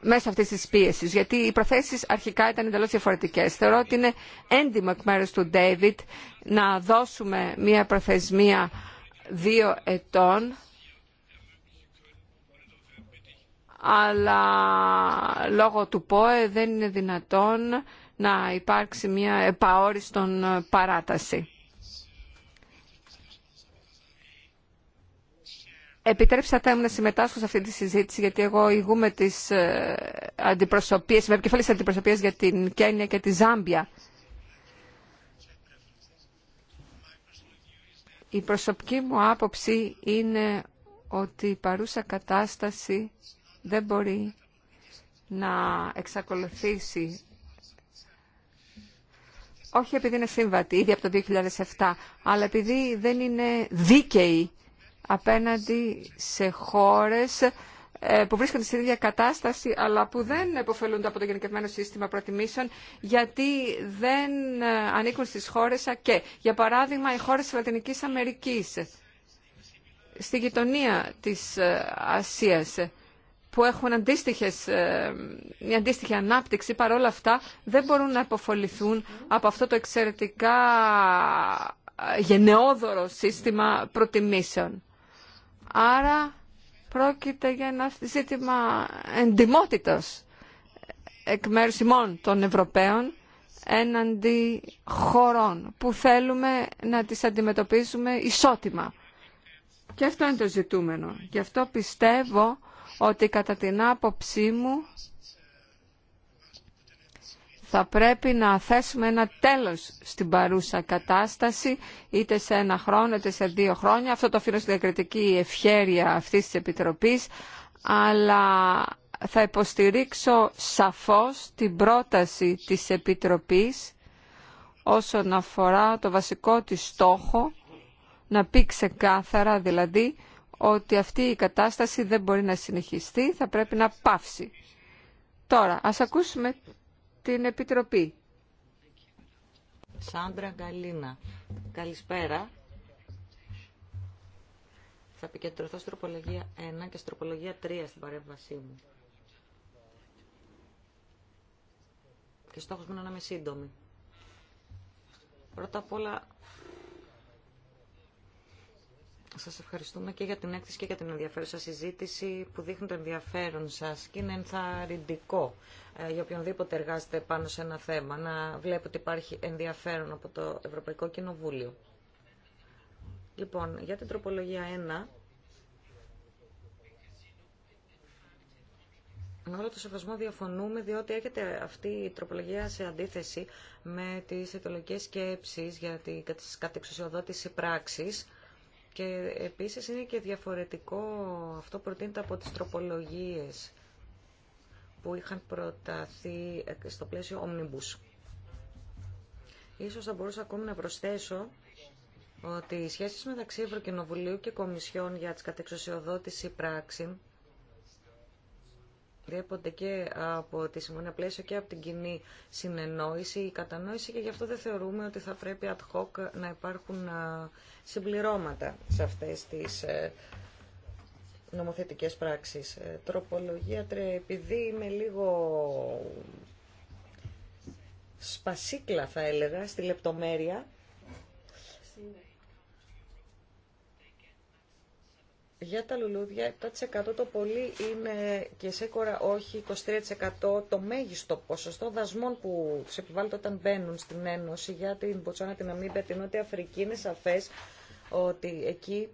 μέσα αυτή τη πίεση. Γιατί οι προθέσει αρχικά ήταν εντελώ διαφορετικέ. Θεωρώ ότι είναι έντιμο εκ μέρου του Ντέιβιτ να δώσουμε μία προθεσμία δύο ετών. Αλλά λόγω του ΠΟΕ δεν είναι δυνατόν να υπάρξει μια επαόριστον παράταση. Επιτρέψατε μου να συμμετάσχω σε αυτή τη συζήτηση, γιατί εγώ ηγούμαι τι ε, αντιπροσωπείε, με επικεφαλή αντιπροσωπεία για την Κένια και τη Ζάμπια. Η προσωπική μου άποψη είναι ότι η παρούσα κατάσταση δεν μπορεί να εξακολουθήσει όχι επειδή είναι σύμβατη ήδη από το 2007, αλλά επειδή δεν είναι δίκαιοι απέναντι σε χώρες ε, που βρίσκονται στην ίδια κατάσταση αλλά που δεν επωφελούνται από το γενικευμένο σύστημα προτιμήσεων γιατί δεν ε, ανήκουν στις χώρες ΑΚΕ. Για παράδειγμα, οι χώρες της Λατινικής Αμερικής, στη γειτονία της ε, Ασίας που έχουν αντίστοιχες, ε, μια αντίστοιχη ανάπτυξη, παρόλα αυτά δεν μπορούν να αποφοληθούν από αυτό το εξαιρετικά ε, γενναιόδωρο σύστημα προτιμήσεων. Άρα πρόκειται για ένα ζήτημα εντιμότητος εκ μέρους ημών των Ευρωπαίων έναντι χωρών που θέλουμε να τις αντιμετωπίζουμε ισότιμα. Και αυτό είναι το ζητούμενο. Γι' αυτό πιστεύω ότι κατά την άποψή μου θα πρέπει να θέσουμε ένα τέλος στην παρούσα κατάσταση, είτε σε ένα χρόνο, είτε σε δύο χρόνια. Αυτό το αφήνω στην διακριτική ευχέρεια αυτής της Επιτροπής, αλλά θα υποστηρίξω σαφώς την πρόταση της Επιτροπής όσον αφορά το βασικό της στόχο, να πει ξεκάθαρα δηλαδή ότι αυτή η κατάσταση δεν μπορεί να συνεχιστεί, θα πρέπει να πάυσει. Τώρα, ας ακούσουμε την Επιτροπή. Σάντρα Γκαλίνα, καλησπέρα. Θα επικεντρωθώ τροπολογία 1 και τροπολογία 3 στην παρέμβασή μου. Και στόχος μου είναι να είμαι σύντομη. Πρώτα απ' όλα σας ευχαριστούμε και για την έκθεση και για την ενδιαφέρουσα συζήτηση που δείχνει το ενδιαφέρον σας και είναι ενθαρρυντικό ε, για οποιονδήποτε εργάζεται πάνω σε ένα θέμα να βλέπει ότι υπάρχει ενδιαφέρον από το Ευρωπαϊκό Κοινοβούλιο. Λοιπόν, για την τροπολογία 1, Με όλο το σεβασμό διαφωνούμε, διότι έρχεται αυτή η τροπολογία σε αντίθεση με τις ιδεολογικές σκέψεις για την κατεξουσιοδότηση πράξης και επίσης είναι και διαφορετικό αυτό προτείνεται από τις τροπολογίες που είχαν προταθεί στο πλαίσιο Omnibus. Ίσως θα μπορούσα ακόμη να προσθέσω ότι οι σχέσεις μεταξύ Ευρωκοινοβουλίου και Κομισιόν για τις κατεξοσιοδότηση πράξη διέπονται και από τη συμφωνία πλαίσιο και από την κοινή συνεννόηση ή κατανόηση και γι' αυτό δεν θεωρούμε ότι θα πρέπει ad hoc να υπάρχουν συμπληρώματα σε αυτές τις ε, νομοθετικές πράξεις. Ε, τροπολογία επειδή είμαι λίγο σπασίκλα θα έλεγα στη λεπτομέρεια, για τα λουλούδια 7% το πολύ είναι και σε κορα όχι 23% το μέγιστο ποσοστό δασμών που του επιβάλλεται όταν μπαίνουν στην Ένωση για την ποτσόνα την Αμίμπια, την Νότια Αφρική είναι σαφέ ότι εκεί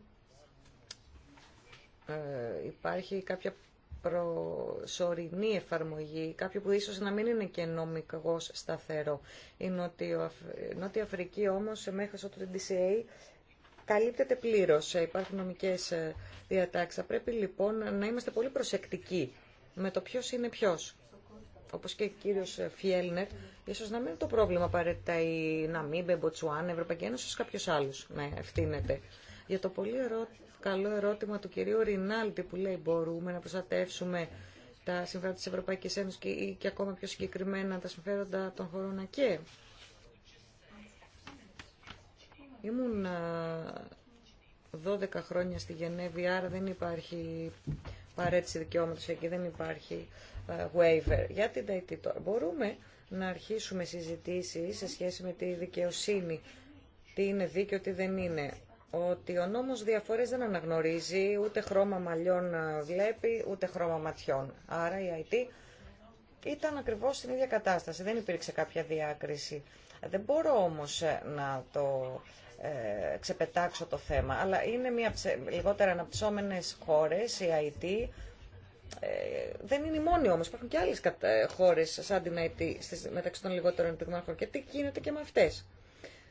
ε, υπάρχει κάποια προσωρινή εφαρμογή, κάποιο που ίσως να μην είναι και νομικός σταθερό. Η Νότια Αφρική όμως μέχρι ότου την DCA καλύπτεται πλήρως. Ε, υπάρχουν νομικέ ε, διατάξει. Θα πρέπει λοιπόν να είμαστε πολύ προσεκτικοί με το ποιο είναι ποιο, όπω και ο κύριο Φιέλνερ, ίσως να μην είναι το πρόβλημα απαραίτητα η Ναμίμπε, Μποτσουάν, Ευρωπαϊκή Ένωση, ίσω κάποιο άλλος να ευθύνεται. Για το πολύ καλό ερώτημα του κυρίου Ρινάλτη που λέει μπορούμε να προστατεύσουμε τα συμφέροντα της Ευρωπαϊκής Ένωσης και, ή και ακόμα πιο συγκεκριμένα τα συμφέροντα των χωρών ΑΚΕ. Ήμουν 12 χρόνια στη Γενέβη, άρα δεν υπάρχει παρέτηση δικαιώματος εκεί, δεν υπάρχει waiver. Για την Ταϊτή τώρα. Μπορούμε να αρχίσουμε συζητήσεις σε σχέση με τη δικαιοσύνη. Τι είναι δίκαιο, τι δεν είναι. Ότι ο νόμος διαφορές δεν αναγνωρίζει, ούτε χρώμα μαλλιών βλέπει, ούτε χρώμα ματιών. Άρα η IT ήταν ακριβώς στην ίδια κατάσταση, δεν υπήρξε κάποια διάκριση. Δεν μπορώ όμως ε, να το ε, ξεπετάξω το θέμα, αλλά είναι μια λιγότερα αναπτυσσόμενες χώρες, η ε, δεν είναι η μόνη όμως, υπάρχουν και άλλες ε, χώρες σαν την στις, μεταξύ των λιγότερων αναπτυγμένων χωρών και τι γίνεται και με αυτές.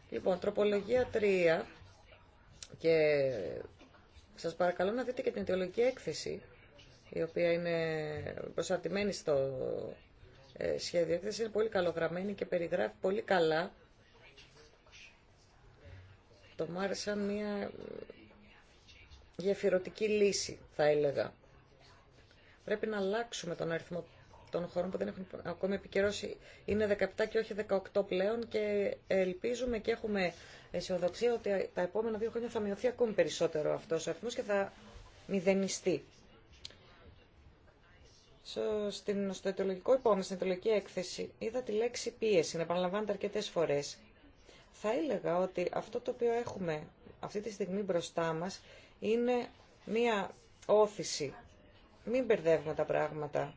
Λοιπόν, τροπολογία 3 και σας παρακαλώ να δείτε και την αιτιολογική έκθεση η οποία είναι προσαρτημένη στο ε, σχέδιο έκθεση, είναι πολύ καλογραμμένη και περιγράφει πολύ καλά το Μάρα σαν μια γεφυρωτική λύση, θα έλεγα. Πρέπει να αλλάξουμε τον αριθμό των χωρών που δεν έχουν ακόμη επικαιρώσει. Είναι 17 και όχι 18 πλέον και ελπίζουμε και έχουμε αισιοδοξία ότι τα επόμενα δύο χρόνια θα μειωθεί ακόμη περισσότερο αυτός ο αριθμός και θα μηδενιστεί. Στην, στο αιτιολογικό υπόμνη, λοιπόν, στην αιτιολογική έκθεση, είδα τη λέξη πίεση να επαναλαμβάνεται αρκετέ φορέ. Θα έλεγα ότι αυτό το οποίο έχουμε αυτή τη στιγμή μπροστά μας είναι μία όθηση. Μην μπερδεύουμε τα πράγματα.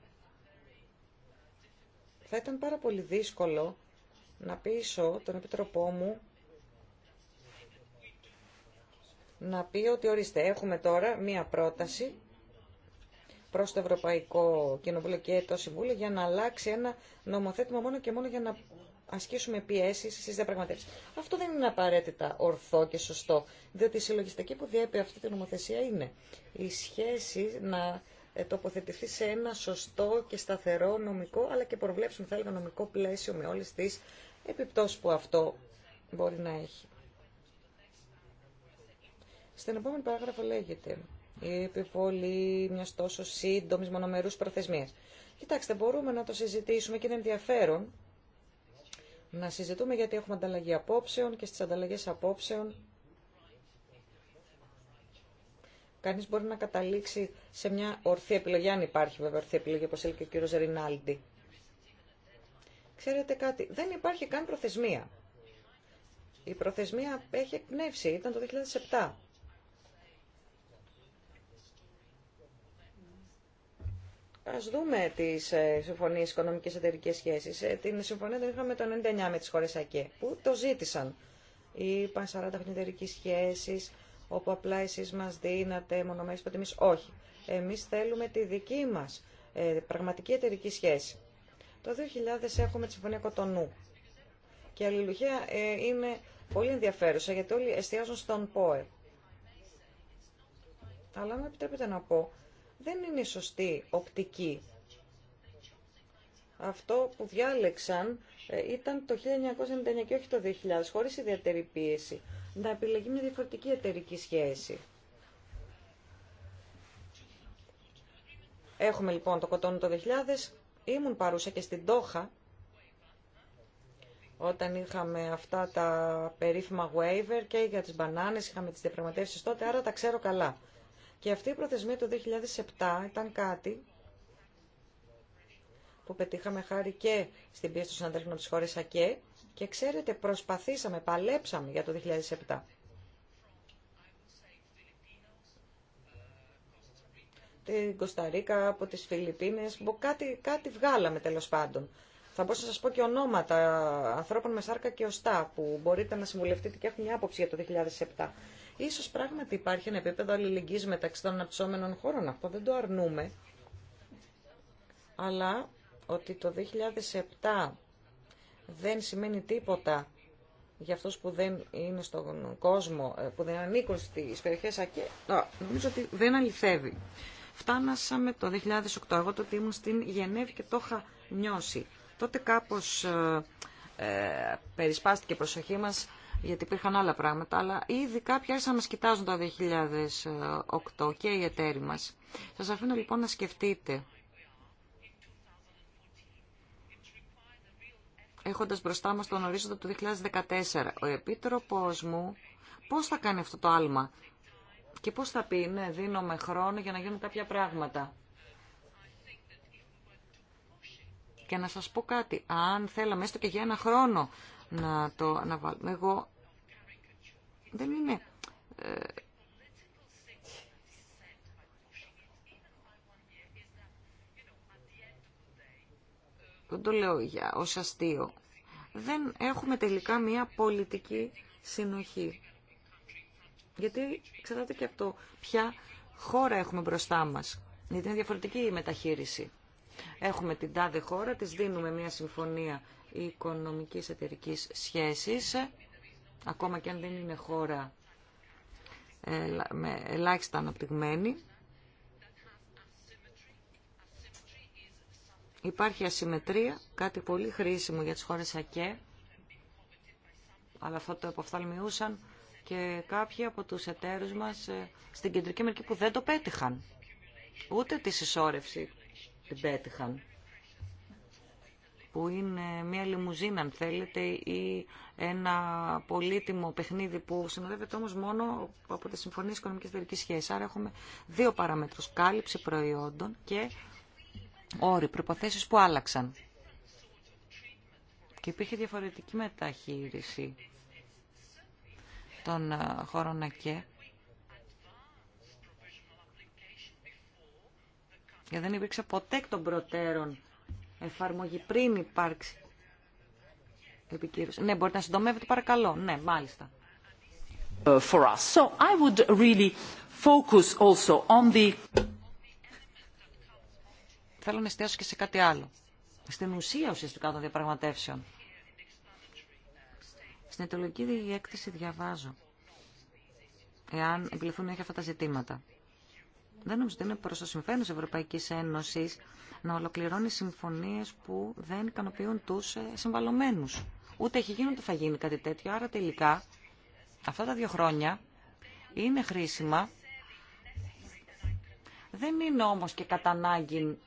Θα ήταν πάρα πολύ δύσκολο να πείσω τον Επιτροπό μου να πει ότι ορίστε έχουμε τώρα μία πρόταση προς το Ευρωπαϊκό Κοινοβούλιο και το Συμβούλιο για να αλλάξει ένα νομοθέτημα μόνο και μόνο για να ασκήσουμε πιέσει στι διαπραγματεύσει. Αυτό δεν είναι απαραίτητα ορθό και σωστό, διότι η συλλογιστική που διέπει αυτή την νομοθεσία είναι η σχέση να ε, τοποθετηθεί σε ένα σωστό και σταθερό νομικό, αλλά και προβλέψουμε, θα έλεγα, νομικό πλαίσιο με όλε τι επιπτώσει που αυτό μπορεί να έχει. Στην επόμενη παράγραφο λέγεται η επιβολή μια τόσο σύντομη μονομερού προθεσμία. Κοιτάξτε, μπορούμε να το συζητήσουμε και είναι ενδιαφέρον να συζητούμε γιατί έχουμε ανταλλαγή απόψεων και στις ανταλλαγές απόψεων κανείς μπορεί να καταλήξει σε μια ορθή επιλογή, αν υπάρχει βέβαια ορθή επιλογή, όπως έλεγε και ο κύριος Ρινάλντι. Ξέρετε κάτι, δεν υπάρχει καν προθεσμία. Η προθεσμία έχει εκπνεύσει, ήταν το 2007. Α δούμε τις ε, συμφωνίες οικονομικές εταιρικές σχέσεις. Ε, την συμφωνία την είχαμε το 99 με τι χώρε ΑΚΕ, που το ζήτησαν. Είπαν 40 χρόνια σχέσεις όπου απλά εσείς μα δίνατε μονομέρειε που όχι. Εμεί θέλουμε τη δική μας ε, πραγματική εταιρική σχέση. Το 2000 έχουμε τη Συμφωνία Κοτονού. Και η αλληλουχία είναι πολύ ενδιαφέρουσα, γιατί όλοι εστιάζουν στον ΠΟΕ. Αλλά με επιτρέπετε να πω, δεν είναι η σωστή οπτική. Αυτό που διάλεξαν ε, ήταν το 1999 και όχι το 2000, χωρίς ιδιαίτερη πίεση, να επιλεγεί μια διαφορετική εταιρική σχέση. Έχουμε λοιπόν το κοτόνο το 2000, ήμουν παρούσα και στην Τόχα, όταν είχαμε αυτά τα περίφημα waiver και για τις μπανάνες, είχαμε τις διαπραγματεύσεις τότε, άρα τα ξέρω καλά. Και αυτή η προθεσμία το 2007 ήταν κάτι που πετύχαμε χάρη και στην πίεση των συναδέλφων της χώρας ΑΚΕ και ξέρετε προσπαθήσαμε, παλέψαμε για το 2007. την Κωνσταντίνα, από τις Φιλιππίνες, κάτι, κάτι βγάλαμε τέλος πάντων. Θα μπορούσα να σας πω και ονόματα ανθρώπων με σάρκα και οστά που μπορείτε να συμβουλευτείτε και έχουν μια άποψη για το 2007. Ίσως πράγματι υπάρχει ένα επίπεδο αλληλεγγύης μεταξύ των αναπτυσσόμενων χώρων. Αυτό δεν το αρνούμε. Αλλά ότι το 2007 δεν σημαίνει τίποτα για αυτούς που δεν είναι στον κόσμο, ε, που δεν ανήκουν στις περιοχές ΑΚΕ, νομίζω ότι δεν αληθεύει. Φτάνασαμε το 2008, εγώ τότε ήμουν στην Γενέβη και το είχα νιώσει. Τότε κάπως ε, ε περισπάστηκε η προσοχή μας γιατί υπήρχαν άλλα πράγματα, αλλά ήδη κάποιοι άρχισαν να μας κοιτάζουν το 2008 και οι εταίροι μας. Σας αφήνω λοιπόν να σκεφτείτε, έχοντας μπροστά μας τον ορίζοντα του 2014, ο Επίτροπος μου πώς θα κάνει αυτό το άλμα και πώς θα πει, ναι, δίνομαι χρόνο για να γίνουν κάποια πράγματα. Και να σας πω κάτι, αν θέλαμε έστω και για ένα χρόνο να το αναβάλουμε. Εγώ δεν είναι... Ε, δεν το λέω για ως αστείο. Δεν έχουμε τελικά μία πολιτική συνοχή. Γιατί ξέρετε και από το ποια χώρα έχουμε μπροστά μας. Γιατί είναι διαφορετική η μεταχείριση. Έχουμε την τάδε χώρα, της δίνουμε μία συμφωνία οικονομικής εταιρικής σχέσης, ακόμα και αν δεν είναι χώρα ε, με ελάχιστα αναπτυγμένη. Υπάρχει ασυμμετρία, κάτι πολύ χρήσιμο για τις χώρες ΑΚΕ, αλλά αυτό το αποφθαλμιούσαν και κάποιοι από τους εταίρους μας ε, στην Κεντρική Αμερική που δεν το πέτυχαν. Ούτε τη συσσόρευση την πέτυχαν που είναι μια λιμουζίνα αν θέλετε ή ένα πολύτιμο παιχνίδι που συνοδεύεται όμως μόνο από τις συμφωνίες οικονομικής εταιρικής σχέσης. Άρα έχουμε δύο παραμέτρους, κάλυψη προϊόντων και όροι, προποθέσεις που άλλαξαν. Και υπήρχε διαφορετική μεταχείριση των ε, χωρών ΑΚΕ. Και δεν υπήρξε ποτέ εκ των προτέρων εφαρμογή πριν υπάρξει επικύρωση. Ναι, μπορείτε να συντομεύετε παρακαλώ. Ναι, μάλιστα. Θέλω να εστιάσω και σε κάτι άλλο. Στην ουσία ουσιαστικά των διαπραγματεύσεων. Στην αιτιολογική έκθεση διαβάζω εάν επιληθούν όχι αυτά τα ζητήματα. Δεν νομίζω ότι είναι προ το συμφέρον τη Ευρωπαϊκής Ένωσης να ολοκληρώνει συμφωνίες που δεν ικανοποιούν τους ε, συμβαλωμένου. Ούτε έχει γίνει, ούτε θα γίνει κάτι τέτοιο. Άρα τελικά αυτά τα δύο χρόνια είναι χρήσιμα. Δεν είναι όμω και κατά ανάγκη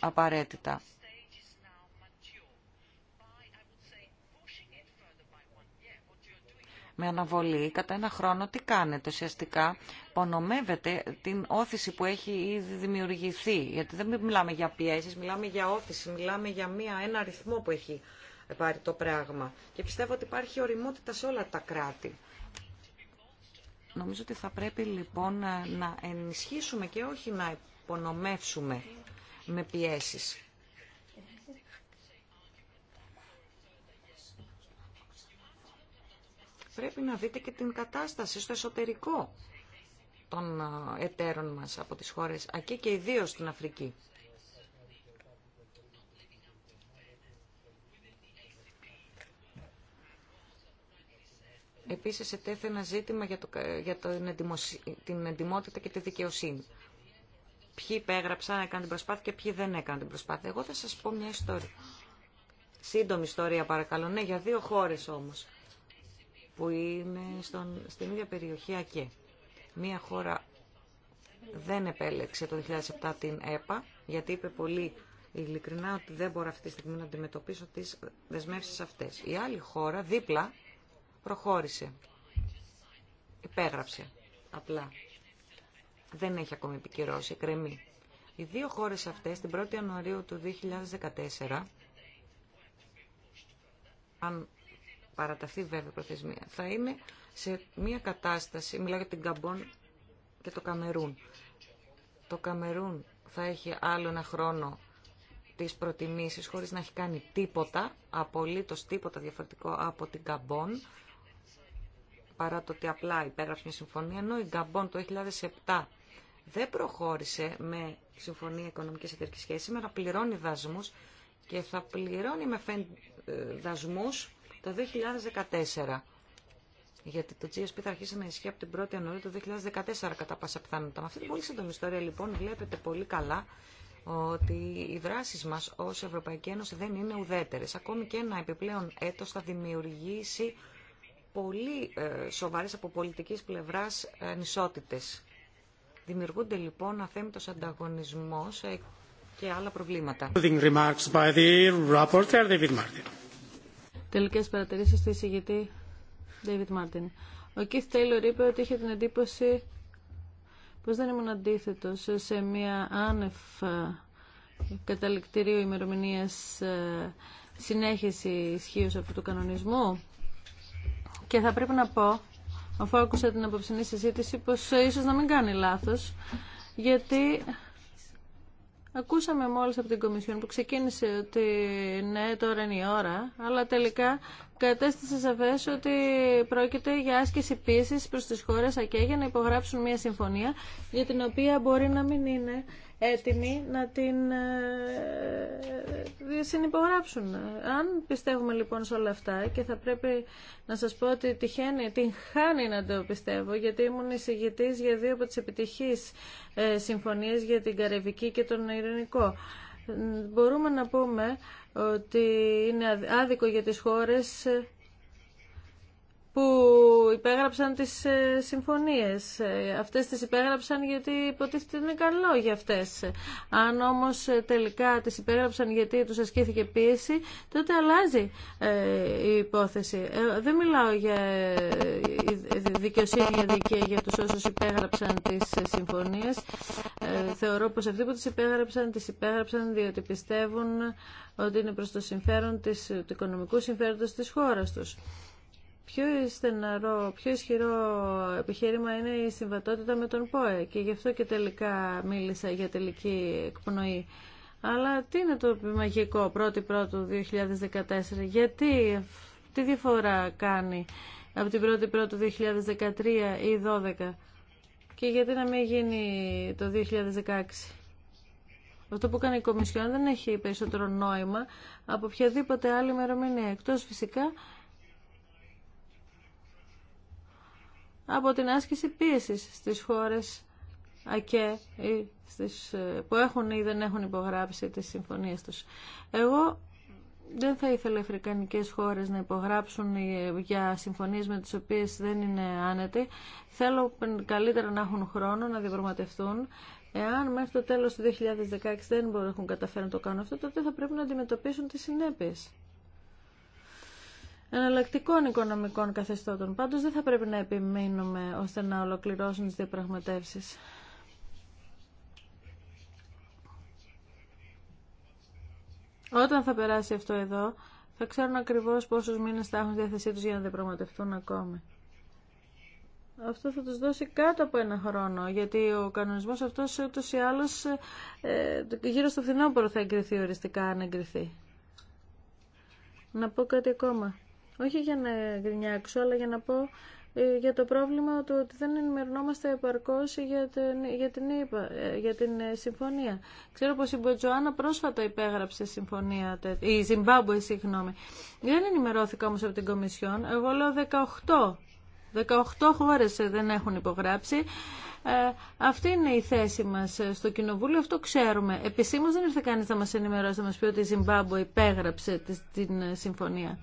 απαραίτητα. με αναβολή κατά ένα χρόνο, τι κάνετε ουσιαστικά. Πονομεύετε την όθηση που έχει ήδη δημιουργηθεί. Γιατί δεν μιλάμε για πιέσεις, μιλάμε για όθηση, μιλάμε για μία, ένα αριθμό που έχει πάρει το πράγμα. Και πιστεύω ότι υπάρχει οριμότητα σε όλα τα κράτη. Νομίζω ότι θα πρέπει λοιπόν να ενισχύσουμε και όχι να υπονομεύσουμε με πιέσεις. πρέπει να δείτε και την κατάσταση στο εσωτερικό των ε, εταίρων μας από τις χώρες ΑΚΕ και ιδίως στην Αφρική. Επίσης, ετέθε ένα ζήτημα για, το, για την εντιμότητα και τη δικαιοσύνη. Ποιοι υπέγραψαν, έκαναν την προσπάθεια και ποιοι δεν έκαναν την προσπάθεια. Εγώ θα σας πω μια ιστορία. Σύντομη ιστορία, παρακαλώ. Ναι, για δύο χώρες όμως που είναι στον, στην ίδια περιοχή ΑΚΕ. Μία χώρα δεν επέλεξε το 2007 την ΕΠΑ, γιατί είπε πολύ ειλικρινά ότι δεν μπορώ αυτή τη στιγμή να αντιμετωπίσω τις δεσμεύσεις αυτές. Η άλλη χώρα, δίπλα, προχώρησε. Υπέγραψε. Απλά. Δεν έχει ακόμη επικυρώσει. Κρεμεί. Οι δύο χώρες αυτές, την 1η Ιανουαρίου του 2014, αν παραταθεί βέβαια προθεσμία, θα είναι σε μια κατάσταση, μιλάω για την Καμπόν και το Καμερούν. Το Καμερούν θα έχει άλλο ένα χρόνο τις προτιμήσεις χωρίς να έχει κάνει τίποτα, απολύτως τίποτα διαφορετικό από την Καμπόν, παρά το ότι απλά υπέγραψε μια συμφωνία, ενώ η Καμπον το 2007 δεν προχώρησε με συμφωνία οικονομική εταιρική σχέση, σήμερα πληρώνει δασμούς και θα πληρώνει με φεν ε, δασμούς το 2014. Γιατί το GSP θα αρχίσει να ισχύει από την 1η Ιανουαρίου του 2014 κατά πάσα πιθανότητα. Με αυτή την πολύ σύντομη ιστορία λοιπόν βλέπετε πολύ καλά ότι οι δράσεις μας ως Ευρωπαϊκή Ένωση δεν είναι ουδέτερε, Ακόμη και ένα επιπλέον έτος θα δημιουργήσει πολύ ε, σοβαρέ από πολιτική πλευράς ε, ανισότητες. Δημιουργούνται λοιπόν αθέμητο ανταγωνισμός ε, και άλλα προβλήματα. Τελικέ παρατηρήσει του εισηγητή David Martin. Ο Keith Taylor είπε ότι είχε την εντύπωση πώ δεν ήμουν αντίθετο σε μια άνευ καταληκτηρίου ημερομηνία ε, συνέχιση ισχύω αυτού του κανονισμού. Και θα πρέπει να πω, αφού άκουσα την απόψηνή συζήτηση, πω ίσω να μην κάνει λάθο, γιατί Ακούσαμε μόλις από την Κομισιόν που ξεκίνησε ότι ναι, τώρα είναι η ώρα, αλλά τελικά κατέστησε σαφές ότι πρόκειται για άσκηση πίσης προς τις χώρες ΑΚΕ για να υπογράψουν μια συμφωνία για την οποία μπορεί να μην είναι έτοιμοι να την ε, ε, συνυπογράψουν. Αν πιστεύουμε λοιπόν σε όλα αυτά και θα πρέπει να σας πω ότι τυχαίνει, την χάνει να το πιστεύω γιατί ήμουν εισηγητής για δύο από τις επιτυχείς ε, συμφωνίες για την Καρεβική και τον Ειρηνικό. Μπορούμε να πούμε ότι είναι άδικο για τις χώρες που υπέγραψαν τις ε, συμφωνίες. Ε, αυτές τις υπέγραψαν γιατί υποτίθεται είναι καλό για αυτές. Αν όμως ε, τελικά τις υπέγραψαν γιατί τους ασκήθηκε πίεση, τότε αλλάζει η υπόθεση. δεν μιλάω για δικαιοσύνη για για τους όσους υπέγραψαν τις συμφωνίες. θεωρώ πως αυτοί που τις υπέγραψαν, τις υπέγραψαν διότι πιστεύουν ότι είναι προς το συμφέρον της, του οικονομικού συμφέροντος της χώρας τους πιο στεναρό, πιο ισχυρό επιχείρημα είναι η συμβατότητα με τον ΠΟΕ και γι' αυτό και τελικά μίλησα για τελική εκπνοή. Αλλά τι είναι το μαγικο πρωτη Πρώτου 2014, γιατί τι διαφορά κάνει από την πρωτη η Πρώτου 2013 ή 12 και γιατί να μην γίνει το 2016. Αυτό που κάνει η Κομισιόν δεν έχει περισσότερο νόημα από οποιαδήποτε άλλη ημερομηνία, εκτός φυσικά από την άσκηση πίεσης στις χώρες ΑΚΕ στις, που έχουν ή δεν έχουν υπογράψει τις συμφωνίες τους. Εγώ δεν θα ήθελα αφρικανικές χώρες να υπογράψουν ε, για συμφωνίες με τις οποίες δεν είναι άνετοι. Θέλω καλύτερα να έχουν χρόνο να διαπραγματευτούν. Εάν μέχρι το τέλος του 2016 δεν μπορούν να καταφέρουν να το κάνουν αυτό, τότε θα πρέπει να αντιμετωπίσουν τις συνέπειες εναλλακτικών οικονομικών καθεστώτων. Πάντως δεν θα πρέπει να επιμείνουμε ώστε να ολοκληρώσουν τις διαπραγματεύσεις. Όταν θα περάσει αυτό εδώ, θα ξέρουν ακριβώς πόσους μήνες θα έχουν διάθεσή τους για να διαπραγματευτούν ακόμη. Αυτό θα τους δώσει κάτω από ένα χρόνο, γιατί ο κανονισμός αυτός ούτως ή άλλως ε, ε γύρω στο φθινόπωρο θα εγκριθεί οριστικά αν εγκριθεί. Να πω κάτι ακόμα. Όχι για να γκρινιάξω, αλλά για να πω ε, για το πρόβλημα του ότι δεν ενημερωνόμαστε επαρκώ για την, για την, ε, για την ε, συμφωνία. Ξέρω πω η Μποτζοάνα πρόσφατα υπέγραψε συμφωνία, η Ζιμπάμπουε, συγγνώμη. Δεν ενημερώθηκα όμω από την Κομισιόν. Εγώ λέω 18 18 χώρε δεν έχουν υπογράψει. Ε, αυτή είναι η θέση μα στο Κοινοβούλιο, αυτό ξέρουμε. Επισήμω δεν ήρθε κανεί να μα ενημερώσει, να μας πει ότι η Ζιμπάμπο υπέγραψε την συμφωνία.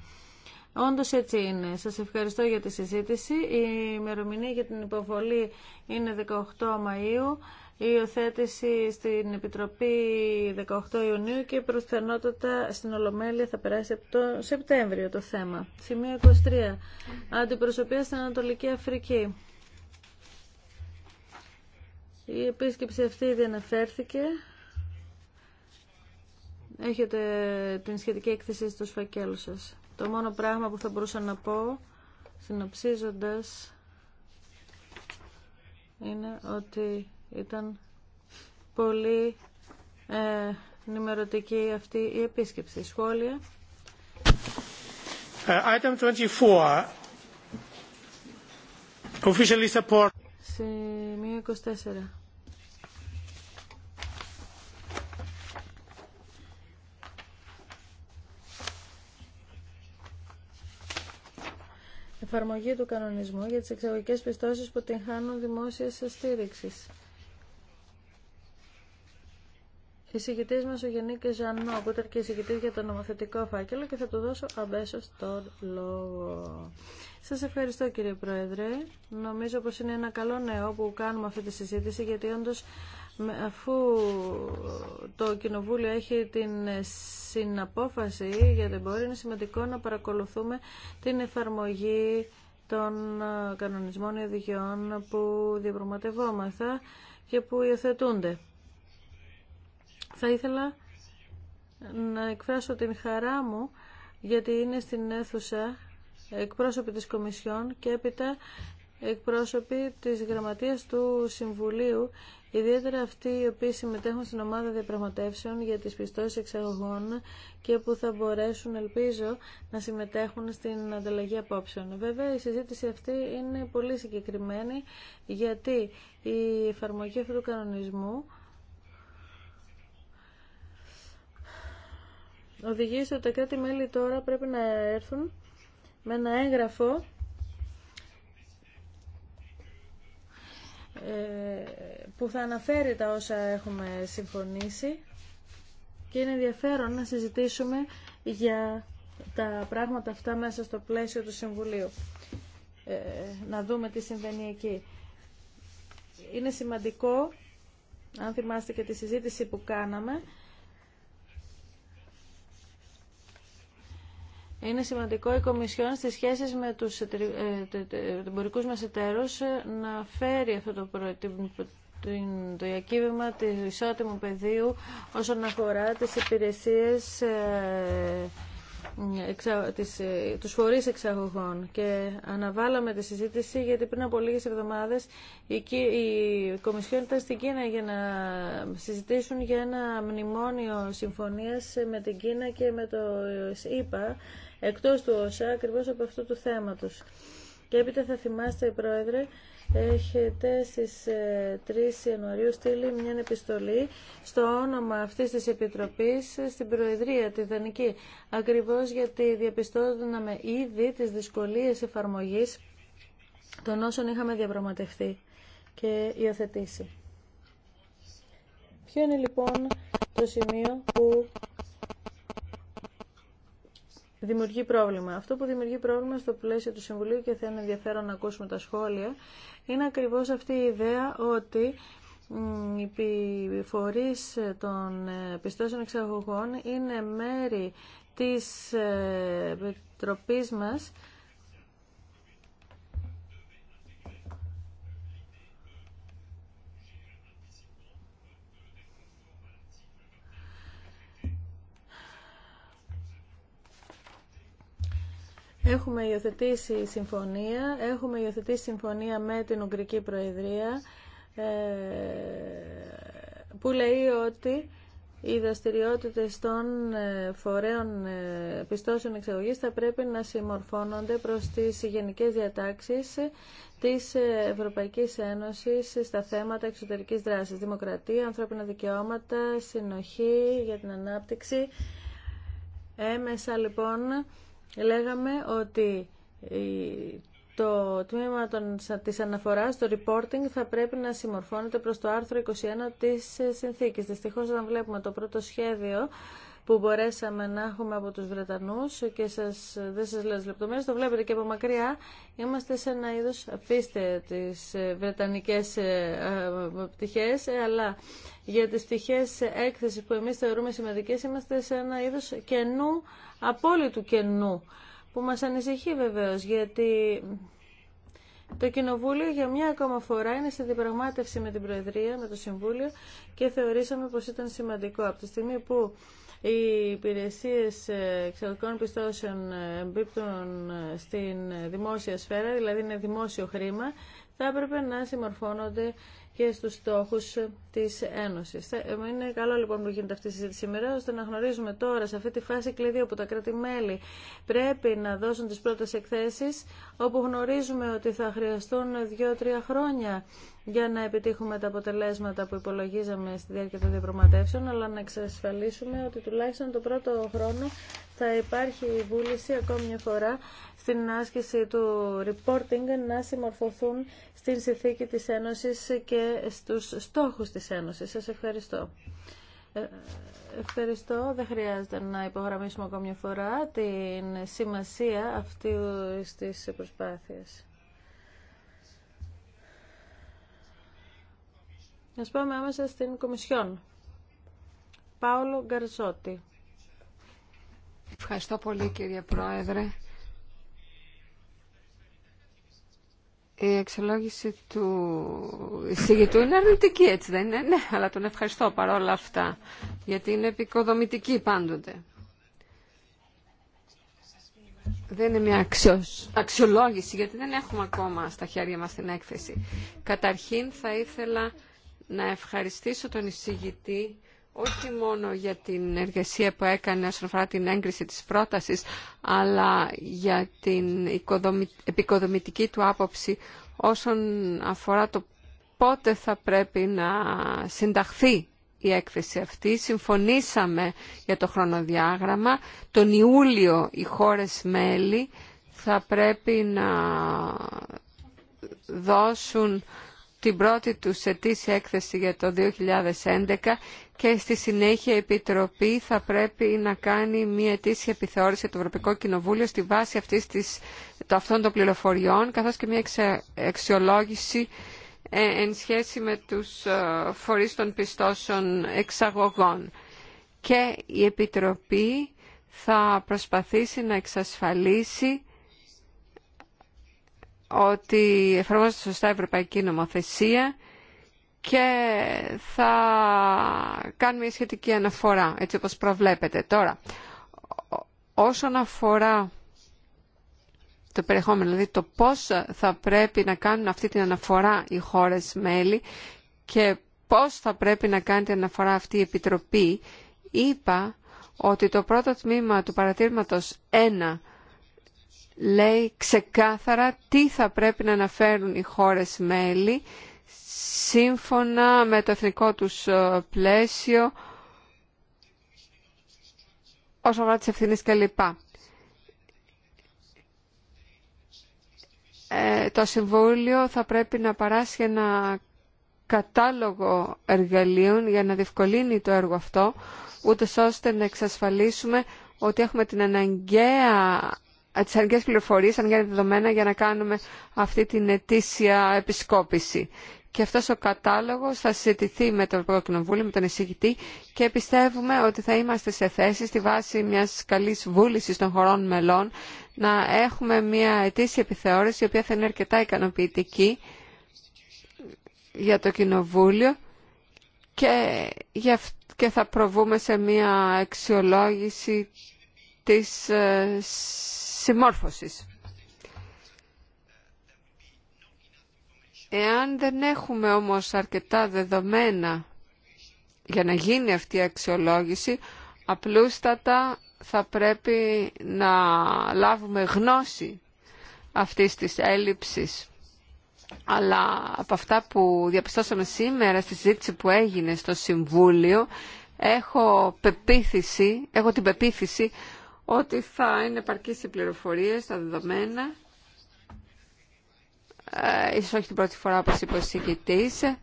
Όντω έτσι είναι. Σας ευχαριστώ για τη συζήτηση. Η ημερομηνία για την υποβολή είναι 18 Μαΐου, η υιοθέτηση στην Επιτροπή 18 Ιουνίου και προσθενότατα στην Ολομέλεια θα περάσει από το Σεπτέμβριο το θέμα. Σημείο 23. Αντιπροσωπεία στην Ανατολική Αφρική. Η επίσκεψη αυτή ήδη αναφέρθηκε. Έχετε την σχετική έκθεση στους φακέλους σας. Το μόνο πράγμα που θα μπορούσα να πω, συνοψίζοντας, είναι ότι ήταν πολύ ε, αυτή η επίσκεψη. Σχόλια. Ε, item 24. Officially support. Σημείο 24. εφαρμογή του κανονισμού για τις εξαγωγικές πιστώσεις που την χάνουν δημόσιας στήριξης. Εισηγητή μα ο Γενίκη Ζανό, που ήταν και εισηγητή για το νομοθετικό φάκελο και θα του δώσω αμέσω τον λόγο. Σα ευχαριστώ κύριε Πρόεδρε. Νομίζω πω είναι ένα καλό νέο που κάνουμε αυτή τη συζήτηση, γιατί όντω αφού το Κοινοβούλιο έχει την συναπόφαση για την εμπόριο, είναι σημαντικό να παρακολουθούμε την εφαρμογή των ε, κανονισμών οδηγιών που διαπραγματευόμαθα και που υιοθετούνται. Θα ήθελα να εκφράσω την χαρά μου γιατί είναι στην αίθουσα εκπρόσωποι της Κομισιόν και έπειτα εκπρόσωποι της Γραμματείας του Συμβουλίου Ιδιαίτερα αυτοί οι οποίοι συμμετέχουν στην ομάδα διαπραγματεύσεων για τις πιστώσεις εξαγωγών και που θα μπορέσουν, ελπίζω, να συμμετέχουν στην ανταλλαγή απόψεων. Βέβαια, η συζήτηση αυτή είναι πολύ συγκεκριμένη γιατί η εφαρμογή αυτού του κανονισμού οδηγεί στο ότι τα κράτη-μέλη τώρα πρέπει να έρθουν με ένα έγγραφο Ε, που θα αναφέρει τα όσα έχουμε συμφωνήσει και είναι ενδιαφέρον να συζητήσουμε για τα πράγματα αυτά μέσα στο πλαίσιο του Συμβουλίου. Ε, να δούμε τι συμβαίνει εκεί. Είναι σημαντικό, αν θυμάστε και τη συζήτηση που κάναμε, Είναι σημαντικό η Κομισιόν στις σχέσεις με τους ε, εμπορικούς μας εταίρους ε, να φέρει αυτό το, το διακύβημα του ισότιμου πεδίου όσον αφορά τις υπηρεσίες ε, τους φορείς εξαγωγών και αναβάλαμε τη συζήτηση γιατί πριν από λίγες εβδομάδες η, Κομισιόν ήταν στην Κίνα για να συζητήσουν για ένα μνημόνιο συμφωνίας με την Κίνα και με το ΕΣΥΠΑ εκτός του ΩΣΑ ακριβώς από αυτού του θέματος. Και έπειτα θα θυμάστε, Πρόεδρε, έχετε στις 3 ε, Ιανουαρίου στείλει μια επιστολή στο όνομα αυτής της Επιτροπής στην Προεδρία, τη Δανική, ακριβώς γιατί διαπιστώναμε ήδη τις δυσκολίες εφαρμογής των όσων είχαμε διαπραγματευτεί και υιοθετήσει. Ποιο είναι λοιπόν το σημείο που δημιουργεί πρόβλημα. Αυτό που δημιουργεί πρόβλημα στο πλαίσιο του Συμβουλίου και θα είναι ενδιαφέρον να ακούσουμε τα σχόλια είναι ακριβώς αυτή η ιδέα ότι οι φορείς των ε, πιστώσεων εξαγωγών είναι μέρη της ε, επιτροπής μας Έχουμε υιοθετήσει συμφωνία, έχουμε υιοθετήσει συμφωνία με την Ουγγρική Προεδρία ε, που λέει ότι οι δραστηριότητε των ε, φορέων ε, πιστώσεων εξαγωγής θα πρέπει να συμμορφώνονται προς τις γενικές διατάξεις της Ευρωπαϊκής Ένωσης στα θέματα εξωτερικής δράσης, δημοκρατία, ανθρώπινα δικαιώματα, συνοχή για την ανάπτυξη. Έμεσα λοιπόν λέγαμε ότι ε, το τμήμα των, της αναφοράς, το reporting, θα πρέπει να συμμορφώνεται προς το άρθρο 21 της συνθήκης. Δυστυχώς, όταν βλέπουμε το πρώτο σχέδιο, που μπορέσαμε να έχουμε από τους Βρετανούς και σας, δεν σας λέω τις λεπτομέρειες, το βλέπετε και από μακριά, είμαστε σε ένα είδος, αφήστε τις ε, βρετανικές ε, ε, πτυχές, αλλά για τις πτυχές έκθεση που εμείς θεωρούμε σημαντικές είμαστε σε ένα είδος κενού, απόλυτου κενού, που μας ανησυχεί βεβαίως, γιατί... Το Κοινοβούλιο για μια ακόμα φορά είναι σε διαπραγμάτευση με την Προεδρία, με το Συμβούλιο και θεωρήσαμε πως ήταν σημαντικό. Από τη στιγμή που οι υπηρεσίες εξωτερικών πιστώσεων ε, εμπίπτουν ε, στην ε, δημόσια σφαίρα, δηλαδή είναι δημόσιο χρήμα, θα έπρεπε να συμμορφώνονται και στους στόχους Τη Ένωση. Ε, είναι καλό λοιπόν που γίνεται αυτή η συζήτηση σήμερα, ώστε να γνωρίζουμε τώρα σε αυτή τη φάση κλειδί όπου τα κράτη-μέλη πρέπει να δώσουν τι πρώτε εκθέσει, όπου γνωρίζουμε ότι θα χρειαστουν δυο δύο-τρία χρόνια για να επιτύχουμε τα αποτελέσματα που υπολογίζαμε στη διάρκεια των διαπραγματεύσεων, αλλά να εξασφαλίσουμε ότι τουλάχιστον το πρώτο χρόνο θα υπάρχει βούληση ακόμη μια φορά στην άσκηση του reporting να συμμορφωθούν στην συνθήκη της Ένωσης και στους στόχους της Ένωση. Σας ευχαριστώ. Ε, ευχαριστώ. Δεν χρειάζεται να υπογραμμίσουμε ακόμη μια φορά την σημασία αυτή της προσπάθειας. Να πάμε άμεσα στην Κομισιόν. Πάολο Γκαρζώτη. Ευχαριστώ πολύ κύριε Πρόεδρε. Η εξολόγηση του εισηγητού είναι αρνητική, έτσι δεν είναι. Ναι, αλλά τον ευχαριστώ παρόλα αυτά, γιατί είναι επικοδομητική πάντοτε. Δεν είναι μια αξιολόγηση, γιατί δεν έχουμε ακόμα στα χέρια μας την έκθεση. Καταρχήν θα ήθελα να ευχαριστήσω τον εισηγητή όχι μόνο για την εργασία που έκανε όσον αφορά την έγκριση της πρότασης, αλλά για την επικοδομητική του άποψη όσον αφορά το πότε θα πρέπει να συνταχθεί η έκθεση αυτή. Συμφωνήσαμε για το χρονοδιάγραμμα. Τον Ιούλιο οι χώρες μέλη θα πρέπει να δώσουν την πρώτη του ετήσια έκθεση για το 2011 και στη συνέχεια η Επιτροπή θα πρέπει να κάνει μια αιτήσια επιθεώρηση του Ευρωπαϊκό Κοινοβούλιο στη βάση το, αυτών των πληροφοριών καθώς και μια αξιολόγηση ε, εν σχέση με τους ε, φορείς των πιστώσεων εξαγωγών. Και η Επιτροπή θα προσπαθήσει να εξασφαλίσει ότι εφαρμόζεται σωστά ευρωπαϊκή νομοθεσία και θα κάνουμε μια σχετική αναφορά, έτσι όπως προβλέπετε. Τώρα, όσον αφορά το περιεχόμενο, δηλαδή το πώς θα πρέπει να κάνουν αυτή την αναφορά οι χώρες μέλη και πώς θα πρέπει να κάνει την αναφορά αυτή η Επιτροπή, είπα ότι το πρώτο τμήμα του παρατήρηματος 1 λέει ξεκάθαρα τι θα πρέπει να αναφέρουν οι χώρες μέλη σύμφωνα με το εθνικό τους ε, πλαίσιο όσο αφορά τις ευθύνες κλπ. Ε, το Συμβούλιο θα πρέπει να παράσει ένα κατάλογο εργαλείων για να διευκολύνει το έργο αυτό, ούτε ώστε να εξασφαλίσουμε ότι έχουμε την αναγκαία τις αναγκαίες πληροφορίες, αναγκαία δεδομένα για να κάνουμε αυτή την ετήσια επισκόπηση και αυτός ο κατάλογος θα συζητηθεί με το Ευρωπαϊκό Κοινοβούλιο, με τον εισηγητή και πιστεύουμε ότι θα είμαστε σε θέση στη βάση μιας καλής βούλησης των χωρών μελών να έχουμε μια ετήσια επιθεώρηση η οποία θα είναι αρκετά ικανοποιητική για το Κοινοβούλιο και, και θα προβούμε σε μια αξιολόγηση της ε, συμμόρφωσης. Εάν δεν έχουμε όμως αρκετά δεδομένα για να γίνει αυτή η αξιολόγηση, απλούστατα θα πρέπει να λάβουμε γνώση αυτής της έλλειψης. Αλλά από αυτά που διαπιστώσαμε σήμερα στη συζήτηση που έγινε στο Συμβούλιο, έχω, έχω την πεποίθηση ότι θα είναι επαρκή οι πληροφορίες, τα δεδομένα ε, ίσως όχι την πρώτη φορά όπως είπε ο συγκητής,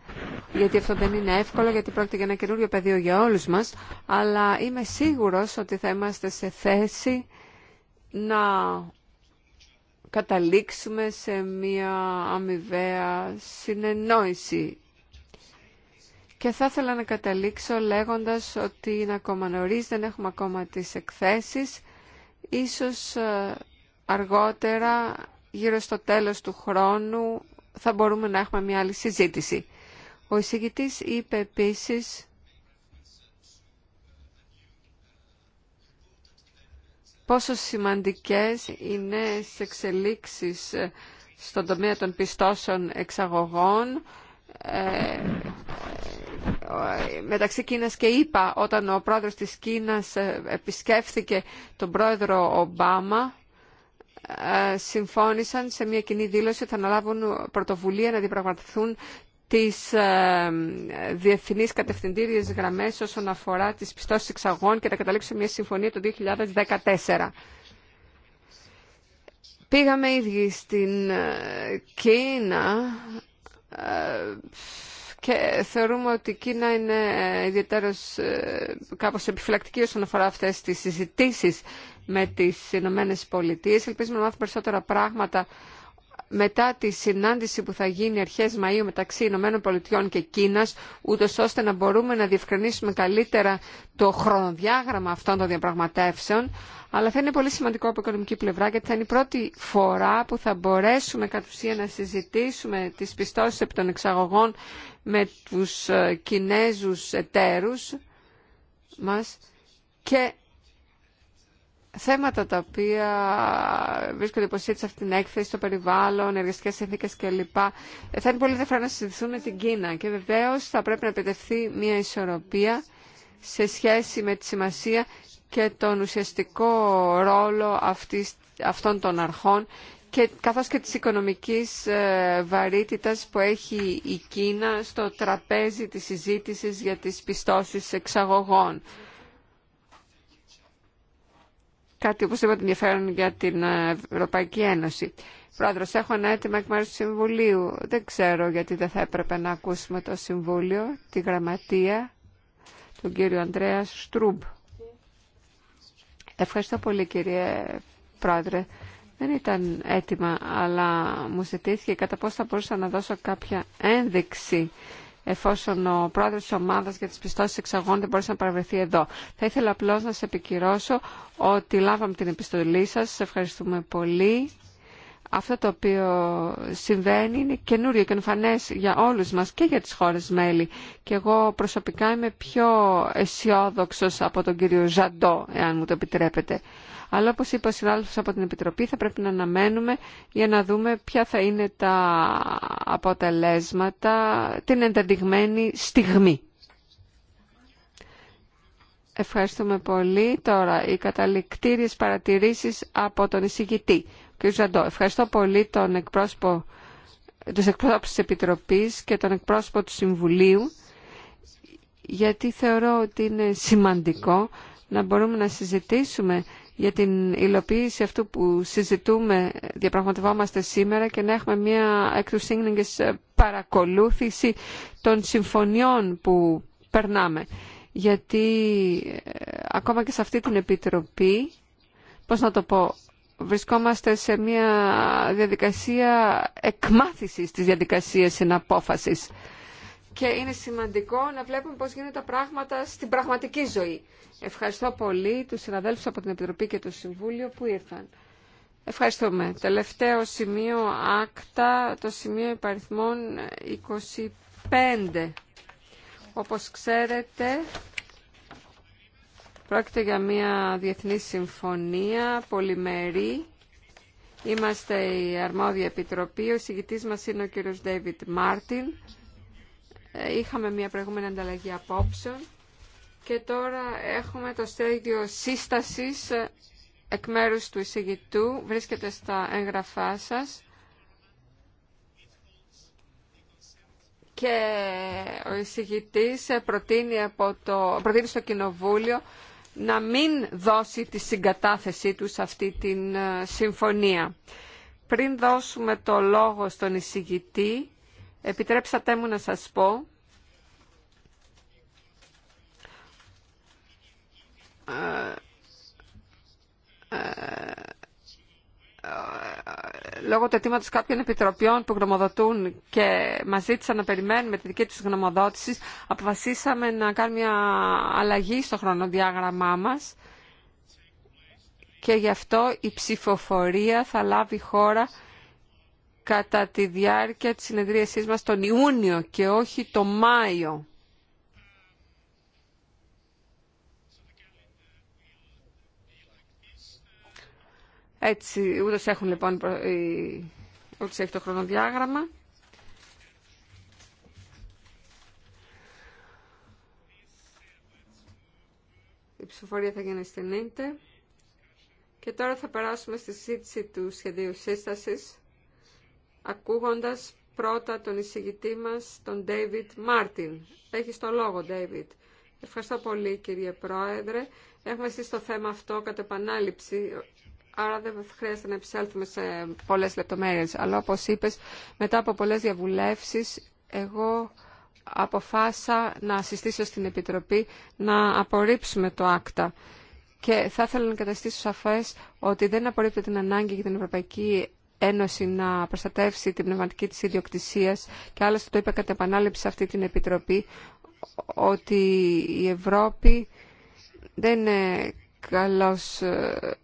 γιατί αυτό δεν είναι εύκολο, γιατί πρόκειται για ένα καινούριο πεδίο για όλους μας, αλλά είμαι σίγουρος ότι θα είμαστε σε θέση να καταλήξουμε σε μια αμοιβαία συνεννόηση. Και θα ήθελα να καταλήξω λέγοντας ότι είναι ακόμα νωρίς, δεν έχουμε ακόμα τις εκθέσεις. Ίσως ε, αργότερα γύρω στο τέλος του χρόνου θα μπορούμε να έχουμε μια άλλη συζήτηση. Ο εισηγητής είπε επίσης πόσο σημαντικές οι νέες εξελίξεις ε, στον τομέα των πιστώσεων εξαγωγών ε, ε, μεταξύ Κίνας και είπα όταν ο πρόεδρος της Κίνας επισκέφθηκε τον πρόεδρο Ομπάμα συμφώνησαν σε μια κοινή δήλωση ότι θα αναλάβουν πρωτοβουλία να διαπραγματευθούν τις ε, διεθνείς κατευθυντήριες γραμμές όσον αφορά τις πιστώσεις εξαγών και να καταλήξουν μια συμφωνία το 2014. Πήγαμε ήδη στην ε, Κίνα ε, και θεωρούμε ότι η Κίνα είναι ε, ιδιαίτερως ε, κάπως επιφυλακτική όσον αφορά αυτές τις συζητήσεις με τις Ηνωμένε Πολιτείες. Ελπίζουμε να μάθουμε περισσότερα πράγματα μετά τη συνάντηση που θα γίνει αρχές Μαΐου μεταξύ Ηνωμένων Πολιτειών και Κίνας, ούτως ώστε να μπορούμε να διευκρινίσουμε καλύτερα το χρονοδιάγραμμα αυτών των διαπραγματεύσεων, αλλά θα είναι πολύ σημαντικό από οικονομική πλευρά, γιατί θα είναι η πρώτη φορά που θα μπορέσουμε κατ' ουσία να συζητήσουμε τις πιστώσεις επί των εξαγωγών με τους ε, Κινέζους εταίρους μας και θέματα τα οποία βρίσκονται υποσχέτως σε αυτήν την έκθεση, το περιβάλλον, εργαστικές συνθήκες κλπ. Ε, θα είναι πολύ δεύτερα να συζητηθούν με την Κίνα και βεβαίω θα πρέπει να επιτευχθεί μια ισορροπία σε σχέση με τη σημασία και τον ουσιαστικό ρόλο αυτών των αρχών και καθώς και της οικονομικής ε, βαρύτητας που έχει η Κίνα στο τραπέζι της συζήτησης για τις πιστώσεις εξαγωγών. Κάτι όπως την ενδιαφέρον για την ε, Ευρωπαϊκή Ένωση. Πρόεδρος, έχω ένα αίτημα εκ μέρους του Συμβουλίου. Δεν ξέρω γιατί δεν θα έπρεπε να ακούσουμε το Συμβούλιο, τη Γραμματεία, του κύριο Ανδρέα Στρούμπ. Ευχαριστώ πολύ κύριε Πρόεδρε δεν ήταν έτοιμα, αλλά μου ζητήθηκε κατά πώς θα μπορούσα να δώσω κάποια ένδειξη εφόσον ο πρόεδρος της ομάδας για τις πιστώσεις εξαγών δεν μπορούσε να παραβρεθεί εδώ. Θα ήθελα απλώς να σε επικυρώσω ότι λάβαμε την επιστολή σας. Σε ευχαριστούμε πολύ. Αυτό το οποίο συμβαίνει είναι καινούριο και εμφανές για όλους μας και για τις χώρες μέλη. Και εγώ προσωπικά είμαι πιο αισιόδοξο από τον κύριο Ζαντό, εάν μου το επιτρέπετε. Αλλά όπως είπε ο συνάδελφος από την Επιτροπή θα πρέπει να αναμένουμε για να δούμε ποια θα είναι τα αποτελέσματα την ενταντιγμένη στιγμή. Ευχαριστούμε πολύ. Τώρα οι καταληκτήριες παρατηρήσεις από τον εισηγητή. Κ. Ζαντώ, ευχαριστώ πολύ τον εκπρόσωπο τους εκπρόσωπους της Επιτροπής και τον εκπρόσωπο του Συμβουλίου γιατί θεωρώ ότι είναι σημαντικό να μπορούμε να συζητήσουμε για την υλοποίηση αυτού που συζητούμε, διαπραγματευόμαστε σήμερα και να έχουμε μια εκ του παρακολούθηση των συμφωνιών που περνάμε. Γιατί ε, ακόμα και σε αυτή την Επιτροπή, πώς να το πω, βρισκόμαστε σε μια διαδικασία εκμάθησης της διαδικασίας συναπόφασης και είναι σημαντικό να βλέπουμε πώς γίνονται τα πράγματα στην πραγματική ζωή. Ευχαριστώ πολύ τους συναδέλφους από την Επιτροπή και το Συμβούλιο που ήρθαν. Ευχαριστούμε. Τελευταίο σημείο άκτα, το σημείο υπαριθμών 25. Όπως ξέρετε, πρόκειται για μια διεθνή συμφωνία, πολυμερή. Είμαστε η αρμόδια επιτροπή, ο συγητής μας είναι ο κύριος Ντέιβιτ Μάρτιν. Ε, είχαμε μια προηγούμενη ανταλλαγή απόψεων και τώρα έχουμε το στέγιο σύστασης ε, εκ μέρους του εισηγητού. Βρίσκεται στα έγγραφά σας. και ο εισηγητής ε, προτείνει, από το, προτείνει στο Κοινοβούλιο να μην δώσει τη συγκατάθεσή του σε αυτή τη συμφωνία. Πριν δώσουμε το λόγο στον εισηγητή, Επιτρέψατε μου να σας πω ε, ε, ε, λόγω του αιτήματος κάποιων επιτροπιών που γνωμοδοτούν και μας ζήτησαν να περιμένουμε τη δική τους γνωμοδότηση, αποφασίσαμε να κάνουμε μια αλλαγή στο χρονοδιάγραμμά μας και γι' αυτό η ψηφοφορία θα λάβει χώρα κατά τη διάρκεια της συνεδρίασής μας τον Ιούνιο και όχι το Μάιο. Έτσι, ούτως έχουν λοιπόν, ούτως έχει το χρονοδιάγραμμα. Η ψηφοφορία θα γίνει στην ίντε. Και τώρα θα περάσουμε στη συζήτηση του σχεδίου σύστασης ακούγοντας πρώτα τον εισηγητή μας, τον David Μάρτιν. Έχεις το λόγο, David. Ευχαριστώ πολύ, κύριε Πρόεδρε. Έχουμε εσείς το θέμα αυτό κατ' επανάληψη, άρα δεν χρειάζεται να επισέλθουμε σε πολλές λεπτομέρειες. Αλλά όπως είπες, μετά από πολλές διαβουλεύσεις, εγώ αποφάσα να συστήσω στην Επιτροπή να απορρίψουμε το άκτα. Και θα ήθελα να καταστήσω σαφές ότι δεν απορρίπτω την ανάγκη για την Ευρωπαϊκή Ένωση να προστατεύσει την πνευματική της ιδιοκτησία και άλλωστε το είπα κατά επανάληψη σε αυτή την Επιτροπή ότι η Ευρώπη δεν είναι καλώς ε,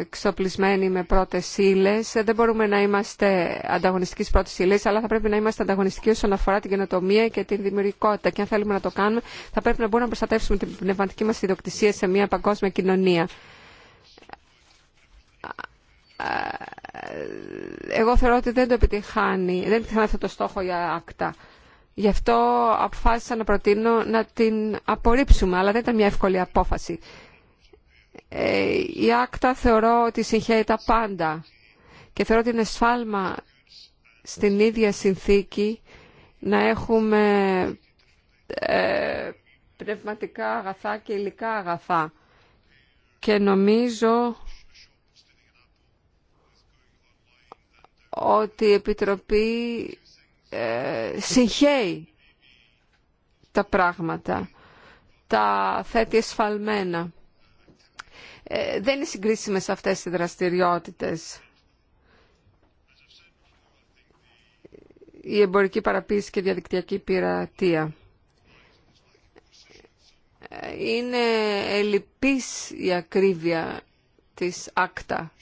εξοπλισμένη με πρώτε ύλε. Δεν μπορούμε να είμαστε ανταγωνιστικοί στι πρώτε ύλε, αλλά θα πρέπει να είμαστε ανταγωνιστικοί όσον αφορά την καινοτομία και την δημιουργικότητα. Και αν θέλουμε να το κάνουμε, θα πρέπει να μπορούμε να προστατεύσουμε την πνευματική μα ιδιοκτησία σε μια παγκόσμια κοινωνία εγώ θεωρώ ότι δεν το επιτυχάνει, δεν επιτυχάνει αυτό το στόχο για άκτα. Γι' αυτό αποφάσισα να προτείνω να την απορρίψουμε, αλλά δεν ήταν μια εύκολη απόφαση. Ε, η άκτα θεωρώ ότι συγχαίει τα πάντα και θεωρώ ότι είναι σφάλμα στην ίδια συνθήκη να έχουμε ε, πνευματικά αγαθά και υλικά αγαθά. Και νομίζω ότι η Επιτροπή ε, συγχαίει τα πράγματα, τα θέτει εσφαλμένα. Ε, δεν είναι συγκρίσιμες αυτές οι δραστηριότητες. Η εμπορική παραποίηση και διαδικτυακή πειρατεία. Ε, είναι ελλειπής η ακρίβεια της άκτα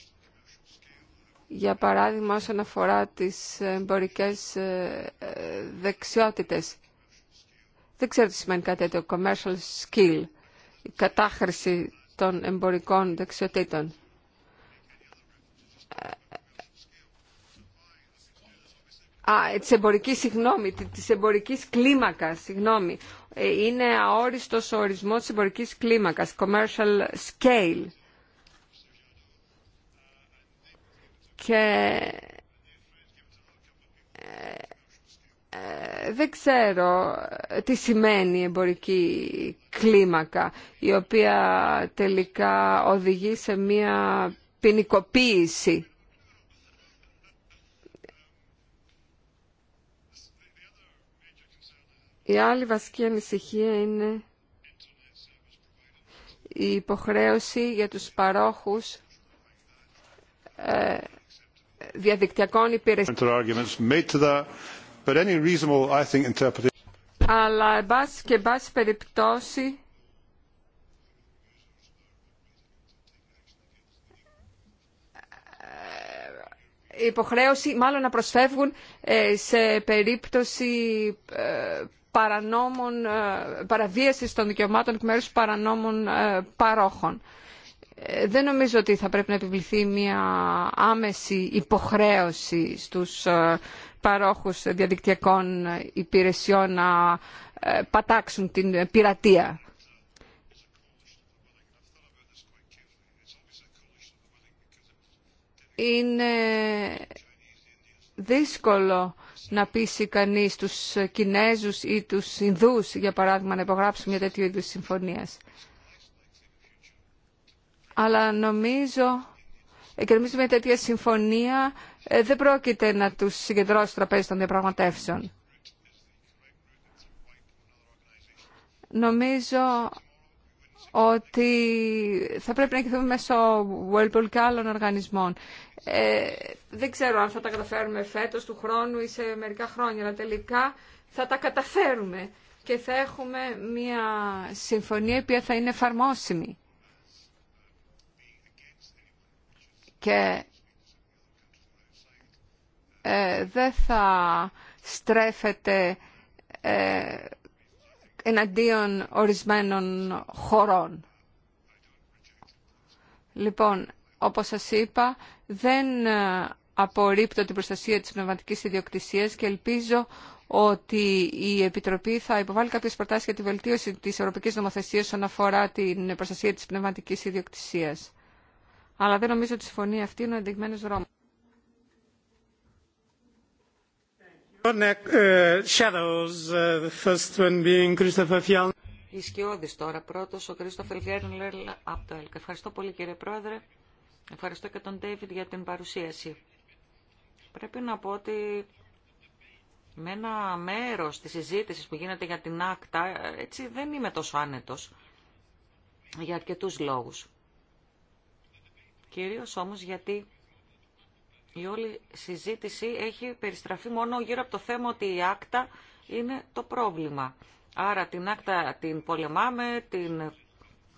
για παράδειγμα όσον αφορά τις εμπορικές ε, ε, δεξιότητες. Δεν ξέρω τι σημαίνει κάτι τέτοιο, commercial skill, η κατάχρηση των εμπορικών δεξιοτήτων. Α, ε, της εμπορικής, συγγνώμη, της εμπορικής κλίμακας, συγγνώμη. Είναι αόριστος ο ορισμός της εμπορικής κλίμακας, commercial scale. και ε, ε, δεν ξέρω τι σημαίνει η εμπορική κλίμακα η οποία τελικά οδηγεί σε μια ποινικοποίηση. Η άλλη βασική ανησυχία είναι η υποχρέωση για τους παρόχους διαδικτυακών υπηρεσιών. Αλλά και εν πάση περιπτώσει ε, υποχρέωση μάλλον να προσφεύγουν ε, σε περίπτωση ε, παρανόμων, παραβίασης των δικαιωμάτων εκ μέρους παρανόμων παρόχων δεν νομίζω ότι θα πρέπει να επιβληθεί μια άμεση υποχρέωση στους ε, παρόχους διαδικτυακών υπηρεσιών να ε, πατάξουν την πειρατεία. Είναι δύσκολο να πείσει κανείς τους Κινέζους ή τους Ινδούς, για παράδειγμα, να υπογράψουν μια τετοια είδους συμφωνίας αλλά νομίζω ε, και νομίζω μια τέτοια συμφωνία ε, δεν πρόκειται να τους συγκεντρώσει τραπέζι των διαπραγματεύσεων. Νομίζω ότι θα πρέπει να κοιθούμε μέσω World και άλλων οργανισμών. Ε, δεν ξέρω αν θα τα καταφέρουμε φέτος, του χρόνου ή σε μερικά χρόνια, αλλά τελικά θα τα καταφέρουμε και θα έχουμε μια συμφωνία η οποία θα είναι εφαρμόσιμη. και ε, δεν θα στρέφεται ε, εναντίον ορισμένων χωρών. Λοιπόν, όπως σας είπα, δεν ε, απορρίπτω την προστασία της πνευματικής ιδιοκτησίας και ελπίζω ότι η Επιτροπή θα υποβάλει κάποιες προτάσεις για τη βελτίωση της Ευρωπαϊκής Νομοθεσίας όσον αφορά την προστασία της πνευματικής ιδιοκτησίας αλλά δεν νομίζω ότι η συμφωνία αυτή είναι ο ενδεικμένο δρόμο. Η σκιώδης τώρα, πρώτος ο Κρίστοφερ από το ΕΛΚ. Ευχαριστώ πολύ κύριε Πρόεδρε. Ευχαριστώ και τον Ντέιβιντ για την παρουσίαση. Πρέπει να πω ότι με ένα μέρος της συζήτηση που γίνεται για την άκτα, έτσι δεν είμαι τόσο άνετος για αρκετούς λόγους κυρίως όμως γιατί η όλη συζήτηση έχει περιστραφεί μόνο γύρω από το θέμα ότι η άκτα είναι το πρόβλημα. Άρα την άκτα την πολεμάμε, την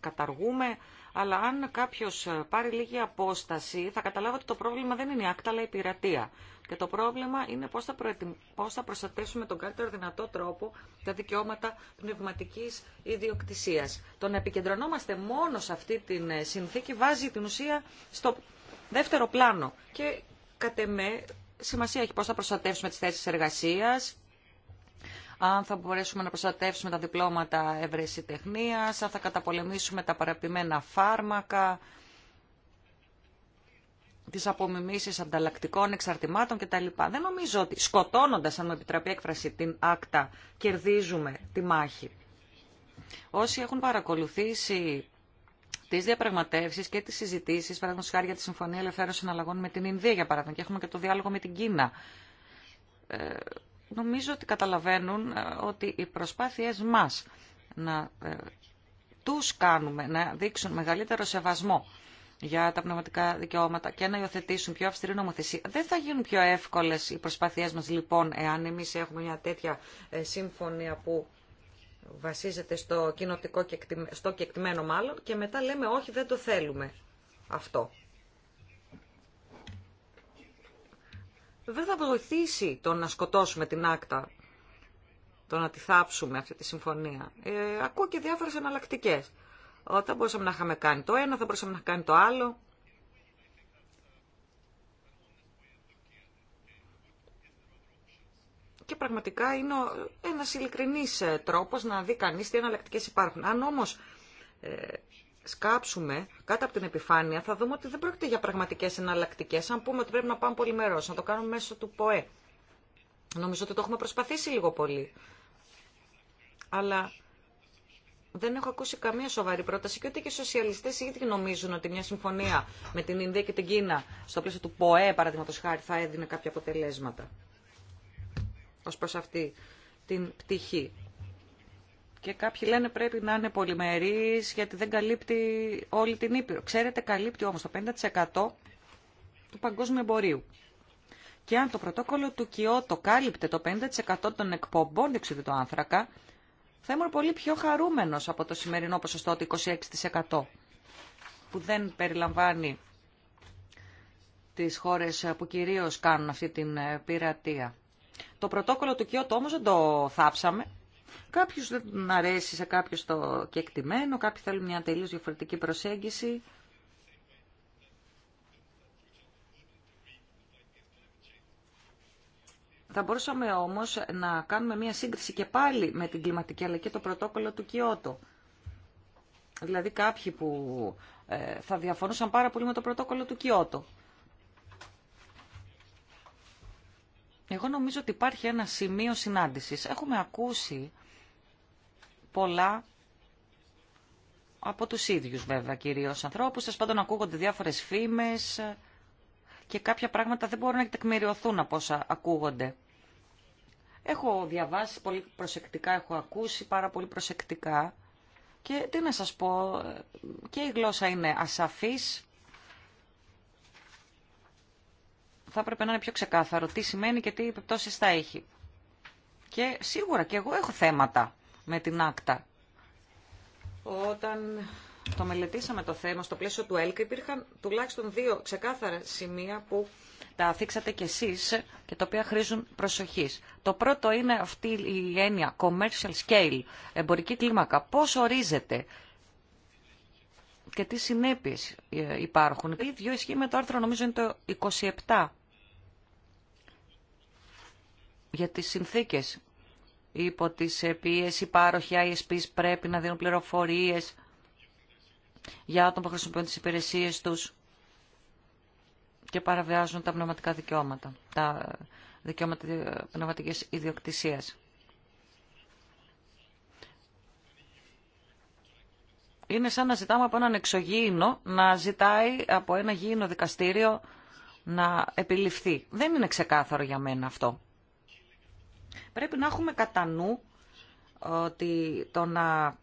καταργούμε, αλλά αν κάποιο πάρει λίγη απόσταση θα καταλάβει ότι το πρόβλημα δεν είναι η άκτα αλλά η πειρατεία. Και το πρόβλημα είναι πώ θα, προστατεύσουμε τον καλύτερο δυνατό τρόπο τα δικαιώματα πνευματική ιδιοκτησία. Το να επικεντρωνόμαστε μόνο σε αυτή την ε, συνθήκη βάζει την ουσία στο δεύτερο πλάνο. Και κατ' εμέ σημασία έχει πώ θα προστατεύσουμε τις θέσεις εργασία αν θα μπορέσουμε να προστατεύσουμε τα διπλώματα ευρεσιτεχνίας, αν θα καταπολεμήσουμε τα παραπημένα φάρμακα, τις απομιμήσεις ανταλλακτικών εξαρτημάτων κτλ. Δεν νομίζω ότι σκοτώνοντας, αν μου επιτραπεί έκφραση, την άκτα, κερδίζουμε τη μάχη. Όσοι έχουν παρακολουθήσει τι διαπραγματεύσει και τι συζητήσει, παραδείγματο χάρη για τη Συμφωνία Ελευθέρωση Συναλλαγών με την Ινδία, για παράδειγμα, και έχουμε και το διάλογο με την Κίνα. Ε, νομίζω ότι καταλαβαίνουν ε, ότι οι προσπάθειές μας να ε, τους κάνουμε να δείξουν μεγαλύτερο σεβασμό για τα πνευματικά δικαιώματα και να υιοθετήσουν πιο αυστηρή νομοθεσία. Δεν θα γίνουν πιο εύκολες οι προσπάθειές μας λοιπόν εάν εμείς έχουμε μια τέτοια ε, σύμφωνια που βασίζεται στο κοινοτικό και στο κεκτημένο μάλλον και μετά λέμε όχι δεν το θέλουμε αυτό. δεν θα βοηθήσει το να σκοτώσουμε την άκτα, το να τη θάψουμε αυτή τη συμφωνία. Ε, ακούω και διάφορες εναλλακτικέ. Όταν μπορούσαμε να είχαμε κάνει το ένα, θα μπορούσαμε να κάνει το άλλο. Και πραγματικά είναι ένας ειλικρινής ε, τρόπος να δει κανείς τι εναλλακτικέ υπάρχουν. Αν όμως ε, σκάψουμε κάτω από την επιφάνεια, θα δούμε ότι δεν πρόκειται για πραγματικέ εναλλακτικέ. Αν πούμε ότι πρέπει να πάμε πολυμερό, να το κάνουμε μέσω του ΠΟΕ. Νομίζω ότι το έχουμε προσπαθήσει λίγο πολύ. Αλλά δεν έχω ακούσει καμία σοβαρή πρόταση και ούτε και οι σοσιαλιστέ ήδη νομίζουν ότι μια συμφωνία με την Ινδία και την Κίνα στο πλαίσιο του ΠΟΕ, παραδείγματο χάρη, θα έδινε κάποια αποτελέσματα ω προ αυτή την πτυχή. Και κάποιοι λένε πρέπει να είναι πολυμερής γιατί δεν καλύπτει όλη την Ήπειρο. Ξέρετε, καλύπτει όμως το 50% του παγκόσμιου εμπορίου. Και αν το πρωτόκολλο του Κιώτο κάλυπτε το 50% των εκπομπών διοξιδίου του άνθρακα, θα ήμουν πολύ πιο χαρούμενος από το σημερινό ποσοστό του 26% που δεν περιλαμβάνει τις χώρες που κυρίως κάνουν αυτή την ε, πειρατεία. Το πρωτόκολλο του Κιώτο όμως δεν το θάψαμε, Κάποιους δεν αρέσει σε κάποιους το κεκτημένο, κάποιοι θέλουν μια τελείως διαφορετική προσέγγιση. Θα μπορούσαμε όμως να κάνουμε μια σύγκριση και πάλι με την κλιματική αλλαγή και το πρωτόκολλο του Κιώτο. Δηλαδή κάποιοι που ε, θα διαφωνούσαν πάρα πολύ με το πρωτόκολλο του Κιώτο. Εγώ νομίζω ότι υπάρχει ένα σημείο συνάντησης. Έχουμε ακούσει πολλά από τους ίδιους βέβαια κυρίως ανθρώπους. Σας πάντων ακούγονται διάφορες φήμες και κάποια πράγματα δεν μπορούν να τεκμηριωθούν από όσα ακούγονται. Έχω διαβάσει πολύ προσεκτικά, έχω ακούσει πάρα πολύ προσεκτικά και τι να σας πω, και η γλώσσα είναι ασαφής. Θα έπρεπε να είναι πιο ξεκάθαρο τι σημαίνει και τι επιπτώσεις θα έχει. Και σίγουρα και εγώ έχω θέματα με την άκτα. Όταν το μελετήσαμε το θέμα στο πλαίσιο του ΕΛΚΑ υπήρχαν τουλάχιστον δύο ξεκάθαρα σημεία που τα αφήξατε κι εσείς και τα οποία χρήζουν προσοχής. Το πρώτο είναι αυτή η έννοια commercial scale, εμπορική κλίμακα. Πώς ορίζεται και τι συνέπειε ε, υπάρχουν. Το ίδιο ισχύει με το άρθρο νομίζω είναι το 27 για τις συνθήκες υπό τις πίεση, οι πάροχοι ISPs πρέπει να δίνουν πληροφορίες για άτομα που χρησιμοποιούν τις υπηρεσίες τους και παραβιάζουν τα πνευματικά δικαιώματα, τα δικαιώματα πνευματικής ιδιοκτησίας. Είναι σαν να ζητάμε από έναν εξωγήινο να ζητάει από ένα γήινο δικαστήριο να επιληφθεί. Δεν είναι ξεκάθαρο για μένα αυτό. Πρέπει να έχουμε κατά νου ότι το να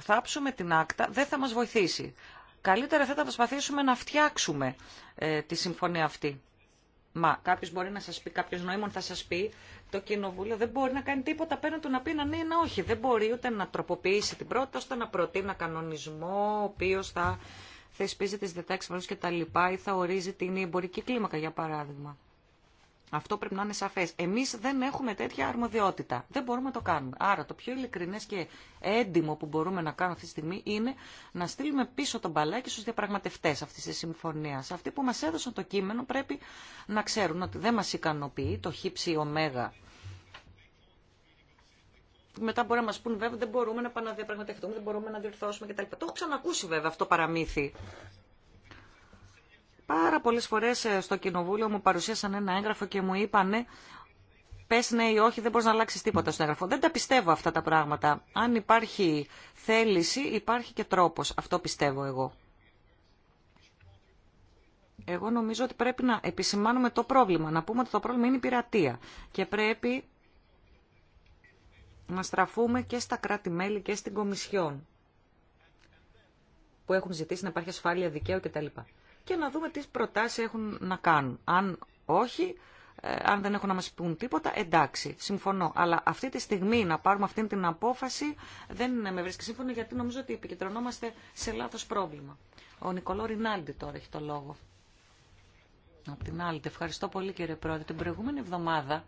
θάψουμε την άκτα δεν θα μας βοηθήσει. Καλύτερα θα τα προσπαθήσουμε να φτιάξουμε ε, τη συμφωνία αυτή. Μα κάποιος μπορεί να σας πει, κάποιος νοήμων θα σας πει, το κοινοβούλιο δεν μπορεί να κάνει τίποτα πέραν του να πει να ναι ή να όχι. Δεν μπορεί ούτε να τροποποιήσει την πρώτη, ώστε να προτείνει ένα κανονισμό, ο οποίο θα θεσπίζει τις διατάξεις και τα λοιπά ή θα ορίζει την εμπορική κλίμακα, για παράδειγμα. Αυτό πρέπει να είναι σαφέ. Εμεί δεν έχουμε τέτοια αρμοδιότητα. Δεν μπορούμε να το κάνουμε. Άρα το πιο ειλικρινέ και έντιμο που μπορούμε να κάνουμε αυτή τη στιγμή είναι να στείλουμε πίσω τον μπαλάκι στου διαπραγματευτέ αυτή τη συμφωνία. Αυτοί που μα έδωσαν το κείμενο πρέπει να ξέρουν ότι δεν μα ικανοποιεί το χύψη ωμέγα μετά μπορεί να μα πούν βέβαια δεν μπορούμε να επαναδιαπραγματευτούμε, δεν μπορούμε να διορθώσουμε κτλ. Το έχω ξανακούσει βέβαια αυτό παραμύθι. Πάρα πολλέ φορέ ε, στο κοινοβούλιο μου παρουσίασαν ένα έγγραφο και μου είπαν πε ναι ή όχι, δεν μπορεί να αλλάξει τίποτα στο έγγραφο. Δεν τα πιστεύω αυτά τα πράγματα. Αν υπάρχει θέληση, υπάρχει και τρόπο. Αυτό πιστεύω εγώ. Εγώ νομίζω ότι πρέπει να επισημάνουμε το πρόβλημα, να πούμε ότι το πρόβλημα είναι η πειρατεία και πρέπει να στραφούμε και στα κράτη-μέλη και στην Κομισιόν που έχουν ζητήσει να υπάρχει ασφάλεια δικαίου κτλ και να δούμε τι προτάσει έχουν να κάνουν. Αν όχι, ε, αν δεν έχουν να μα πούν τίποτα, εντάξει, συμφωνώ. Αλλά αυτή τη στιγμή να πάρουμε αυτή την απόφαση δεν με βρίσκει σύμφωνο γιατί νομίζω ότι επικεντρωνόμαστε σε λάθο πρόβλημα. Ο Νικολό Ρινάλντι τώρα έχει το λόγο. Απ' την άλλη, ευχαριστώ πολύ κύριε Πρόεδρε. Την προηγούμενη εβδομάδα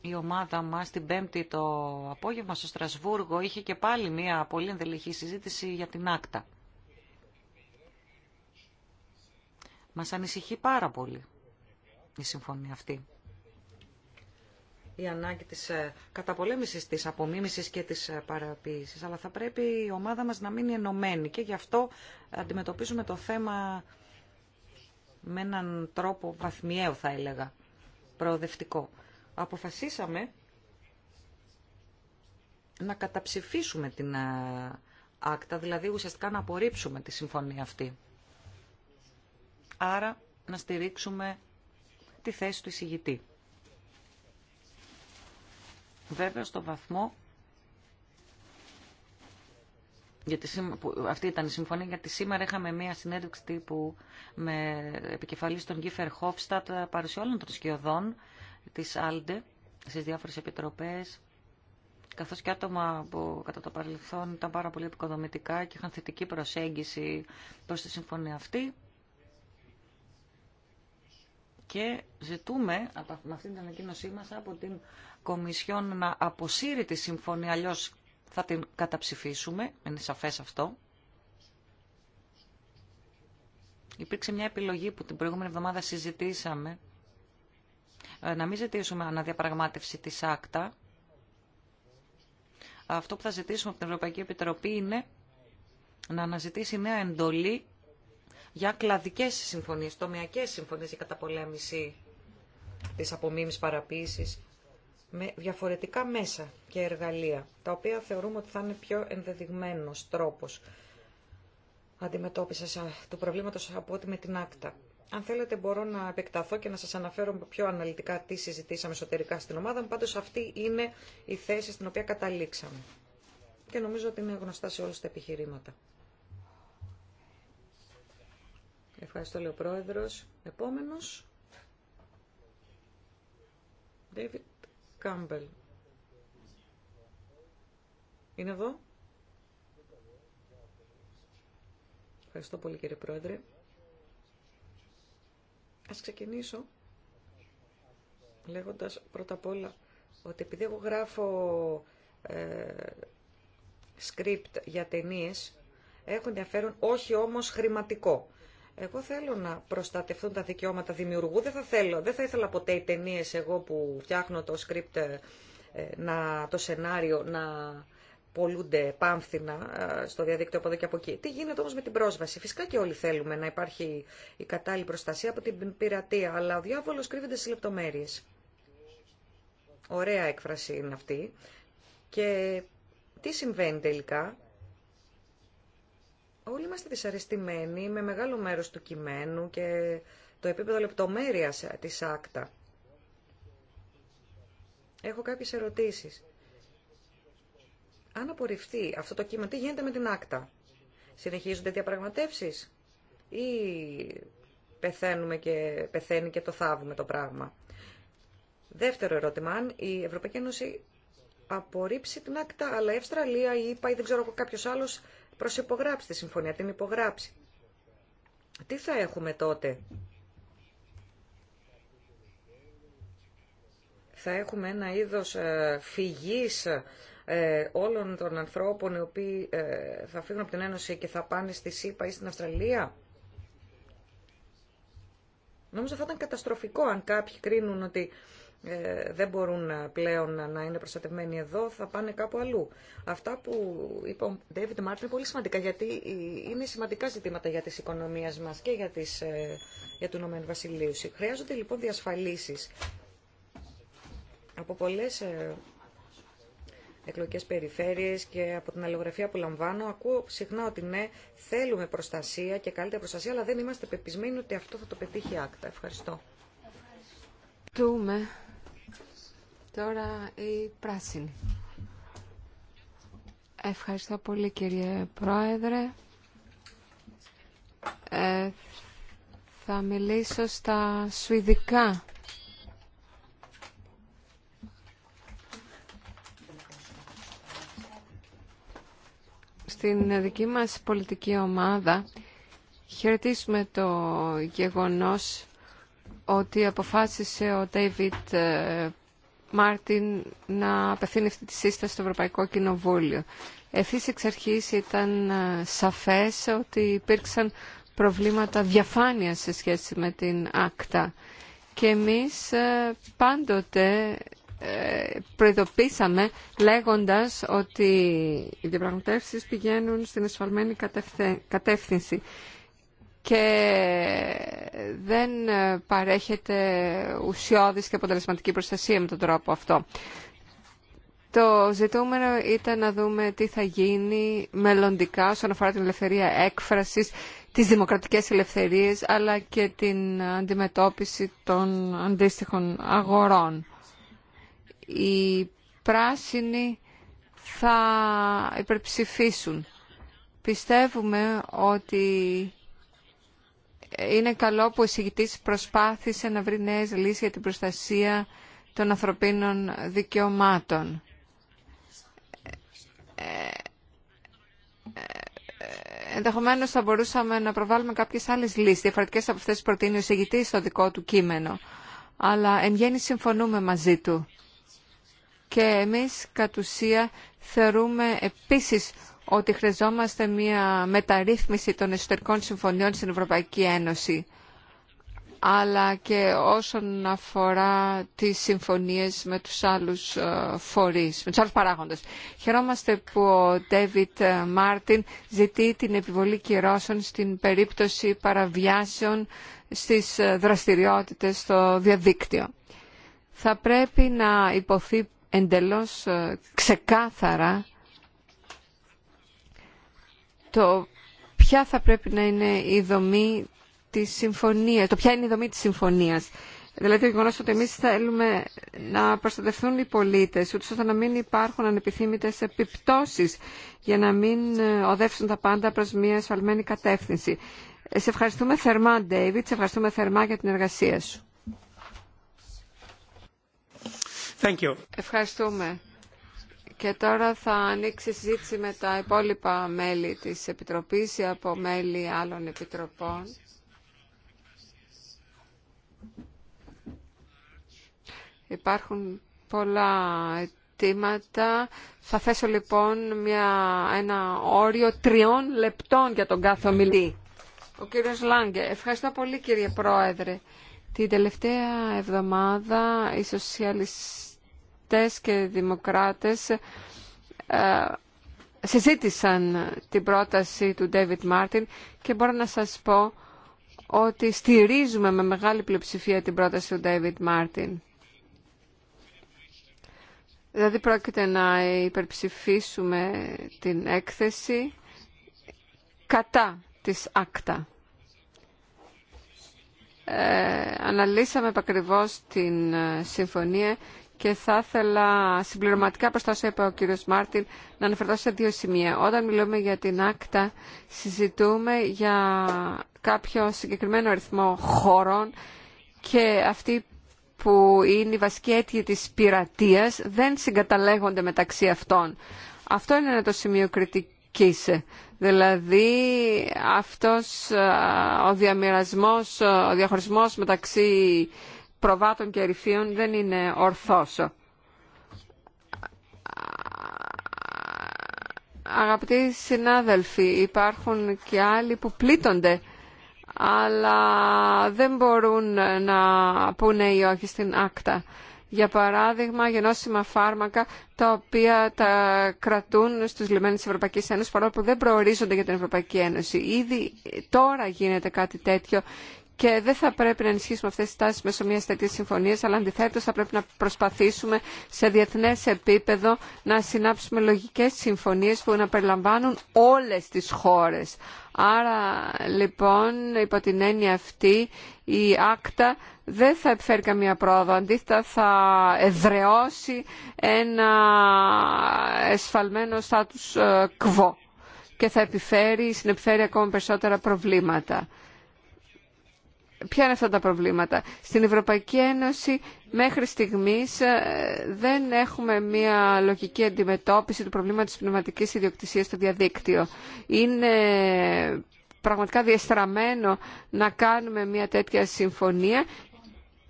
η ομάδα μα την Πέμπτη το απόγευμα στο Στρασβούργο είχε και πάλι μια πολύ ενδελεχή συζήτηση για την Άκτα. Μας ανησυχεί πάρα πολύ η συμφωνία αυτή. Η ανάγκη της ε, καταπολέμησης, της απομίμησης και της ε, παραποίησης. Αλλά θα πρέπει η ομάδα μας να μείνει ενωμένη και γι' αυτό αντιμετωπίζουμε το θέμα με έναν τρόπο βαθμιαίο θα έλεγα, προοδευτικό. Αποφασίσαμε να καταψηφίσουμε την ε, άκτα, δηλαδή ουσιαστικά να απορρίψουμε τη συμφωνία αυτή άρα να στηρίξουμε τη θέση του εισηγητή. Βέβαια στο βαθμό γιατί αυτή ήταν η συμφωνία, γιατί σήμερα είχαμε μία συνέντευξη τύπου με επικεφαλής τον Γκίφερ Χόφστατ παρουσία όλων των σκιωδών της Άλντε στις διάφορες επιτροπές, καθώς και άτομα που κατά το παρελθόν ήταν πάρα πολύ επικοδομητικά και είχαν θετική προσέγγιση προς τη συμφωνία αυτή και ζητούμε με αυτή την ανακοίνωσή μας από την Κομισιόν να αποσύρει τη συμφωνία, αλλιώς θα την καταψηφίσουμε, είναι σαφές αυτό. Υπήρξε μια επιλογή που την προηγούμενη εβδομάδα συζητήσαμε, ε, να μην ζητήσουμε αναδιαπραγμάτευση της άκτα. Αυτό που θα ζητήσουμε από την Ευρωπαϊκή Επιτροπή είναι να αναζητήσει νέα εντολή για κλαδικές συμφωνίες, τομιακές συμφωνίες για καταπολέμηση της απομίμης παραποίησης με διαφορετικά μέσα και εργαλεία, τα οποία θεωρούμε ότι θα είναι πιο ενδεδειγμένος τρόπος αντιμετώπισης του προβλήματος από ό,τι με την άκτα. Αν θέλετε μπορώ να επεκταθώ και να σας αναφέρω πιο αναλυτικά τι συζητήσαμε εσωτερικά στην ομάδα μου, πάντως αυτή είναι η θέση στην οποία καταλήξαμε. Και νομίζω ότι είναι γνωστά σε όλες τα επιχειρήματα. Ευχαριστώ, λέει ο Πρόεδρος. Επόμενος, David Campbell. Είναι εδώ. Ευχαριστώ πολύ, κύριε Πρόεδρε. Ας ξεκινήσω λέγοντας πρώτα απ' όλα ότι επειδή εγώ γράφω ε, script για ταινίες, έχουν ενδιαφέρον όχι όμως χρηματικό. Εγώ θέλω να προστατευτούν τα δικαιώματα δημιουργού. Δεν θα, θέλω, δεν θα ήθελα ποτέ οι ταινίε εγώ που φτιάχνω το script, ε, ε, να, το σενάριο να πολλούνται πάμφθηνα ε, στο διαδίκτυο από εδώ και από εκεί. Τι γίνεται όμως με την πρόσβαση. Φυσικά και όλοι θέλουμε να υπάρχει η κατάλληλη προστασία από την πειρατεία, αλλά ο διάβολος κρύβεται στις λεπτομέρειες. Ωραία έκφραση είναι αυτή. Και τι συμβαίνει τελικά. Όλοι είμαστε δυσαρεστημένοι με μεγάλο μέρος του κειμένου και το επίπεδο λεπτομέρειας ε, της άκτα. Έχω κάποιες ερωτήσεις. Αν απορριφθεί αυτό το κείμενο, τι γίνεται με την άκτα. Συνεχίζονται διαπραγματεύσεις ή πεθαίνουμε και πεθαίνει και το θάβουμε το πράγμα. Δεύτερο ερώτημα, αν η Ευρωπαϊκή Ένωση απορρίψει την άκτα, αλλά η Αυστραλία ή δεν ξέρω κάποιο προς τη συμφωνία, την υπογράψει. Τι θα έχουμε τότε. Θα έχουμε ένα είδος ε, φυγής ε, όλων των ανθρώπων οι οποίοι ε, θα φύγουν από την Ένωση και θα πάνε στη ΣΥΠΑ ή στην Αυστραλία. Νομίζω θα ήταν καταστροφικό αν κάποιοι κρίνουν ότι ε, δεν μπορούν ε, πλέον να είναι προστατευμένοι εδώ, θα πάνε κάπου αλλού. Αυτά που είπε ο David Martin είναι πολύ σημαντικά, γιατί είναι σημαντικά ζητήματα για τις οικονομίες μας και για, τις, ε, για του Βασιλείου. Χρειάζονται λοιπόν διασφαλίσεις από πολλές εκλογικές περιφέρειες και από την αλληλογραφία που λαμβάνω ακούω συχνά ότι ναι, θέλουμε προστασία και καλύτερη προστασία, αλλά δεν είμαστε πεπισμένοι ότι αυτό θα το πετύχει άκτα. Ευχαριστώ. Ευχαριστούμε Τώρα η πράσινη. Ευχαριστώ πολύ κύριε Πρόεδρε. Ε, θα μιλήσω στα σουηδικά. Στην δική μας πολιτική ομάδα χαιρετίσουμε το γεγονός ότι αποφάσισε ο Ντέιβιτ Μάρτιν να απευθύνει αυτή τη σύσταση στο Ευρωπαϊκό Κοινοβούλιο. Ευθύς εξ αρχή ήταν ε, σαφές ότι υπήρξαν προβλήματα διαφάνειας σε σχέση με την άκτα. Και εμείς ε, πάντοτε ε, προειδοποίησαμε λέγοντας ότι οι διαπραγματεύσεις πηγαίνουν στην εσφαλμένη κατεύθυνση και δεν ε, παρέχεται ουσιώδης και αποτελεσματική προστασία με τον τρόπο αυτό. Το ζητούμενο ήταν να δούμε τι θα γίνει μελλοντικά όσον αφορά την ελευθερία έκφρασης, τις δημοκρατικές ελευθερίες, αλλά και την αντιμετώπιση των αντίστοιχων αγορών. Οι πράσινοι θα υπερψηφίσουν. Πιστεύουμε ότι είναι καλό που ο εισηγητής προσπάθησε να βρει νέες λύσεις για την προστασία των ανθρωπίνων δικαιωμάτων. Ε, ε, ενδεχομένως θα μπορούσαμε να προβάλλουμε κάποιες άλλες λύσεις, διαφορετικές από αυτές που προτείνει ο εισηγητής στο δικό του κείμενο. Αλλά εν γέννη συμφωνούμε μαζί του. Και εμείς κατ' ουσία θεωρούμε επίσης ότι χρειαζόμαστε μια μεταρρύθμιση των εσωτερικών συμφωνιών στην Ευρωπαϊκή Ένωση αλλά και όσον αφορά τις συμφωνίες με τους άλλους ε, φορείς, με τους άλλους παράγοντες. Χαιρόμαστε που ο Ντέβιτ Μάρτιν ε, ζητεί την επιβολή κυρώσεων στην περίπτωση παραβιάσεων στις ε, δραστηριότητες στο διαδίκτυο. Θα πρέπει να υποθεί εντελώς ξεκάθαρα το ποια θα πρέπει να είναι η δομή της συμφωνίας, το ποια είναι η δομή της συμφωνίας. Δηλαδή το γεγονό ότι εμεί θέλουμε να προστατευτούν οι πολίτε, ούτω ώστε να μην υπάρχουν ανεπιθύμητε επιπτώσει για να μην ε, οδεύσουν τα πάντα προ μια ασφαλμένη κατεύθυνση. Ε, σε ευχαριστούμε θερμά, Ντέιβιτ, σε ευχαριστούμε θερμά για την εργασία σου. Thank you. Ευχαριστούμε. Και τώρα θα ανοίξει συζήτηση με τα υπόλοιπα μέλη της Επιτροπής ή από μέλη άλλων επιτροπών. Υπάρχουν πολλά αιτήματα. Θα θέσω λοιπόν μια, ένα όριο τριών λεπτών για τον κάθε ομιλή. Ο κύριος Λάγκε. Ευχαριστώ πολύ κύριε Πρόεδρε. Την τελευταία εβδομάδα οι σοσιαλιστές οι και δημοκράτες ε, συζήτησαν την πρόταση του David Μάρτιν και μπορώ να σας πω ότι στηρίζουμε με μεγάλη πλειοψηφία την πρόταση του David Μάρτιν. Δηλαδή πρόκειται να υπερψηφίσουμε την έκθεση κατά της ΑΚΤΑ. Ε, αναλύσαμε επακριβώς την ε, συμφωνία και θα ήθελα συμπληρωματικά προς τα είπε ο κύριος Μάρτιν να αναφερθώ σε δύο σημεία. Όταν μιλούμε για την άκτα συζητούμε για κάποιο συγκεκριμένο αριθμό χώρων και αυτοί που είναι η βασικοί αίτια της πειρατείας δεν συγκαταλέγονται μεταξύ αυτών. Αυτό είναι το σημείο κριτικής. Δηλαδή αυτός ο διαμοιρασμός, ο διαχωρισμός μεταξύ προβάτων και ρηφίων δεν είναι ορθός. Αγαπητοί συνάδελφοι, υπάρχουν και άλλοι που πλήττονται, αλλά δεν μπορούν να πούνε ή όχι στην άκτα. Για παράδειγμα, γενώσιμα φάρμακα τα οποία τα κρατούν στους λιμένες της Ευρωπαϊκής Ένωσης παρόλο που δεν προορίζονται για την Ευρωπαϊκή Ένωση. Ήδη τώρα γίνεται κάτι τέτοιο και δεν θα πρέπει να ενισχύσουμε αυτές τις τάσεις μέσω μιας τέτοιας συμφωνίας, αλλά αντιθέτως θα πρέπει να προσπαθήσουμε σε διεθνές επίπεδο να συνάψουμε λογικές συμφωνίες που να περιλαμβάνουν όλες τις χώρες. Άρα λοιπόν υπό την έννοια αυτή η άκτα δεν θα επιφέρει καμία πρόοδο, αντίθετα θα εδρεώσει ένα εσφαλμένο στάτους κβο ε, και θα επιφέρει, συνεπιφέρει ακόμα περισσότερα προβλήματα. Ποια είναι αυτά τα προβλήματα. Στην Ευρωπαϊκή Ένωση μέχρι στιγμής ε, δεν έχουμε μια λογική αντιμετώπιση του προβλήματος πνευματικής ιδιοκτησίας στο διαδίκτυο. Είναι πραγματικά διεστραμμένο να κάνουμε μια τέτοια συμφωνία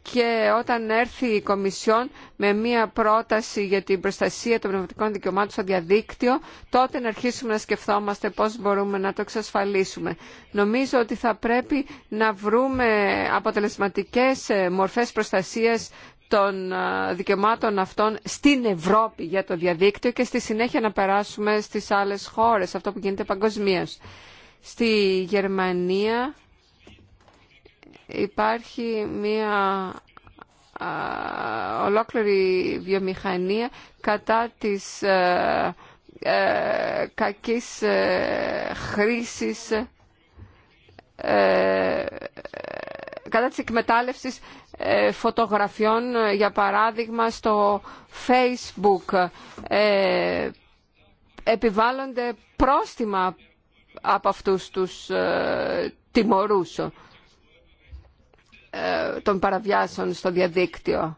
και όταν έρθει η Κομισιόν με μία πρόταση για την προστασία των πνευματικών δικαιωμάτων στο διαδίκτυο, τότε να αρχίσουμε να σκεφτόμαστε πώς μπορούμε να το εξασφαλίσουμε. Νομίζω ότι θα πρέπει να βρούμε αποτελεσματικές ε, μορφές προστασίας των ε, δικαιωμάτων αυτών στην Ευρώπη για το διαδίκτυο και στη συνέχεια να περάσουμε στις άλλες χώρες, αυτό που γίνεται παγκοσμίω. Στη Γερμανία υπάρχει μια ολόκληρη βιομηχανία κατά της ε, ε, κακής ε, κατά της εκμετάλλευσης φωτογραφιών, για παράδειγμα στο Facebook. Επιβάλλονται πρόστιμα από αυτούς τους τιμωρούς των παραβιάσεων στο διαδίκτυο.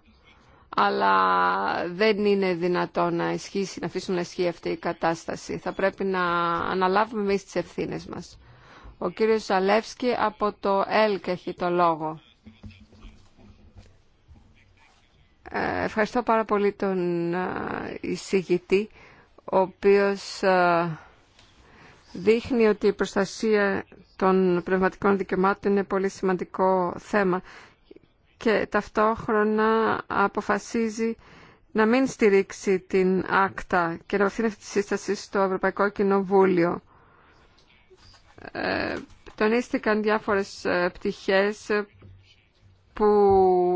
Αλλά δεν είναι δυνατόν να ισχύσει, να αφήσουμε να ισχύει αυτή η κατάσταση. Θα πρέπει να αναλάβουμε εμεί τις ευθύνες μας. Ο κύριος Ζαλεύσκη από το ΕΛΚ έχει το λόγο. Ε, ευχαριστώ πάρα πολύ τον ε, εισηγητή, ο οποίος ε, δείχνει ότι η προστασία των πνευματικών δικαιωμάτων είναι πολύ σημαντικό θέμα και ταυτόχρονα αποφασίζει να μην στηρίξει την άκτα και να αυτή τη σύσταση στο Ευρωπαϊκό Κοινοβούλιο. Ε, τονίστηκαν διάφορες ε, πτυχές που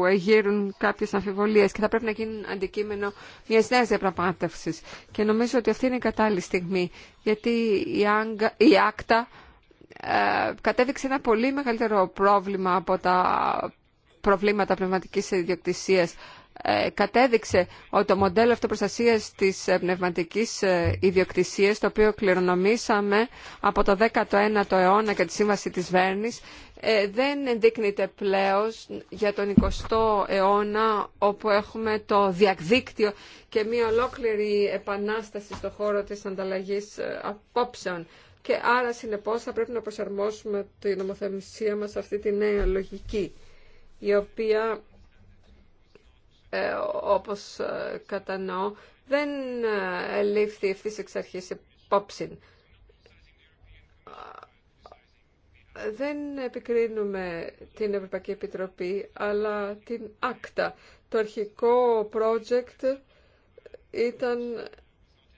εγείρουν κάποιες αμφιβολίες και θα πρέπει να γίνουν αντικείμενο μιας νέας διαπραγμάτευσης. Και νομίζω ότι αυτή είναι η κατάλληλη στιγμή, γιατί η άκτα ε, κατέδειξε ένα πολύ μεγαλύτερο πρόβλημα από τα προβλήματα πνευματικής ιδιοκτησίας. Ε, κατέδειξε ότι το μοντέλο αυτοπροστασίας της ε, πνευματικής ιδιοκτησίας, το οποίο κληρονομήσαμε από το 19ο αιώνα και τη Σύμβαση της Βέρνης, δεν ενδείκνυται πλέον για τον 20ο αιώνα, όπου έχουμε το διακδίκτυο και μια ολόκληρη επανάσταση στον χώρο της ανταλλαγής απόψεων και άρα συνεπώς θα πρέπει να προσαρμόσουμε την νομοθεσία μας σε αυτή τη νέα λογική η οποία ε, όπως ε, κατανοώ δεν ε, ελήφθη ευθύς εξ αρχής υπόψη. Δεν επικρίνουμε την Ευρωπαϊκή Επιτροπή, αλλά την ΑΚΤΑ. Το αρχικό project ήταν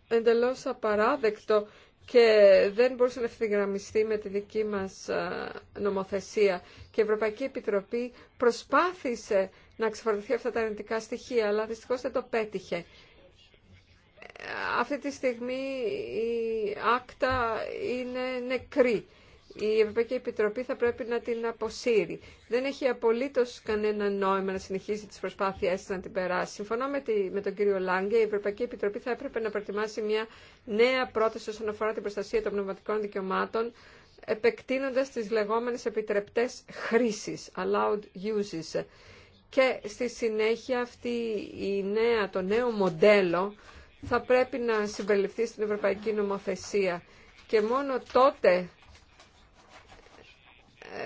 εντελώς απαράδεκτο και δεν μπορούσε να ευθυγραμμιστεί με τη δική μας νομοθεσία. Και η Ευρωπαϊκή Επιτροπή προσπάθησε να ξεφορτωθεί αυτά τα αρνητικά στοιχεία, αλλά δυστυχώς δεν το πέτυχε. Ε, αυτή τη στιγμή η άκτα είναι νεκρή η Ευρωπαϊκή Επιτροπή θα πρέπει να την αποσύρει. Δεν έχει απολύτω κανένα νόημα να συνεχίσει τι προσπάθειέ τη να την περάσει. Συμφωνώ με, τη, με τον κύριο Λάγκε, η Ευρωπαϊκή Επιτροπή θα έπρεπε να προετοιμάσει μια νέα πρόταση όσον αφορά την προστασία των πνευματικών δικαιωμάτων, επεκτείνοντα τι λεγόμενε επιτρεπτέ χρήσει, allowed uses. Και στη συνέχεια αυτή η νέα, το νέο μοντέλο θα πρέπει να συμπεριληφθεί στην Ευρωπαϊκή Νομοθεσία. Και μόνο τότε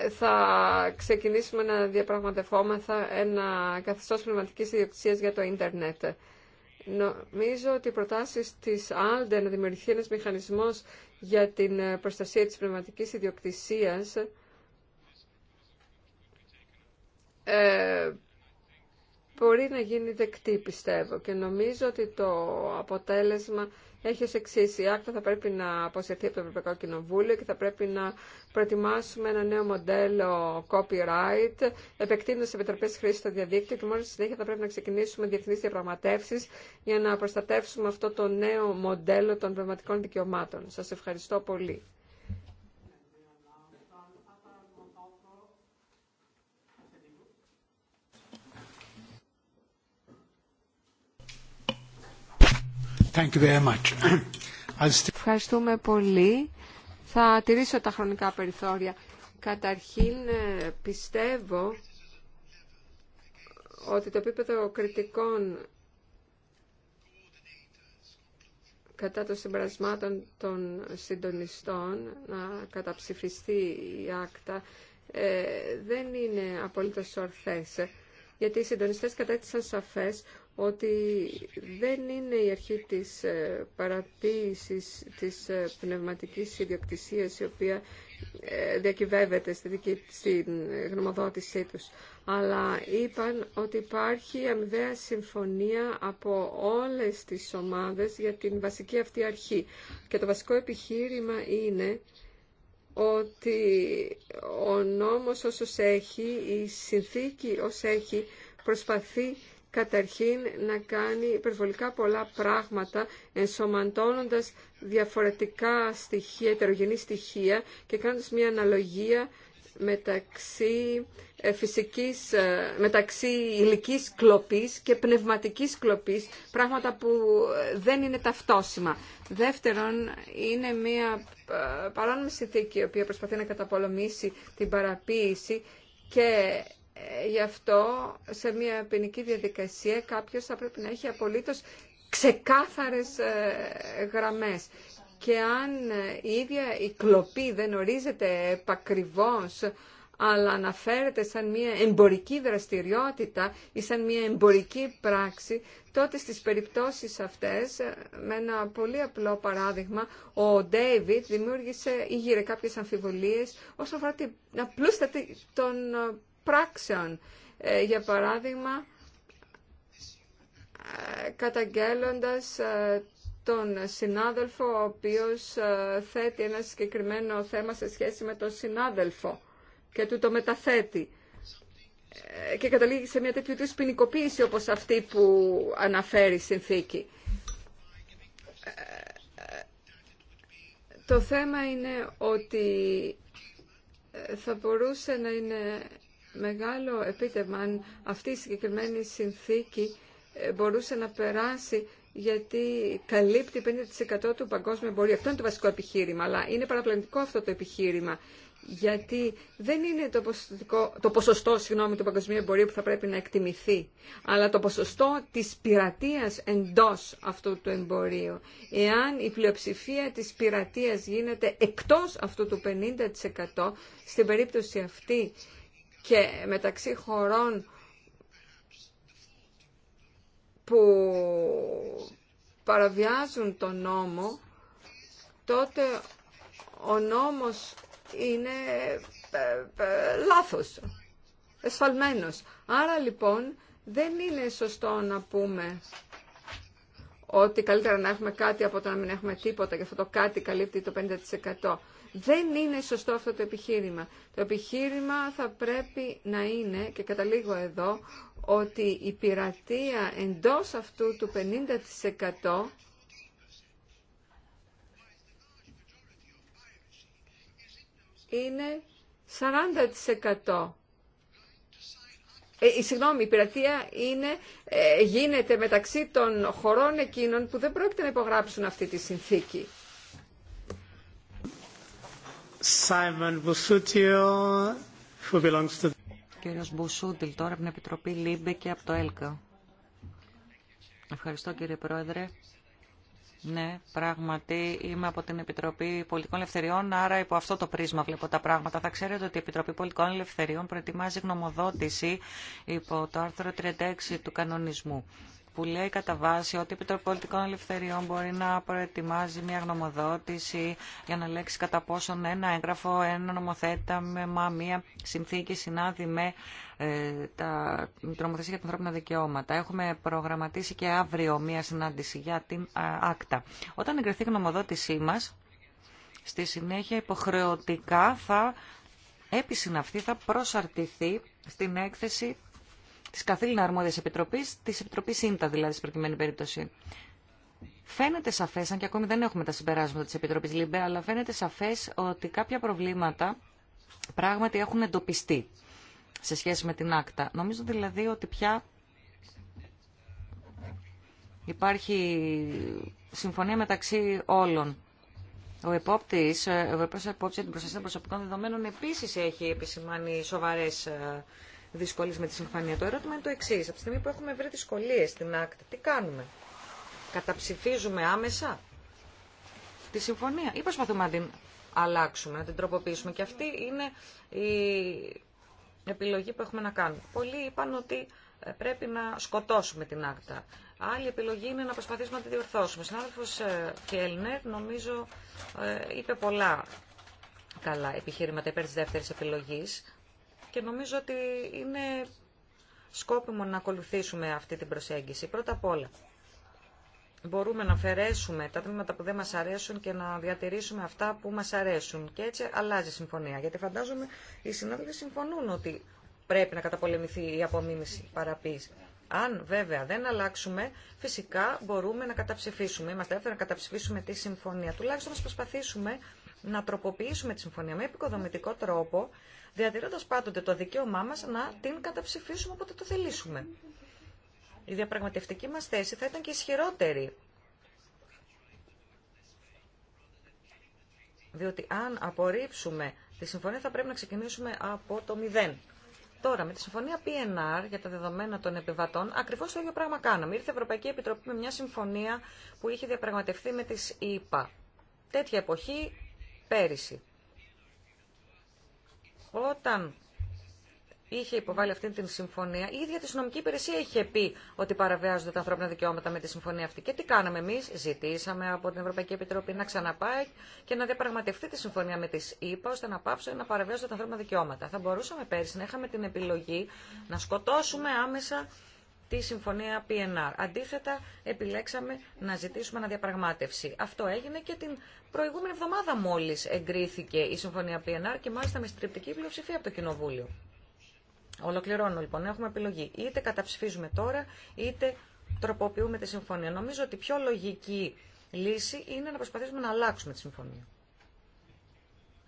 θα ξεκινήσουμε να διαπραγματευόμεθα ένα καθεστώς πνευματικής ιδιοκτησίας για το ίντερνετ. Νομίζω ότι οι προτάσεις της Άλντε να δημιουργηθεί ένας μηχανισμός για την προστασία της πνευματικής ιδιοκτησίας ε, μπορεί να γίνει δεκτή, πιστεύω. Και νομίζω ότι το αποτέλεσμα έχει ως εξής. Η άκτα θα πρέπει να αποσυρθεί από το Ευρωπαϊκό Κοινοβούλιο και θα πρέπει να προετοιμάσουμε ένα νέο μοντέλο copyright, επεκτείνοντας σε επιτροπές χρήση στο διαδίκτυο και μόνο στη συνέχεια θα πρέπει να ξεκινήσουμε διεθνείς διαπραγματεύσεις για να προστατεύσουμε αυτό το νέο μοντέλο των πνευματικών δικαιωμάτων. Σας ευχαριστώ πολύ. Ευχαριστούμε πολύ. Θα τηρήσω τα χρονικά περιθώρια. Καταρχήν ε, πιστεύω ότι το επίπεδο κριτικών κατά των συμπερασμάτων των συντονιστών να καταψηφιστεί η άκτα ε, δεν είναι απολύτως ορθές. Γιατί οι συντονιστές κατέκτησαν σαφές ότι δεν είναι η αρχή της ε, παραποίησης της ε, πνευματικής ιδιοκτησίας η οποία ε, διακυβεύεται στη δική, στην γνωμοδότησή τους. Αλλά είπαν ότι υπάρχει αμοιβαία συμφωνία από όλες τις ομάδες για την βασική αυτή αρχή. Και το βασικό επιχείρημα είναι ότι ο νόμος όσος έχει, η συνθήκη όσο έχει, προσπαθεί καταρχήν να κάνει υπερβολικά πολλά πράγματα ενσωματώνοντας διαφορετικά στοιχεία, ετερογενή στοιχεία και κάνοντας μια αναλογία μεταξύ, ε, φυσικής, ε, μεταξύ υλικής κλοπής και πνευματικής κλοπής, πράγματα που ε, δεν είναι ταυτόσιμα. Δεύτερον, είναι μια παράνομη συνθήκη η οποία προσπαθεί να καταπολεμήσει την παραποίηση και ε, γι' αυτό σε μια ποινική διαδικασία κάποιος θα πρέπει να έχει απολύτως ξεκάθαρες ε, γραμμές. Και αν ε, η ίδια η κλοπή δεν ορίζεται επακριβώς, αλλά αναφέρεται σαν μια εμπορική δραστηριότητα ή σαν μια εμπορική πράξη, τότε στις περιπτώσεις αυτές, με ένα πολύ απλό παράδειγμα, ο Ντέιβιτ δημιούργησε ή γύρε κάποιες αμφιβολίες όσον αφορά την απλούστατη των πράξεων. Ε, για παράδειγμα, ε, καταγγέλλοντας ε, τον συνάδελφο ο οποίος θέτει ένα συγκεκριμένο θέμα σε σχέση με τον συνάδελφο και του το μεταθέτει και καταλήγει σε μια τέτοιου τύπου ποινικοποίηση όπως αυτή που αναφέρει η συνθήκη. Το θέμα είναι ότι θα μπορούσε να είναι μεγάλο επίτευγμα αν αυτή η συγκεκριμένη συνθήκη ε, μπορούσε να περάσει γιατί καλύπτει 50% του παγκόσμιου εμπορίου. Αυτό είναι το βασικό επιχείρημα, αλλά είναι παραπλανητικό αυτό το επιχείρημα γιατί δεν είναι το, το ποσοστό συγγνώμη, του παγκοσμίου εμπορίου που θα πρέπει να εκτιμηθεί, αλλά το ποσοστό της πειρατεία εντός αυτού του εμπορίου. Εάν η πλειοψηφία της πειρατεία γίνεται εκτός αυτού του 50%, στην περίπτωση αυτή και μεταξύ χωρών που παραβιάζουν τον νόμο, τότε ο νόμος είναι ε, ε, λάθος, εσφαλμένος. Άρα λοιπόν δεν είναι σωστό να πούμε ότι καλύτερα να έχουμε κάτι από το να μην έχουμε τίποτα και αυτό το κάτι καλύπτει το 50%. Δεν είναι σωστό αυτό το επιχείρημα. Το επιχείρημα θα πρέπει να είναι, και καταλήγω εδώ, ότι η πειρατεία εντός αυτού του 50% είναι 40%. Ε, συγγνώμη, η πειρατεία είναι, ε, γίνεται μεταξύ των χωρών εκείνων που δεν πρόκειται να υπογράψουν αυτή τη συνθήκη. Simon Κύριος Μπουσούντιλ, τώρα από την Επιτροπή ΛΥΜΠΕ και από το ΕΛΚΑ. Ευχαριστώ κύριε Πρόεδρε. Ναι, πράγματι είμαι από την Επιτροπή Πολιτικών Ελευθεριών, άρα υπό αυτό το πρίσμα βλέπω τα πράγματα. Θα ξέρετε ότι η Επιτροπή Πολιτικών Ελευθεριών προετοιμάζει γνωμοδότηση υπό το άρθρο 36 του κανονισμού που λέει κατά βάση ότι η Επιτροπή Πολιτικών Ελευθεριών μπορεί να προετοιμάζει μια γνωμοδότηση για να λέξει κατά πόσον ένα έγγραφο, ένα νομοθέτα με μια συνθήκη συνάδει με ε, τα νομοθεσία για τα ανθρώπινα δικαιώματα. Έχουμε προγραμματίσει και αύριο μια συνάντηση για την ΑΚΤΑ. Όταν εγκριθεί η γνωμοδότησή μα, στη συνέχεια υποχρεωτικά θα επισυναυτεί, θα προσαρτηθεί στην έκθεση τη καθήλυνα αρμόδια επιτροπή, της επιτροπής ΣΥΝΤΑ δηλαδή, στην προκειμένη περίπτωση. Φαίνεται σαφέ, αν και ακόμη δεν έχουμε τα συμπεράσματα τη Επιτροπή ΛΥΜΠΕ, αλλά φαίνεται σαφέ ότι κάποια προβλήματα πράγματι έχουν εντοπιστεί σε σχέση με την άκτα. Νομίζω δηλαδή ότι πια υπάρχει συμφωνία μεταξύ όλων. Ο επόπτης, ο Ευρωπαίος Επόπτης για την Προστασία των Προσωπικών Δεδομένων επίσης έχει επισημάνει σοβαρές ε, δυσκολίες με τη συμφωνία. Το ερώτημα είναι το εξή. Από τη στιγμή που έχουμε βρει δυσκολίε στην άκτα, τι κάνουμε. Καταψηφίζουμε άμεσα τη συμφωνία ή προσπαθούμε να την αλλάξουμε, να την τροποποιήσουμε. Και αυτή είναι η επιλογή που έχουμε να κάνουμε. Πολλοί είπαν ότι ε, πρέπει να σκοτώσουμε την άκτα. Άλλη επιλογή είναι να προσπαθήσουμε να τη διορθώσουμε. συνάδελφο ε, Κέλνερ νομίζω ε, είπε πολλά καλά επιχείρηματα υπέρ τη δεύτερη επιλογή και νομίζω ότι είναι σκόπιμο να ακολουθήσουμε αυτή την προσέγγιση. Πρώτα απ' όλα, μπορούμε να αφαιρέσουμε τα τμήματα που δεν μας αρέσουν και να διατηρήσουμε αυτά που μας αρέσουν. Και έτσι αλλάζει η συμφωνία. Γιατί φαντάζομαι οι συνάδελφοι συμφωνούν ότι πρέπει να καταπολεμηθεί η απομίμηση παραποίηση. Αν βέβαια δεν αλλάξουμε, φυσικά μπορούμε να καταψηφίσουμε. Είμαστε έφερα να καταψηφίσουμε τη συμφωνία. Τουλάχιστον να προσπαθήσουμε να τροποποιήσουμε τη συμφωνία με επικοδομητικό τρόπο, διατηρώντας πάντοτε το δικαίωμά μας να την καταψηφίσουμε όποτε το θελήσουμε. Η διαπραγματευτική μας θέση θα ήταν και ισχυρότερη. Διότι αν απορρίψουμε τη συμφωνία θα πρέπει να ξεκινήσουμε από το μηδέν. Τώρα, με τη συμφωνία PNR για τα δεδομένα των επιβατών, ακριβώς το ίδιο πράγμα κάναμε. Ήρθε η Ευρωπαϊκή Επιτροπή με μια συμφωνία που είχε διαπραγματευτεί με τις ΗΠΑ. Τέτοια εποχή πέρυσι. Όταν είχε υποβάλει αυτή την συμφωνία, η ίδια τη νομική υπηρεσία είχε πει ότι παραβιάζονται τα ανθρώπινα δικαιώματα με τη συμφωνία αυτή. Και τι κάναμε εμεί, ζητήσαμε από την Ευρωπαϊκή Επιτροπή να ξαναπάει και να διαπραγματευτεί τη συμφωνία με τι ΕΠΑ, ώστε να πάψουν να παραβιάζονται τα ανθρώπινα δικαιώματα. Θα μπορούσαμε πέρσι να είχαμε την επιλογή να σκοτώσουμε άμεσα τη συμφωνία PNR. Αντίθετα, επιλέξαμε να ζητήσουμε αναδιαπραγμάτευση. Αυτό έγινε και την προηγούμενη εβδομάδα μόλις εγκρίθηκε η συμφωνία PNR και μάλιστα με στριπτική πλειοψηφία από το Κοινοβούλιο. Ολοκληρώνω λοιπόν, έχουμε επιλογή. Είτε καταψηφίζουμε τώρα, είτε τροποποιούμε τη συμφωνία. Νομίζω ότι η πιο λογική λύση είναι να προσπαθήσουμε να αλλάξουμε τη συμφωνία.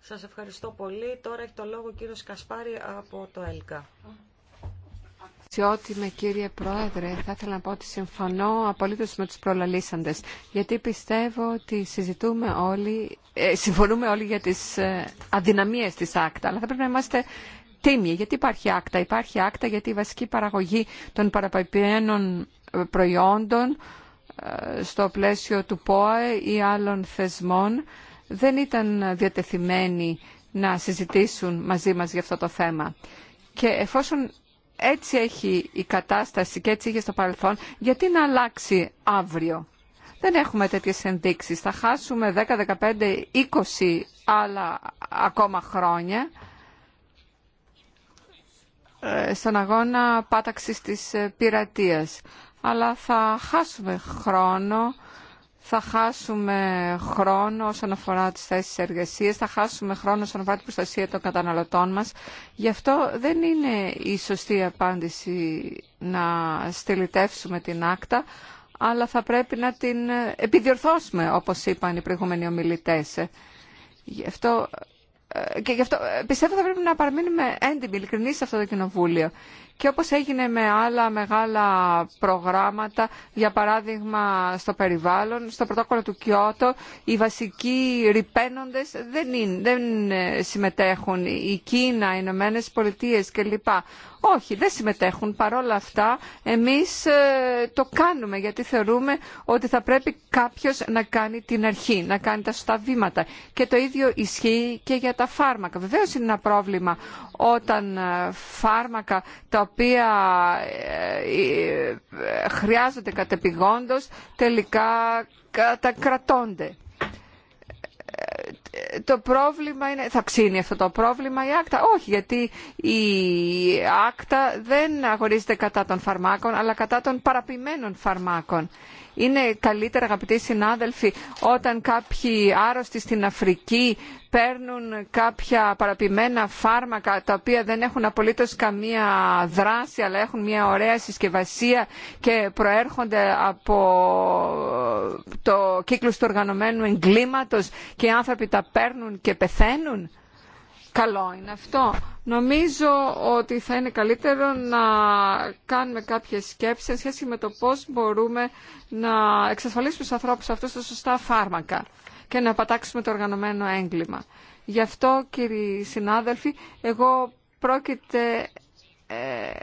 Σας ευχαριστώ πολύ. Τώρα έχει το λόγο ο κύριος Κασπάρη από το ΕΛΚΑ με κύριε Πρόεδρε, θα ήθελα να πω ότι συμφωνώ απολύτως με τους προλαλήσαντες, γιατί πιστεύω ότι συζητούμε όλοι, ε, συμφωνούμε όλοι για τις ε, αδυναμίες της άκτα, αλλά θα πρέπει να είμαστε τίμιοι. Γιατί υπάρχει άκτα. Υπάρχει άκτα γιατί η βασική παραγωγή των παραπαϊπιένων ε, προϊόντων στο πλαίσιο του ΠΟΕ ή άλλων θεσμών δεν ήταν διατεθειμένοι να συζητήσουν μαζί μας για αυτό το θέμα. Και εφόσον έτσι έχει η κατάσταση και έτσι είχε στο παρελθόν, γιατί να αλλάξει αύριο. Δεν έχουμε τέτοιες ενδείξεις. Θα χάσουμε 10, 15, 20 άλλα ακόμα χρόνια ε, στον αγώνα πάταξης της ε, πειρατείας. Αλλά θα χάσουμε χρόνο θα χάσουμε χρόνο όσον αφορά τις θέσεις εργασίας, θα χάσουμε χρόνο όσον αφορά την προστασία των καταναλωτών μας. Γι' αυτό δεν είναι η σωστή απάντηση να στελιτεύσουμε την άκτα, αλλά θα πρέπει να την επιδιορθώσουμε, όπως είπαν οι προηγούμενοι ομιλητές. Γι' αυτό ε, και γι' αυτό ε, πιστεύω θα πρέπει να παραμείνουμε έντιμοι, ειλικρινοί σε αυτό το κοινοβούλιο. Και όπως έγινε με άλλα μεγάλα προγράμματα, για παράδειγμα στο περιβάλλον, στο πρωτόκολλο του Κιώτο, οι βασικοί ρηπαίνοντες δεν, είναι, δεν ε, συμμετέχουν. Η Κίνα, οι Ηνωμένε Πολιτείε κλπ. Όχι, δεν συμμετέχουν. όλα αυτά, εμείς ε, το κάνουμε γιατί θεωρούμε ότι θα πρέπει κάποιος να κάνει την αρχή, να κάνει τα σωστά βήματα. Και το ίδιο ισχύει και για τα φάρμακα. Βεβαίως είναι ένα πρόβλημα όταν ε, φάρμακα τα οποία ε, ε, χρειάζονται κατεπηγόντως τελικά κατακρατώνται. Ε, το πρόβλημα είναι... Θα ξύνει αυτό το πρόβλημα η άκτα. Όχι, γιατί η άκτα δεν αγορίζεται κατά των φαρμάκων, αλλά κατά των παραποιημένων φαρμάκων. Είναι καλύτερα αγαπητοί συνάδελφοι όταν κάποιοι άρρωστοι στην Αφρική παίρνουν κάποια παραπημένα φάρμακα τα οποία δεν έχουν απολύτως καμία δράση αλλά έχουν μια ωραία συσκευασία και προέρχονται από το κύκλο του οργανωμένου εγκλήματος και οι άνθρωποι τα παίρνουν και πεθαίνουν καλό είναι αυτό. Νομίζω ότι θα είναι καλύτερο να κάνουμε κάποιες σκέψεις σε σχέση με το πώς μπορούμε να εξασφαλίσουμε στους ανθρώπους αυτούς τα σωστά φάρμακα και να πατάξουμε το οργανωμένο έγκλημα. Γι' αυτό, κύριοι συνάδελφοι, εγώ πρόκειται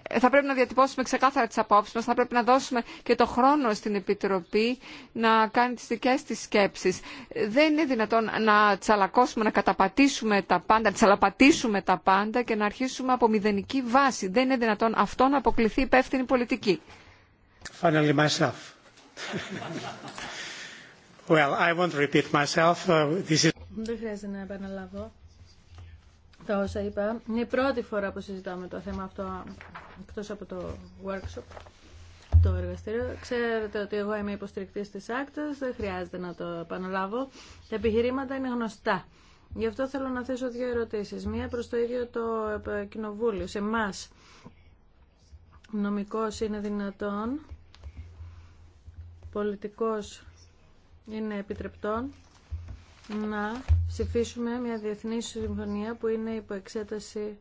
ε, θα πρέπει να διατυπώσουμε ξεκάθαρα τις απόψεις μας, θα πρέπει να δώσουμε και το χρόνο στην Επιτροπή να κάνει τις δικές της σκέψεις. Δεν είναι δυνατόν να τσαλακώσουμε, να καταπατήσουμε τα πάντα, να τσαλαπατήσουμε τα πάντα και να αρχίσουμε από μηδενική βάση. Δεν είναι δυνατόν αυτό να αποκληθεί υπεύθυνη πολιτική. Finally Δεν χρειάζεται να επαναλάβω τα όσα είπα. Είναι η πρώτη φορά που συζητάμε το θέμα αυτό εκτός από το workshop, το εργαστήριο. Ξέρετε ότι εγώ είμαι υποστηρικτής της άκτα, δεν χρειάζεται να το επαναλάβω. Τα επιχειρήματα είναι γνωστά. Γι' αυτό θέλω να θέσω δύο ερωτήσεις. Μία προς το ίδιο το κοινοβούλιο, σε εμά. Νομικός είναι δυνατόν, πολιτικός είναι επιτρεπτόν να ψηφίσουμε μια διεθνή συμφωνία που είναι υπό εξέταση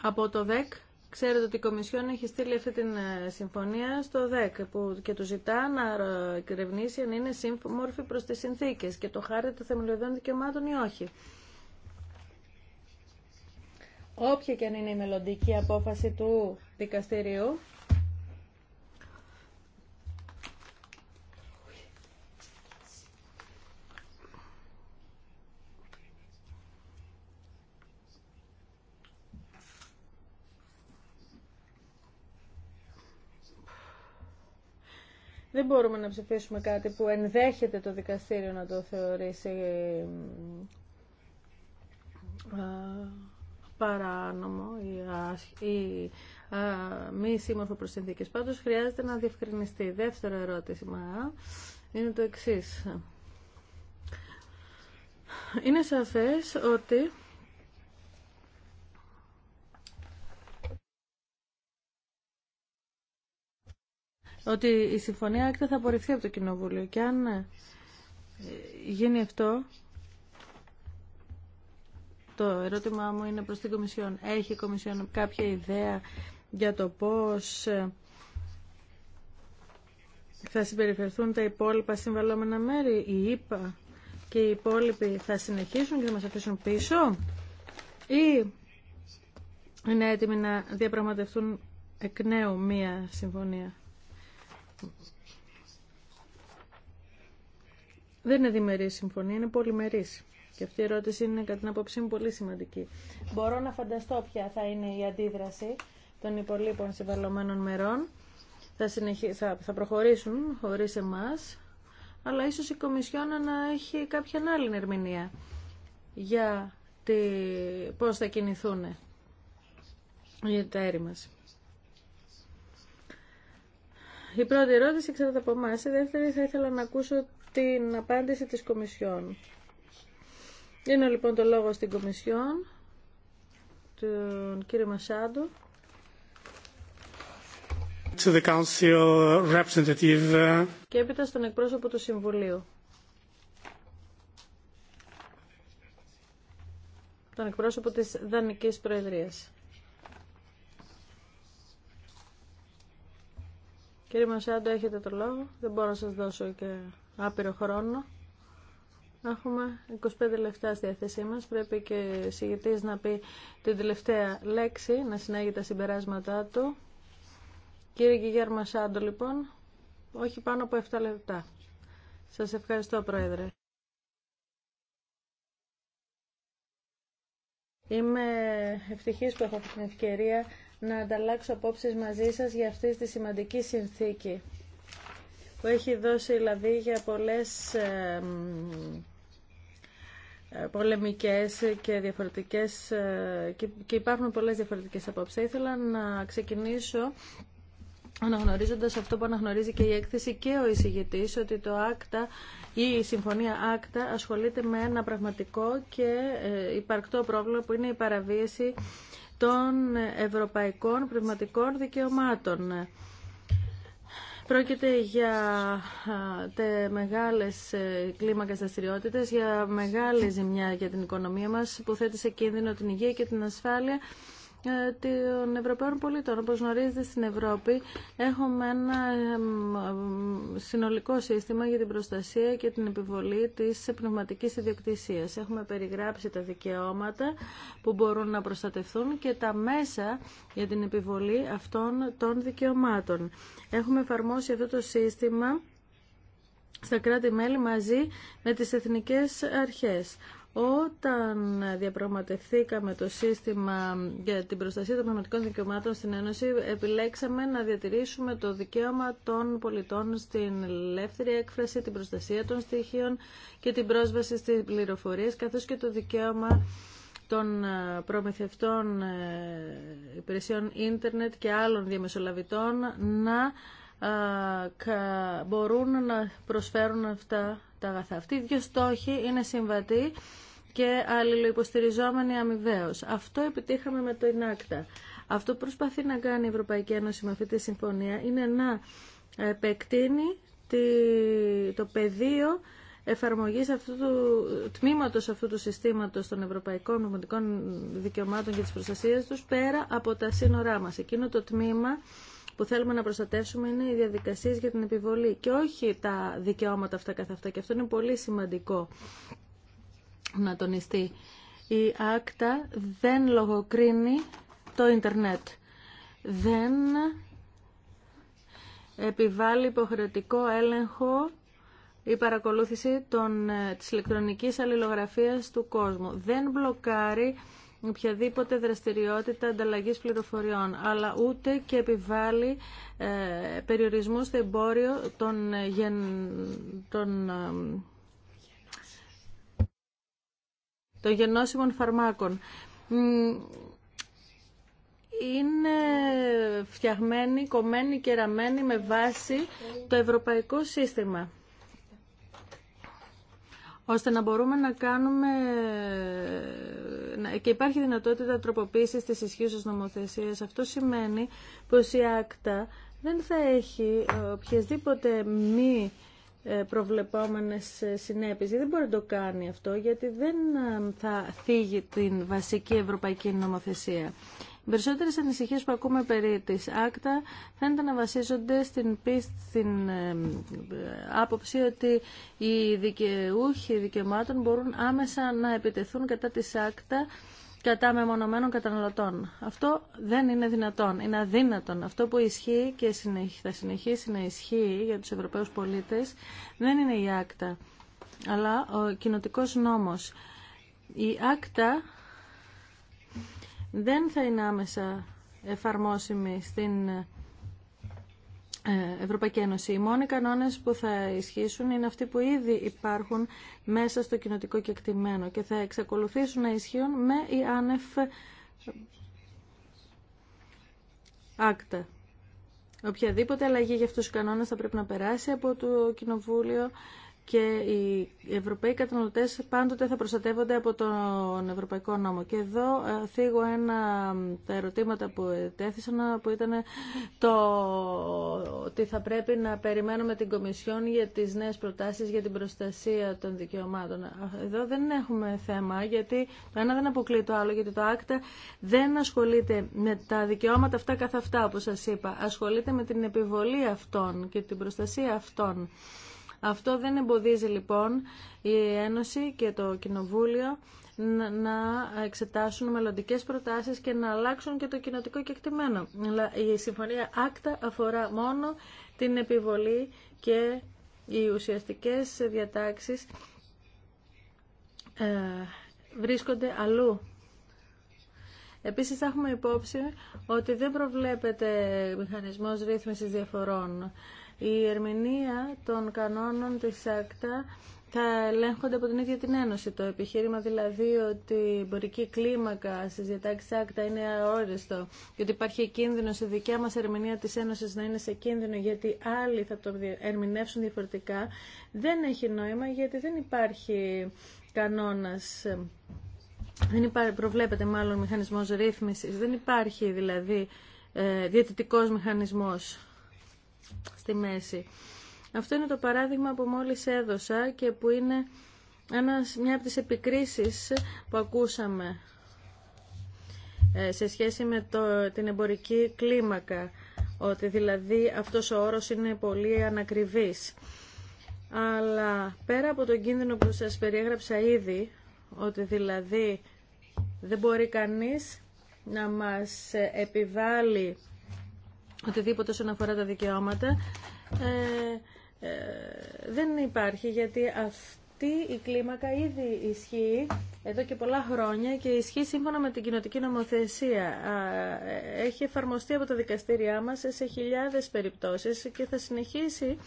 από το ΔΕΚ. Ξέρετε ότι η Κομισιόν έχει στείλει αυτή την ε, συμφωνία στο ΔΕΚ που και του ζητά να εκρευνήσει αν είναι μόρφη προς τις συνθήκες και το χάρη των θεμελιωδών δικαιωμάτων ή όχι. Όποια και αν είναι η μελλοντική απόφαση του δικαστηρίου, Δεν μπορούμε να ψηφίσουμε κάτι που ενδέχεται το δικαστήριο να το θεωρήσει ε, παράνομο ή μη σύμμορφο προς συνθήκες. Πάντως χρειάζεται να διευκρινιστεί. Δεύτερο ερώτημα είναι το εξής. Είναι σαφές ότι ότι η συμφωνία άκτα θα απορριφθεί από το Κοινοβούλιο και αν γίνει αυτό το ερώτημά μου είναι προς την Κομισιόν. Έχει η Κομισιόν κάποια ιδέα για το πώς ε, θα συμπεριφερθούν τα υπόλοιπα συμβαλόμενα μέρη, η ΕΠΑ και οι υπόλοιποι θα συνεχίσουν και θα μας αφήσουν πίσω ή είναι έτοιμοι να διαπραγματευτούν εκ νέου μία συμφωνία. Δεν είναι διμερή συμφωνία, είναι πολυμερής. Και αυτή η ερώτηση είναι κατά την απόψη μου πολύ σημαντική. Μπορώ να φανταστώ ποια θα είναι η αντίδραση των υπολείπων συμβαλωμένων μερών. Θα, θα προχωρήσουν χωρίς εμάς, αλλά ίσως η Κομισιόνα να έχει κάποια άλλη ερμηνεία για τη... πώς θα κινηθούν οι εταίροι μας. Η πρώτη ερώτηση ξέρετε από εμά. Η δεύτερη θα ήθελα να ακούσω την απάντηση της Κομισιόν. Δίνω λοιπόν το λόγο στην Κομισιόν, τον κύριο Μασάντο. To the Council representative. Uh, και έπειτα στον εκπρόσωπο του Συμβουλίου. Τον εκπρόσωπο της Δανικής Προεδρίας. Κύριε Μασάντο, έχετε το λόγο. Δεν μπορώ να σας δώσω και άπειρο χρόνο. Έχουμε 25 λεπτά στη θέση μας. Πρέπει και ο να πει την τελευταία λέξη, να συνάγει τα συμπεράσματά του. Κύριε Γιγέρμα Σάντο, λοιπόν, όχι πάνω από 7 λεπτά. Σας ευχαριστώ, Πρόεδρε. Είμαι ευτυχής που έχω την ευκαιρία να ανταλλάξω απόψεις μαζί σας για αυτή τη σημαντική συνθήκη που έχει δώσει δηλαδή για πολλές ε, πολεμικές και διαφορετικές ε, και υπάρχουν πολλές διαφορετικές απόψεις. ήθελα να ξεκινήσω αναγνωρίζοντας αυτό που αναγνωρίζει και η έκθεση και ο εισηγητής ότι το άκτα ή η συμφωνία άκτα ασχολείται με ένα πραγματικό και ε, υπαρκτό πρόβλημα που είναι η παραβίαση των ευρωπαϊκών πνευματικών δικαιωμάτων. Πρόκειται για τε μεγάλες ε, κλίμακες δραστηριότητε, για μεγάλη ζημιά για την οικονομία μας που θέτει σε κίνδυνο την υγεία και την ασφάλεια ε, των Ευρωπαίων πολιτών. Όπως γνωρίζετε στην Ευρώπη έχουμε ένα συνολικό σύστημα για την προστασία και την επιβολή της πνευματικής ιδιοκτησίας. Έχουμε περιγράψει τα δικαιώματα που μπορούν να προστατευτούν και τα μέσα για την επιβολή αυτών των δικαιωμάτων. Έχουμε εφαρμόσει αυτό το σύστημα στα κράτη-μέλη μαζί με τις εθνικές αρχές. Όταν διαπραγματευθήκαμε το σύστημα για την προστασία των πνευματικών δικαιωμάτων στην Ένωση, επιλέξαμε να διατηρήσουμε το δικαίωμα των πολιτών στην ελεύθερη έκφραση, την προστασία των στοιχείων και την πρόσβαση στις πληροφορίες, καθώς και το δικαίωμα των ε, προμηθευτών ε, υπηρεσιών ίντερνετ και άλλων διαμεσολαβητών να μπορούν να προσφέρουν αυτά τα αγαθά. Αυτοί οι δύο στόχοι είναι συμβατοί και αλληλοϊποστηριζόμενοι αμοιβαίω. Αυτό επιτύχαμε με το ΙΝΑΚΤΑ. Αυτό που προσπαθεί να κάνει η Ευρωπαϊκή Ένωση με αυτή τη συμφωνία είναι να επεκτείνει το πεδίο εφαρμογής αυτού του τμήματος αυτού του συστήματος των ευρωπαϊκών νομοτικών δικαιωμάτων και της προστασίας τους πέρα από τα σύνορά μας. Εκείνο το τμήμα που θέλουμε να προστατεύσουμε είναι οι διαδικασίες για την επιβολή και όχι τα δικαιώματα αυτά καθ' αυτά. Και αυτό είναι πολύ σημαντικό να τονιστεί. Η άκτα δεν λογοκρίνει το ίντερνετ. Δεν επιβάλλει υποχρεωτικό έλεγχο η παρακολούθηση των, ε, της ηλεκτρονικής αλληλογραφίας του κόσμου. Δεν μπλοκάρει οποιαδήποτε δραστηριότητα ανταλλαγής πληροφοριών, αλλά ούτε και επιβάλλει ε, περιορισμούς στο εμπόριο των, ε, γεν... των... Ε, των γενώσιμων φαρμάκων είναι φτιαγμένη, κομμένη και ραμμένη με βάση το ευρωπαϊκό σύστημα ώστε να μπορούμε να κάνουμε και υπάρχει δυνατότητα τροποποίησης της ισχύουσας νομοθεσίας. Αυτό σημαίνει πως η άκτα δεν θα έχει οποιασδήποτε μη ε, προβλεπόμενες ε, συνέπειες. Δεν μπορεί να το κάνει αυτό γιατί δεν ε, θα θίγει την βασική ευρωπαϊκή νομοθεσία. Οι περισσότερες ανησυχίες που ακούμε περί της άκτα φαίνεται να βασίζονται στην, πίστη, στην άποψη ότι οι δικαιούχοι δικαιωμάτων μπορούν άμεσα να επιτεθούν κατά της άκτα κατά μεμονωμένων καταναλωτών. Αυτό δεν είναι δυνατόν. Είναι αδύνατον. Αυτό που ισχύει και θα συνεχίσει να ισχύει για τους Ευρωπαίους πολίτες δεν είναι η άκτα, αλλά ο κοινοτικός νόμος. Η άκτα δεν θα είναι άμεσα εφαρμόσιμη στην ε, Ευρωπαϊκή Ένωση. Οι μόνοι κανόνες που θα ισχύσουν είναι αυτοί που ήδη υπάρχουν μέσα στο κοινοτικό κεκτημένο και θα εξακολουθήσουν να ισχύουν με η άνευ άκτα. Οποιαδήποτε αλλαγή για αυτούς τους κανόνες θα πρέπει να περάσει από το Κοινοβούλιο και οι Ευρωπαίοι καταναλωτές πάντοτε θα προστατεύονται από τον Ευρωπαϊκό νόμο. Και εδώ ε, θίγω ένα τα ερωτήματα που τέθησαν που ήταν το ότι θα πρέπει να περιμένουμε την Κομισιόν για τις νέες προτάσεις για την προστασία των δικαιωμάτων. Εδώ δεν έχουμε θέμα γιατί το ένα δεν αποκλεί το άλλο γιατί το άκτα δεν ασχολείται με τα δικαιώματα αυτά καθ' αυτά όπως σας είπα. Ασχολείται με την επιβολή αυτών και την προστασία αυτών. Αυτό δεν εμποδίζει λοιπόν η Ένωση και το Κοινοβούλιο να εξετάσουν μελλοντικέ προτάσεις και να αλλάξουν και το κοινοτικό κεκτημένο. Η συμφωνία άκτα αφορά μόνο την επιβολή και οι ουσιαστικές διατάξεις ε, βρίσκονται αλλού. Επίσης έχουμε υπόψη ότι δεν προβλέπεται μηχανισμός ρύθμισης διαφορών. Η ερμηνεία των κανόνων της ΑΚΤΑ θα ελέγχονται από την ίδια την Ένωση. Το επιχείρημα δηλαδή ότι η εμπορική κλίμακα στι διατάξει ΣΑΚΤΑ είναι αόριστο και ότι υπάρχει κίνδυνο η δικιά μα ερμηνεία τη Ένωση να είναι σε κίνδυνο γιατί άλλοι θα το ερμηνεύσουν διαφορετικά, δεν έχει νόημα γιατί δεν υπάρχει κανόνα. Δεν υπάρχει, προβλέπεται μάλλον μηχανισμός ρύθμισης, δεν υπάρχει δηλαδή ε, διαιτητικός μηχανισμός στη μέση. Αυτό είναι το παράδειγμα που μόλις έδωσα και που είναι ένας, μια από τις επικρίσεις που ακούσαμε ε, σε σχέση με το, την εμπορική κλίμακα, ότι δηλαδή αυτός ο όρος είναι πολύ ανακριβής. Αλλά πέρα από τον κίνδυνο που σας περιέγραψα ήδη, ότι δηλαδή δεν μπορεί κανείς να μας επιβάλλει οτιδήποτε όσον αφορά τα δικαιώματα ε, ε, δεν υπάρχει γιατί αυτή η κλίμακα ήδη ισχύει εδώ και πολλά χρόνια και ισχύει σύμφωνα με την κοινοτική νομοθεσία. Ε, έχει εφαρμοστεί από τα δικαστήριά μας σε χιλιάδες περιπτώσεις και θα συνεχίσει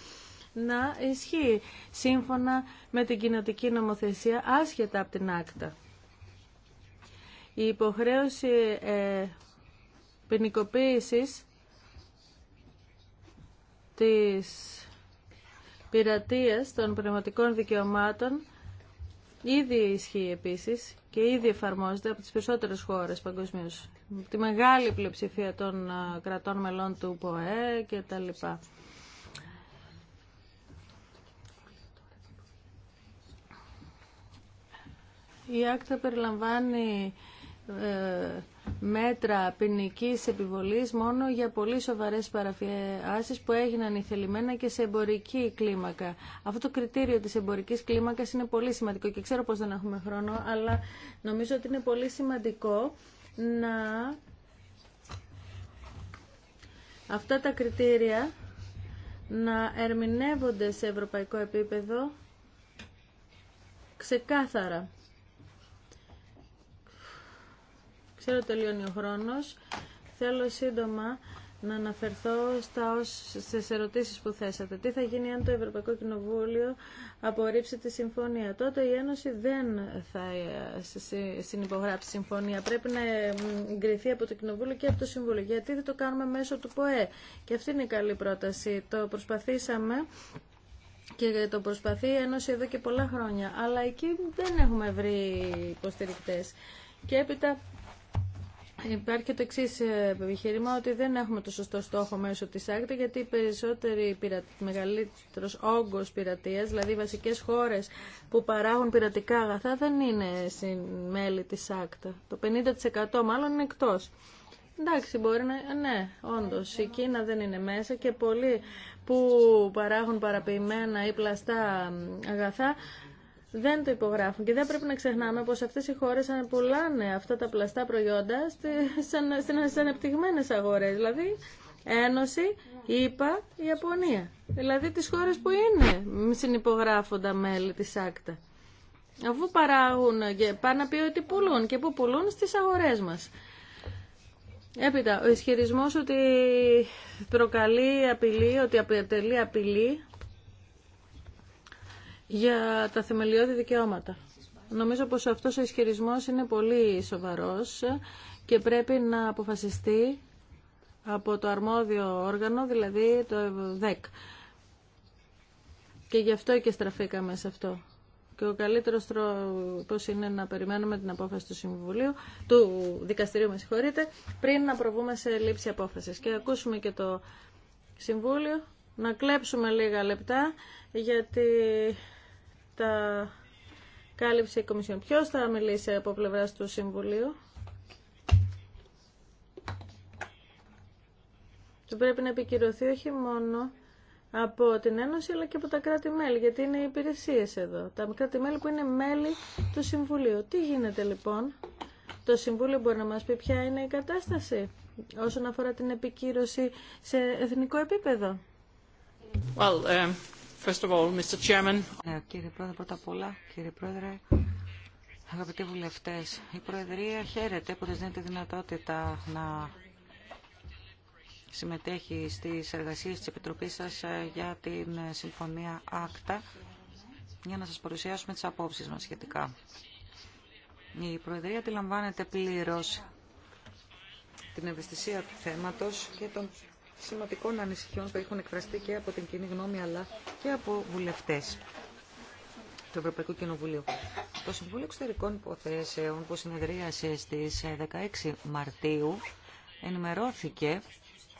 να ισχύει σύμφωνα με την κοινοτική νομοθεσία άσχετα από την άκτα. Η υποχρέωση ε, ποινικοποίησης της πειρατείας των πνευματικών δικαιωμάτων ήδη ισχύει επίσης και ήδη εφαρμόζεται από τις περισσότερες χώρες παγκοσμίω. Τη μεγάλη πλειοψηφία των κρατών μελών του ΠΟΕ και τα λοιπά. Η άκτα περιλαμβάνει ε, μέτρα ποινική επιβολή μόνο για πολύ σοβαρέ παραφιάσει που έγιναν ηθελημένα και σε εμπορική κλίμακα. Αυτό το κριτήριο της εμπορική κλίμακας είναι πολύ σημαντικό και ξέρω πως δεν έχουμε χρόνο, αλλά νομίζω ότι είναι πολύ σημαντικό να αυτά τα κριτήρια να ερμηνεύονται σε ευρωπαϊκό επίπεδο ξεκάθαρα. Ξέρω ότι τελειώνει ο χρόνος. Θέλω σύντομα να αναφερθώ στα, ερωτήσει ερωτήσεις που θέσατε. Τι θα γίνει αν το Ευρωπαϊκό Κοινοβούλιο απορρίψει τη συμφωνία. Τότε η Ένωση δεν θα ε, συνυπογράψει συμφωνία. Πρέπει να ε, εγκριθεί από το Κοινοβούλιο και από το Συμβούλιο. Γιατί δεν το κάνουμε μέσω του ΠΟΕ. Και αυτή είναι η καλή πρόταση. Το προσπαθήσαμε και το προσπαθεί η Ένωση εδώ και πολλά χρόνια. Αλλά εκεί δεν έχουμε βρει υποστηρικτέ. Και έπειτα Υπάρχει και το εξή ε, επιχείρημα ότι δεν έχουμε το σωστό στόχο μέσω τη άκτα γιατί οι περισσότεροι μεγαλύτερο όγκο πειρατεία, δηλαδή οι βασικέ χώρε που παράγουν πειρατικά αγαθά, δεν είναι μέλη τη άκτα. Το 50% μάλλον είναι εκτό. Εντάξει, μπορεί να. Ναι, όντω. Η Κίνα δεν είναι μέσα και πολλοί που παράγουν παραποιημένα ή πλαστά αγαθά δεν το υπογράφουν. Και δεν πρέπει να ξεχνάμε πως αυτές οι χώρες πουλάνε αυτά τα πλαστά προϊόντα στι ανεπτυγμένε αγορέ, Δηλαδή, Ένωση, ΙΠΑ, Ιαπωνία. Δηλαδή τις χώρες που είναι συνυπογράφοντα μέλη τη ΑΚΤΑ. Αφού παράγουν και πάνε να πει ότι πουλούν και που πουλούν στις αγορές μας. Έπειτα, ο ισχυρισμό ότι προκαλεί απειλή, ότι αποτελεί απειλή, για τα θεμελιώδη δικαιώματα. Νομίζω πως αυτός ο ισχυρισμός είναι πολύ σοβαρός και πρέπει να αποφασιστεί από το αρμόδιο όργανο, δηλαδή το ΔΕΚ. Και γι' αυτό και στραφήκαμε σε αυτό. Και ο καλύτερος τρόπος είναι να περιμένουμε την απόφαση του Συμβουλίου, του δικαστηρίου με συγχωρείτε, πριν να προβούμε σε λήψη απόφασης. Και ακούσουμε και το Συμβούλιο, να κλέψουμε λίγα λεπτά, γιατί τα κάλυψε η Κομισιόν. Ποιος θα μιλήσει από πλευρά του Συμβουλίου. που πρέπει να επικυρωθεί όχι μόνο από την Ένωση αλλά και από τα κράτη-μέλη, γιατί είναι οι υπηρεσίες εδώ. Τα κράτη-μέλη που είναι μέλη του Συμβουλίου. Τι γίνεται λοιπόν, το Συμβούλιο μπορεί να μας πει ποια είναι η κατάσταση όσον αφορά την επικύρωση σε εθνικό επίπεδο. Well, um, ε, κύριε Πρόεδρε, πρώτα απ' όλα, Πρόεδρε, αγαπητοί βουλευτές, η Προεδρία χαίρεται που της τη δυνατότητα να συμμετέχει στις εργασίες της Επιτροπής σας ε, για την Συμφωνία Άκτα για να σας παρουσιάσουμε τις απόψεις μας σχετικά. Η Προεδρία αντιλαμβάνεται πλήρως την ευαισθησία του θέματος και τον σημαντικών ανησυχιών που έχουν εκφραστεί και από την κοινή γνώμη αλλά και από βουλευτές του Ευρωπαϊκού Κοινοβουλίου. Το Συμβούλιο Εξωτερικών Υποθέσεων που συνεδρίασε στις 16 ε, Μαρτίου ενημερώθηκε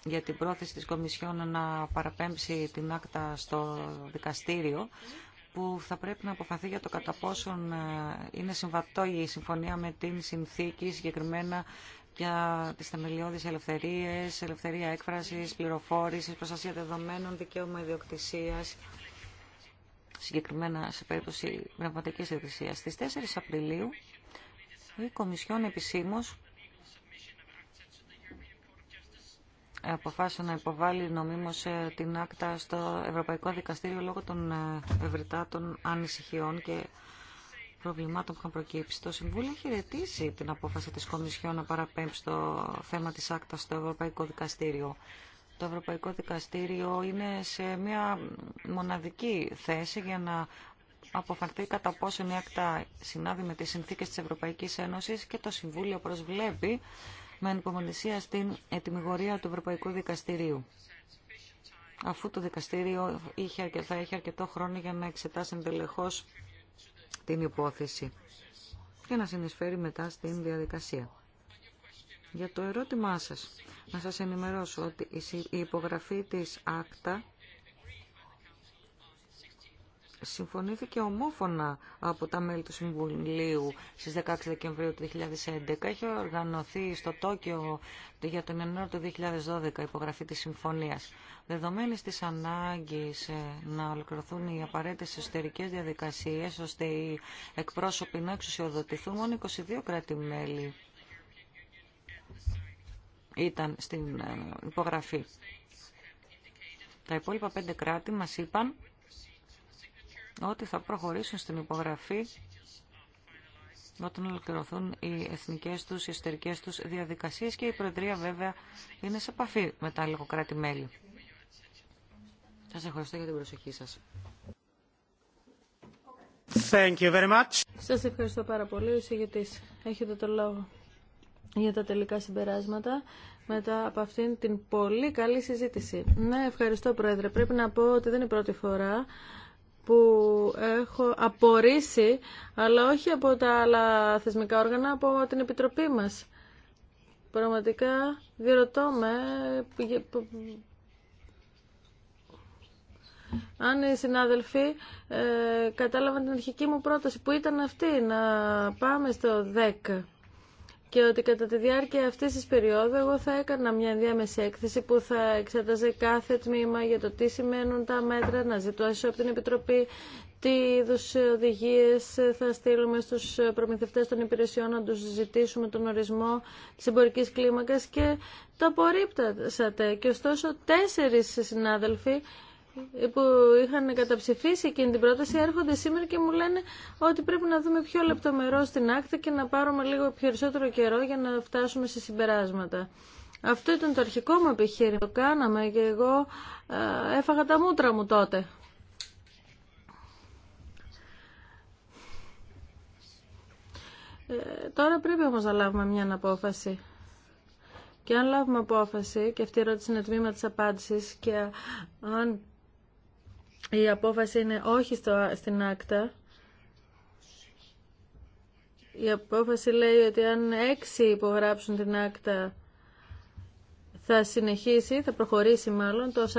για την πρόθεση της Κομισιόν να παραπέμψει την άκτα στο δικαστήριο που θα πρέπει να αποφαθεί για το κατά πόσον ε, είναι συμβατό η συμφωνία με την συνθήκη, συγκεκριμένα για τις θεμελιώδεις ελευθερίες, ελευθερία έκφρασης, πληροφόρησης, προστασία δεδομένων, δικαίωμα ιδιοκτησίας, συγκεκριμένα σε περίπτωση πνευματικής ιδιοκτησίας. Στις 4 Απριλίου η Κομισιόν επισήμως αποφάσισε να υποβάλει νομίμως ε, την άκτα στο Ευρωπαϊκό Δικαστήριο λόγω των ε, ευρυτάτων ανησυχιών και προβλημάτων που είχαν προκύψει. Το Συμβούλιο έχει ρετήσει την απόφαση της Κομισιόν να παραπέμψει το θέμα της άκτα στο Ευρωπαϊκό Δικαστήριο. Το Ευρωπαϊκό Δικαστήριο είναι σε μια μοναδική θέση για να αποφανθεί κατά πόσο η άκτα συνάδει με τις συνθήκες της Ευρωπαϊκής Ένωσης και το Συμβούλιο προσβλέπει με ανυπομονησία στην ετοιμιγορία του Ευρωπαϊκού Δικαστηρίου αφού το δικαστήριο είχε, θα έχει αρκετό χρόνο για να εξετάσει εντελεχώς την υπόθεση και να συνεισφέρει μετά στην διαδικασία. Για το ερώτημά σας, να σας ενημερώσω ότι η υπογραφή της ΑΚΤΑ συμφωνήθηκε ομόφωνα από τα μέλη του Συμβουλίου στις 16 Δεκεμβρίου του 2011. Έχει οργανωθεί στο Τόκιο για τον Ιανουάριο του 2012 υπογραφή της συμφωνίας. Δεδομένης της ανάγκης ε, να ολοκληρωθούν οι απαραίτητες εσωτερικές διαδικασίες ώστε οι εκπρόσωποι να εξουσιοδοτηθούν μόνο 22 κράτη-μέλη ήταν στην ε, υπογραφή. Τα υπόλοιπα πέντε κράτη μας είπαν ότι θα προχωρήσουν στην υπογραφή όταν ολοκληρωθούν οι εθνικές τους, οι εσωτερικές τους διαδικασίες και η Προεδρία βέβαια είναι σε επαφή με τα λίγο κράτη-μέλη. Σας ευχαριστώ για την προσοχή σας. Thank you very much. Σας ευχαριστώ πάρα πολύ. Ο εισηγητής, έχετε το λόγο για τα τελικά συμπεράσματα μετά από αυτήν την πολύ καλή συζήτηση. Ναι, ευχαριστώ Πρόεδρε. Πρέπει να πω ότι δεν είναι η πρώτη φορά που έχω απορρίσει, αλλά όχι από τα άλλα θεσμικά όργανα, από την Επιτροπή μας. Πραγματικά διερωτώ με αν οι συνάδελφοι ε, κατάλαβαν την αρχική μου πρόταση, που ήταν αυτή, να πάμε στο 10 και ότι κατά τη διάρκεια αυτής της περίοδου εγώ θα έκανα μια διάμεση έκθεση που θα εξέταζε κάθε τμήμα για το τι σημαίνουν τα μέτρα, να ζητώσω από την Επιτροπή τι είδου οδηγίε θα στείλουμε στου προμηθευτέ των υπηρεσιών να του ζητήσουμε τον ορισμό τη εμπορική κλίμακα και το απορρίπτασατε. Και ωστόσο, τέσσερι συνάδελφοι που είχαν καταψηφίσει εκείνη την πρόταση έρχονται σήμερα και μου λένε ότι πρέπει να δούμε πιο λεπτομερό στην άκτα και να πάρουμε λίγο περισσότερο καιρό για να φτάσουμε σε συμπεράσματα. Αυτό ήταν το αρχικό μου επιχείρημα. Το κάναμε και εγώ ε, έφαγα τα μούτρα μου τότε. Ε, τώρα πρέπει όμως να λάβουμε μια απόφαση. Και αν λάβουμε απόφαση, και αυτή η ερώτηση είναι τμήμα της απάντησης, και αν η απόφαση είναι όχι στο, στην άκτα. Η απόφαση λέει ότι αν έξι υπογράψουν την άκτα θα συνεχίσει, θα προχωρήσει μάλλον, το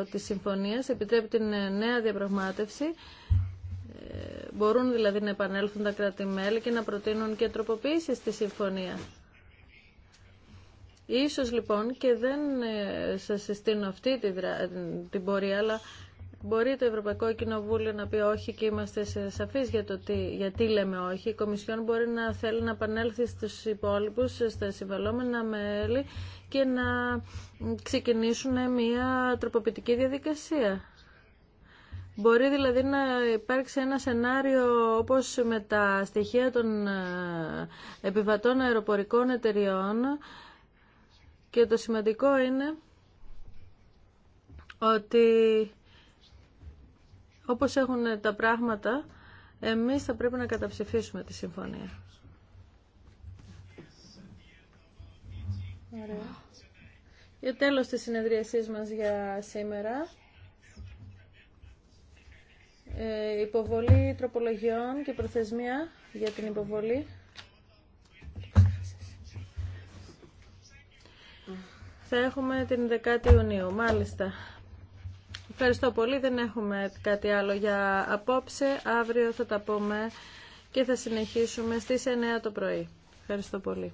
42 της συμφωνίας επιτρέπει την νέα διαπραγμάτευση. Ε, μπορούν δηλαδή να επανέλθουν τα κράτη-μέλη και να προτείνουν και τροποποίηση στη συμφωνία. Ίσως λοιπόν και δεν ε, σας συστήνω αυτή την πορεία, αλλά μπορεί το Ευρωπαϊκό Κοινοβούλιο να πει όχι και είμαστε σαφείς για το γιατί λέμε όχι. Η Κομισιόν μπορεί να θέλει να επανέλθει στους υπόλοιπους, στα συμβαλόμενα μέλη και να ξεκινήσουν μια τροποποιητική διαδικασία. Μπορεί δηλαδή να υπάρξει ένα σενάριο όπως με τα στοιχεία των ε, επιβατών αεροπορικών εταιριών και το σημαντικό είναι ότι όπως έχουν τα πράγματα, εμείς θα πρέπει να καταψηφίσουμε τη συμφωνία. Ωραία. Για τέλος της συνεδρίασής μας για σήμερα. Ε, υποβολή τροπολογιών και προθεσμία για την υποβολή. Θα έχουμε την 10η Ιουνίου, μάλιστα. Ευχαριστώ πολύ. Δεν έχουμε κάτι άλλο για απόψε. Αύριο θα τα πούμε και θα συνεχίσουμε στις 9 το πρωί. Ευχαριστώ πολύ.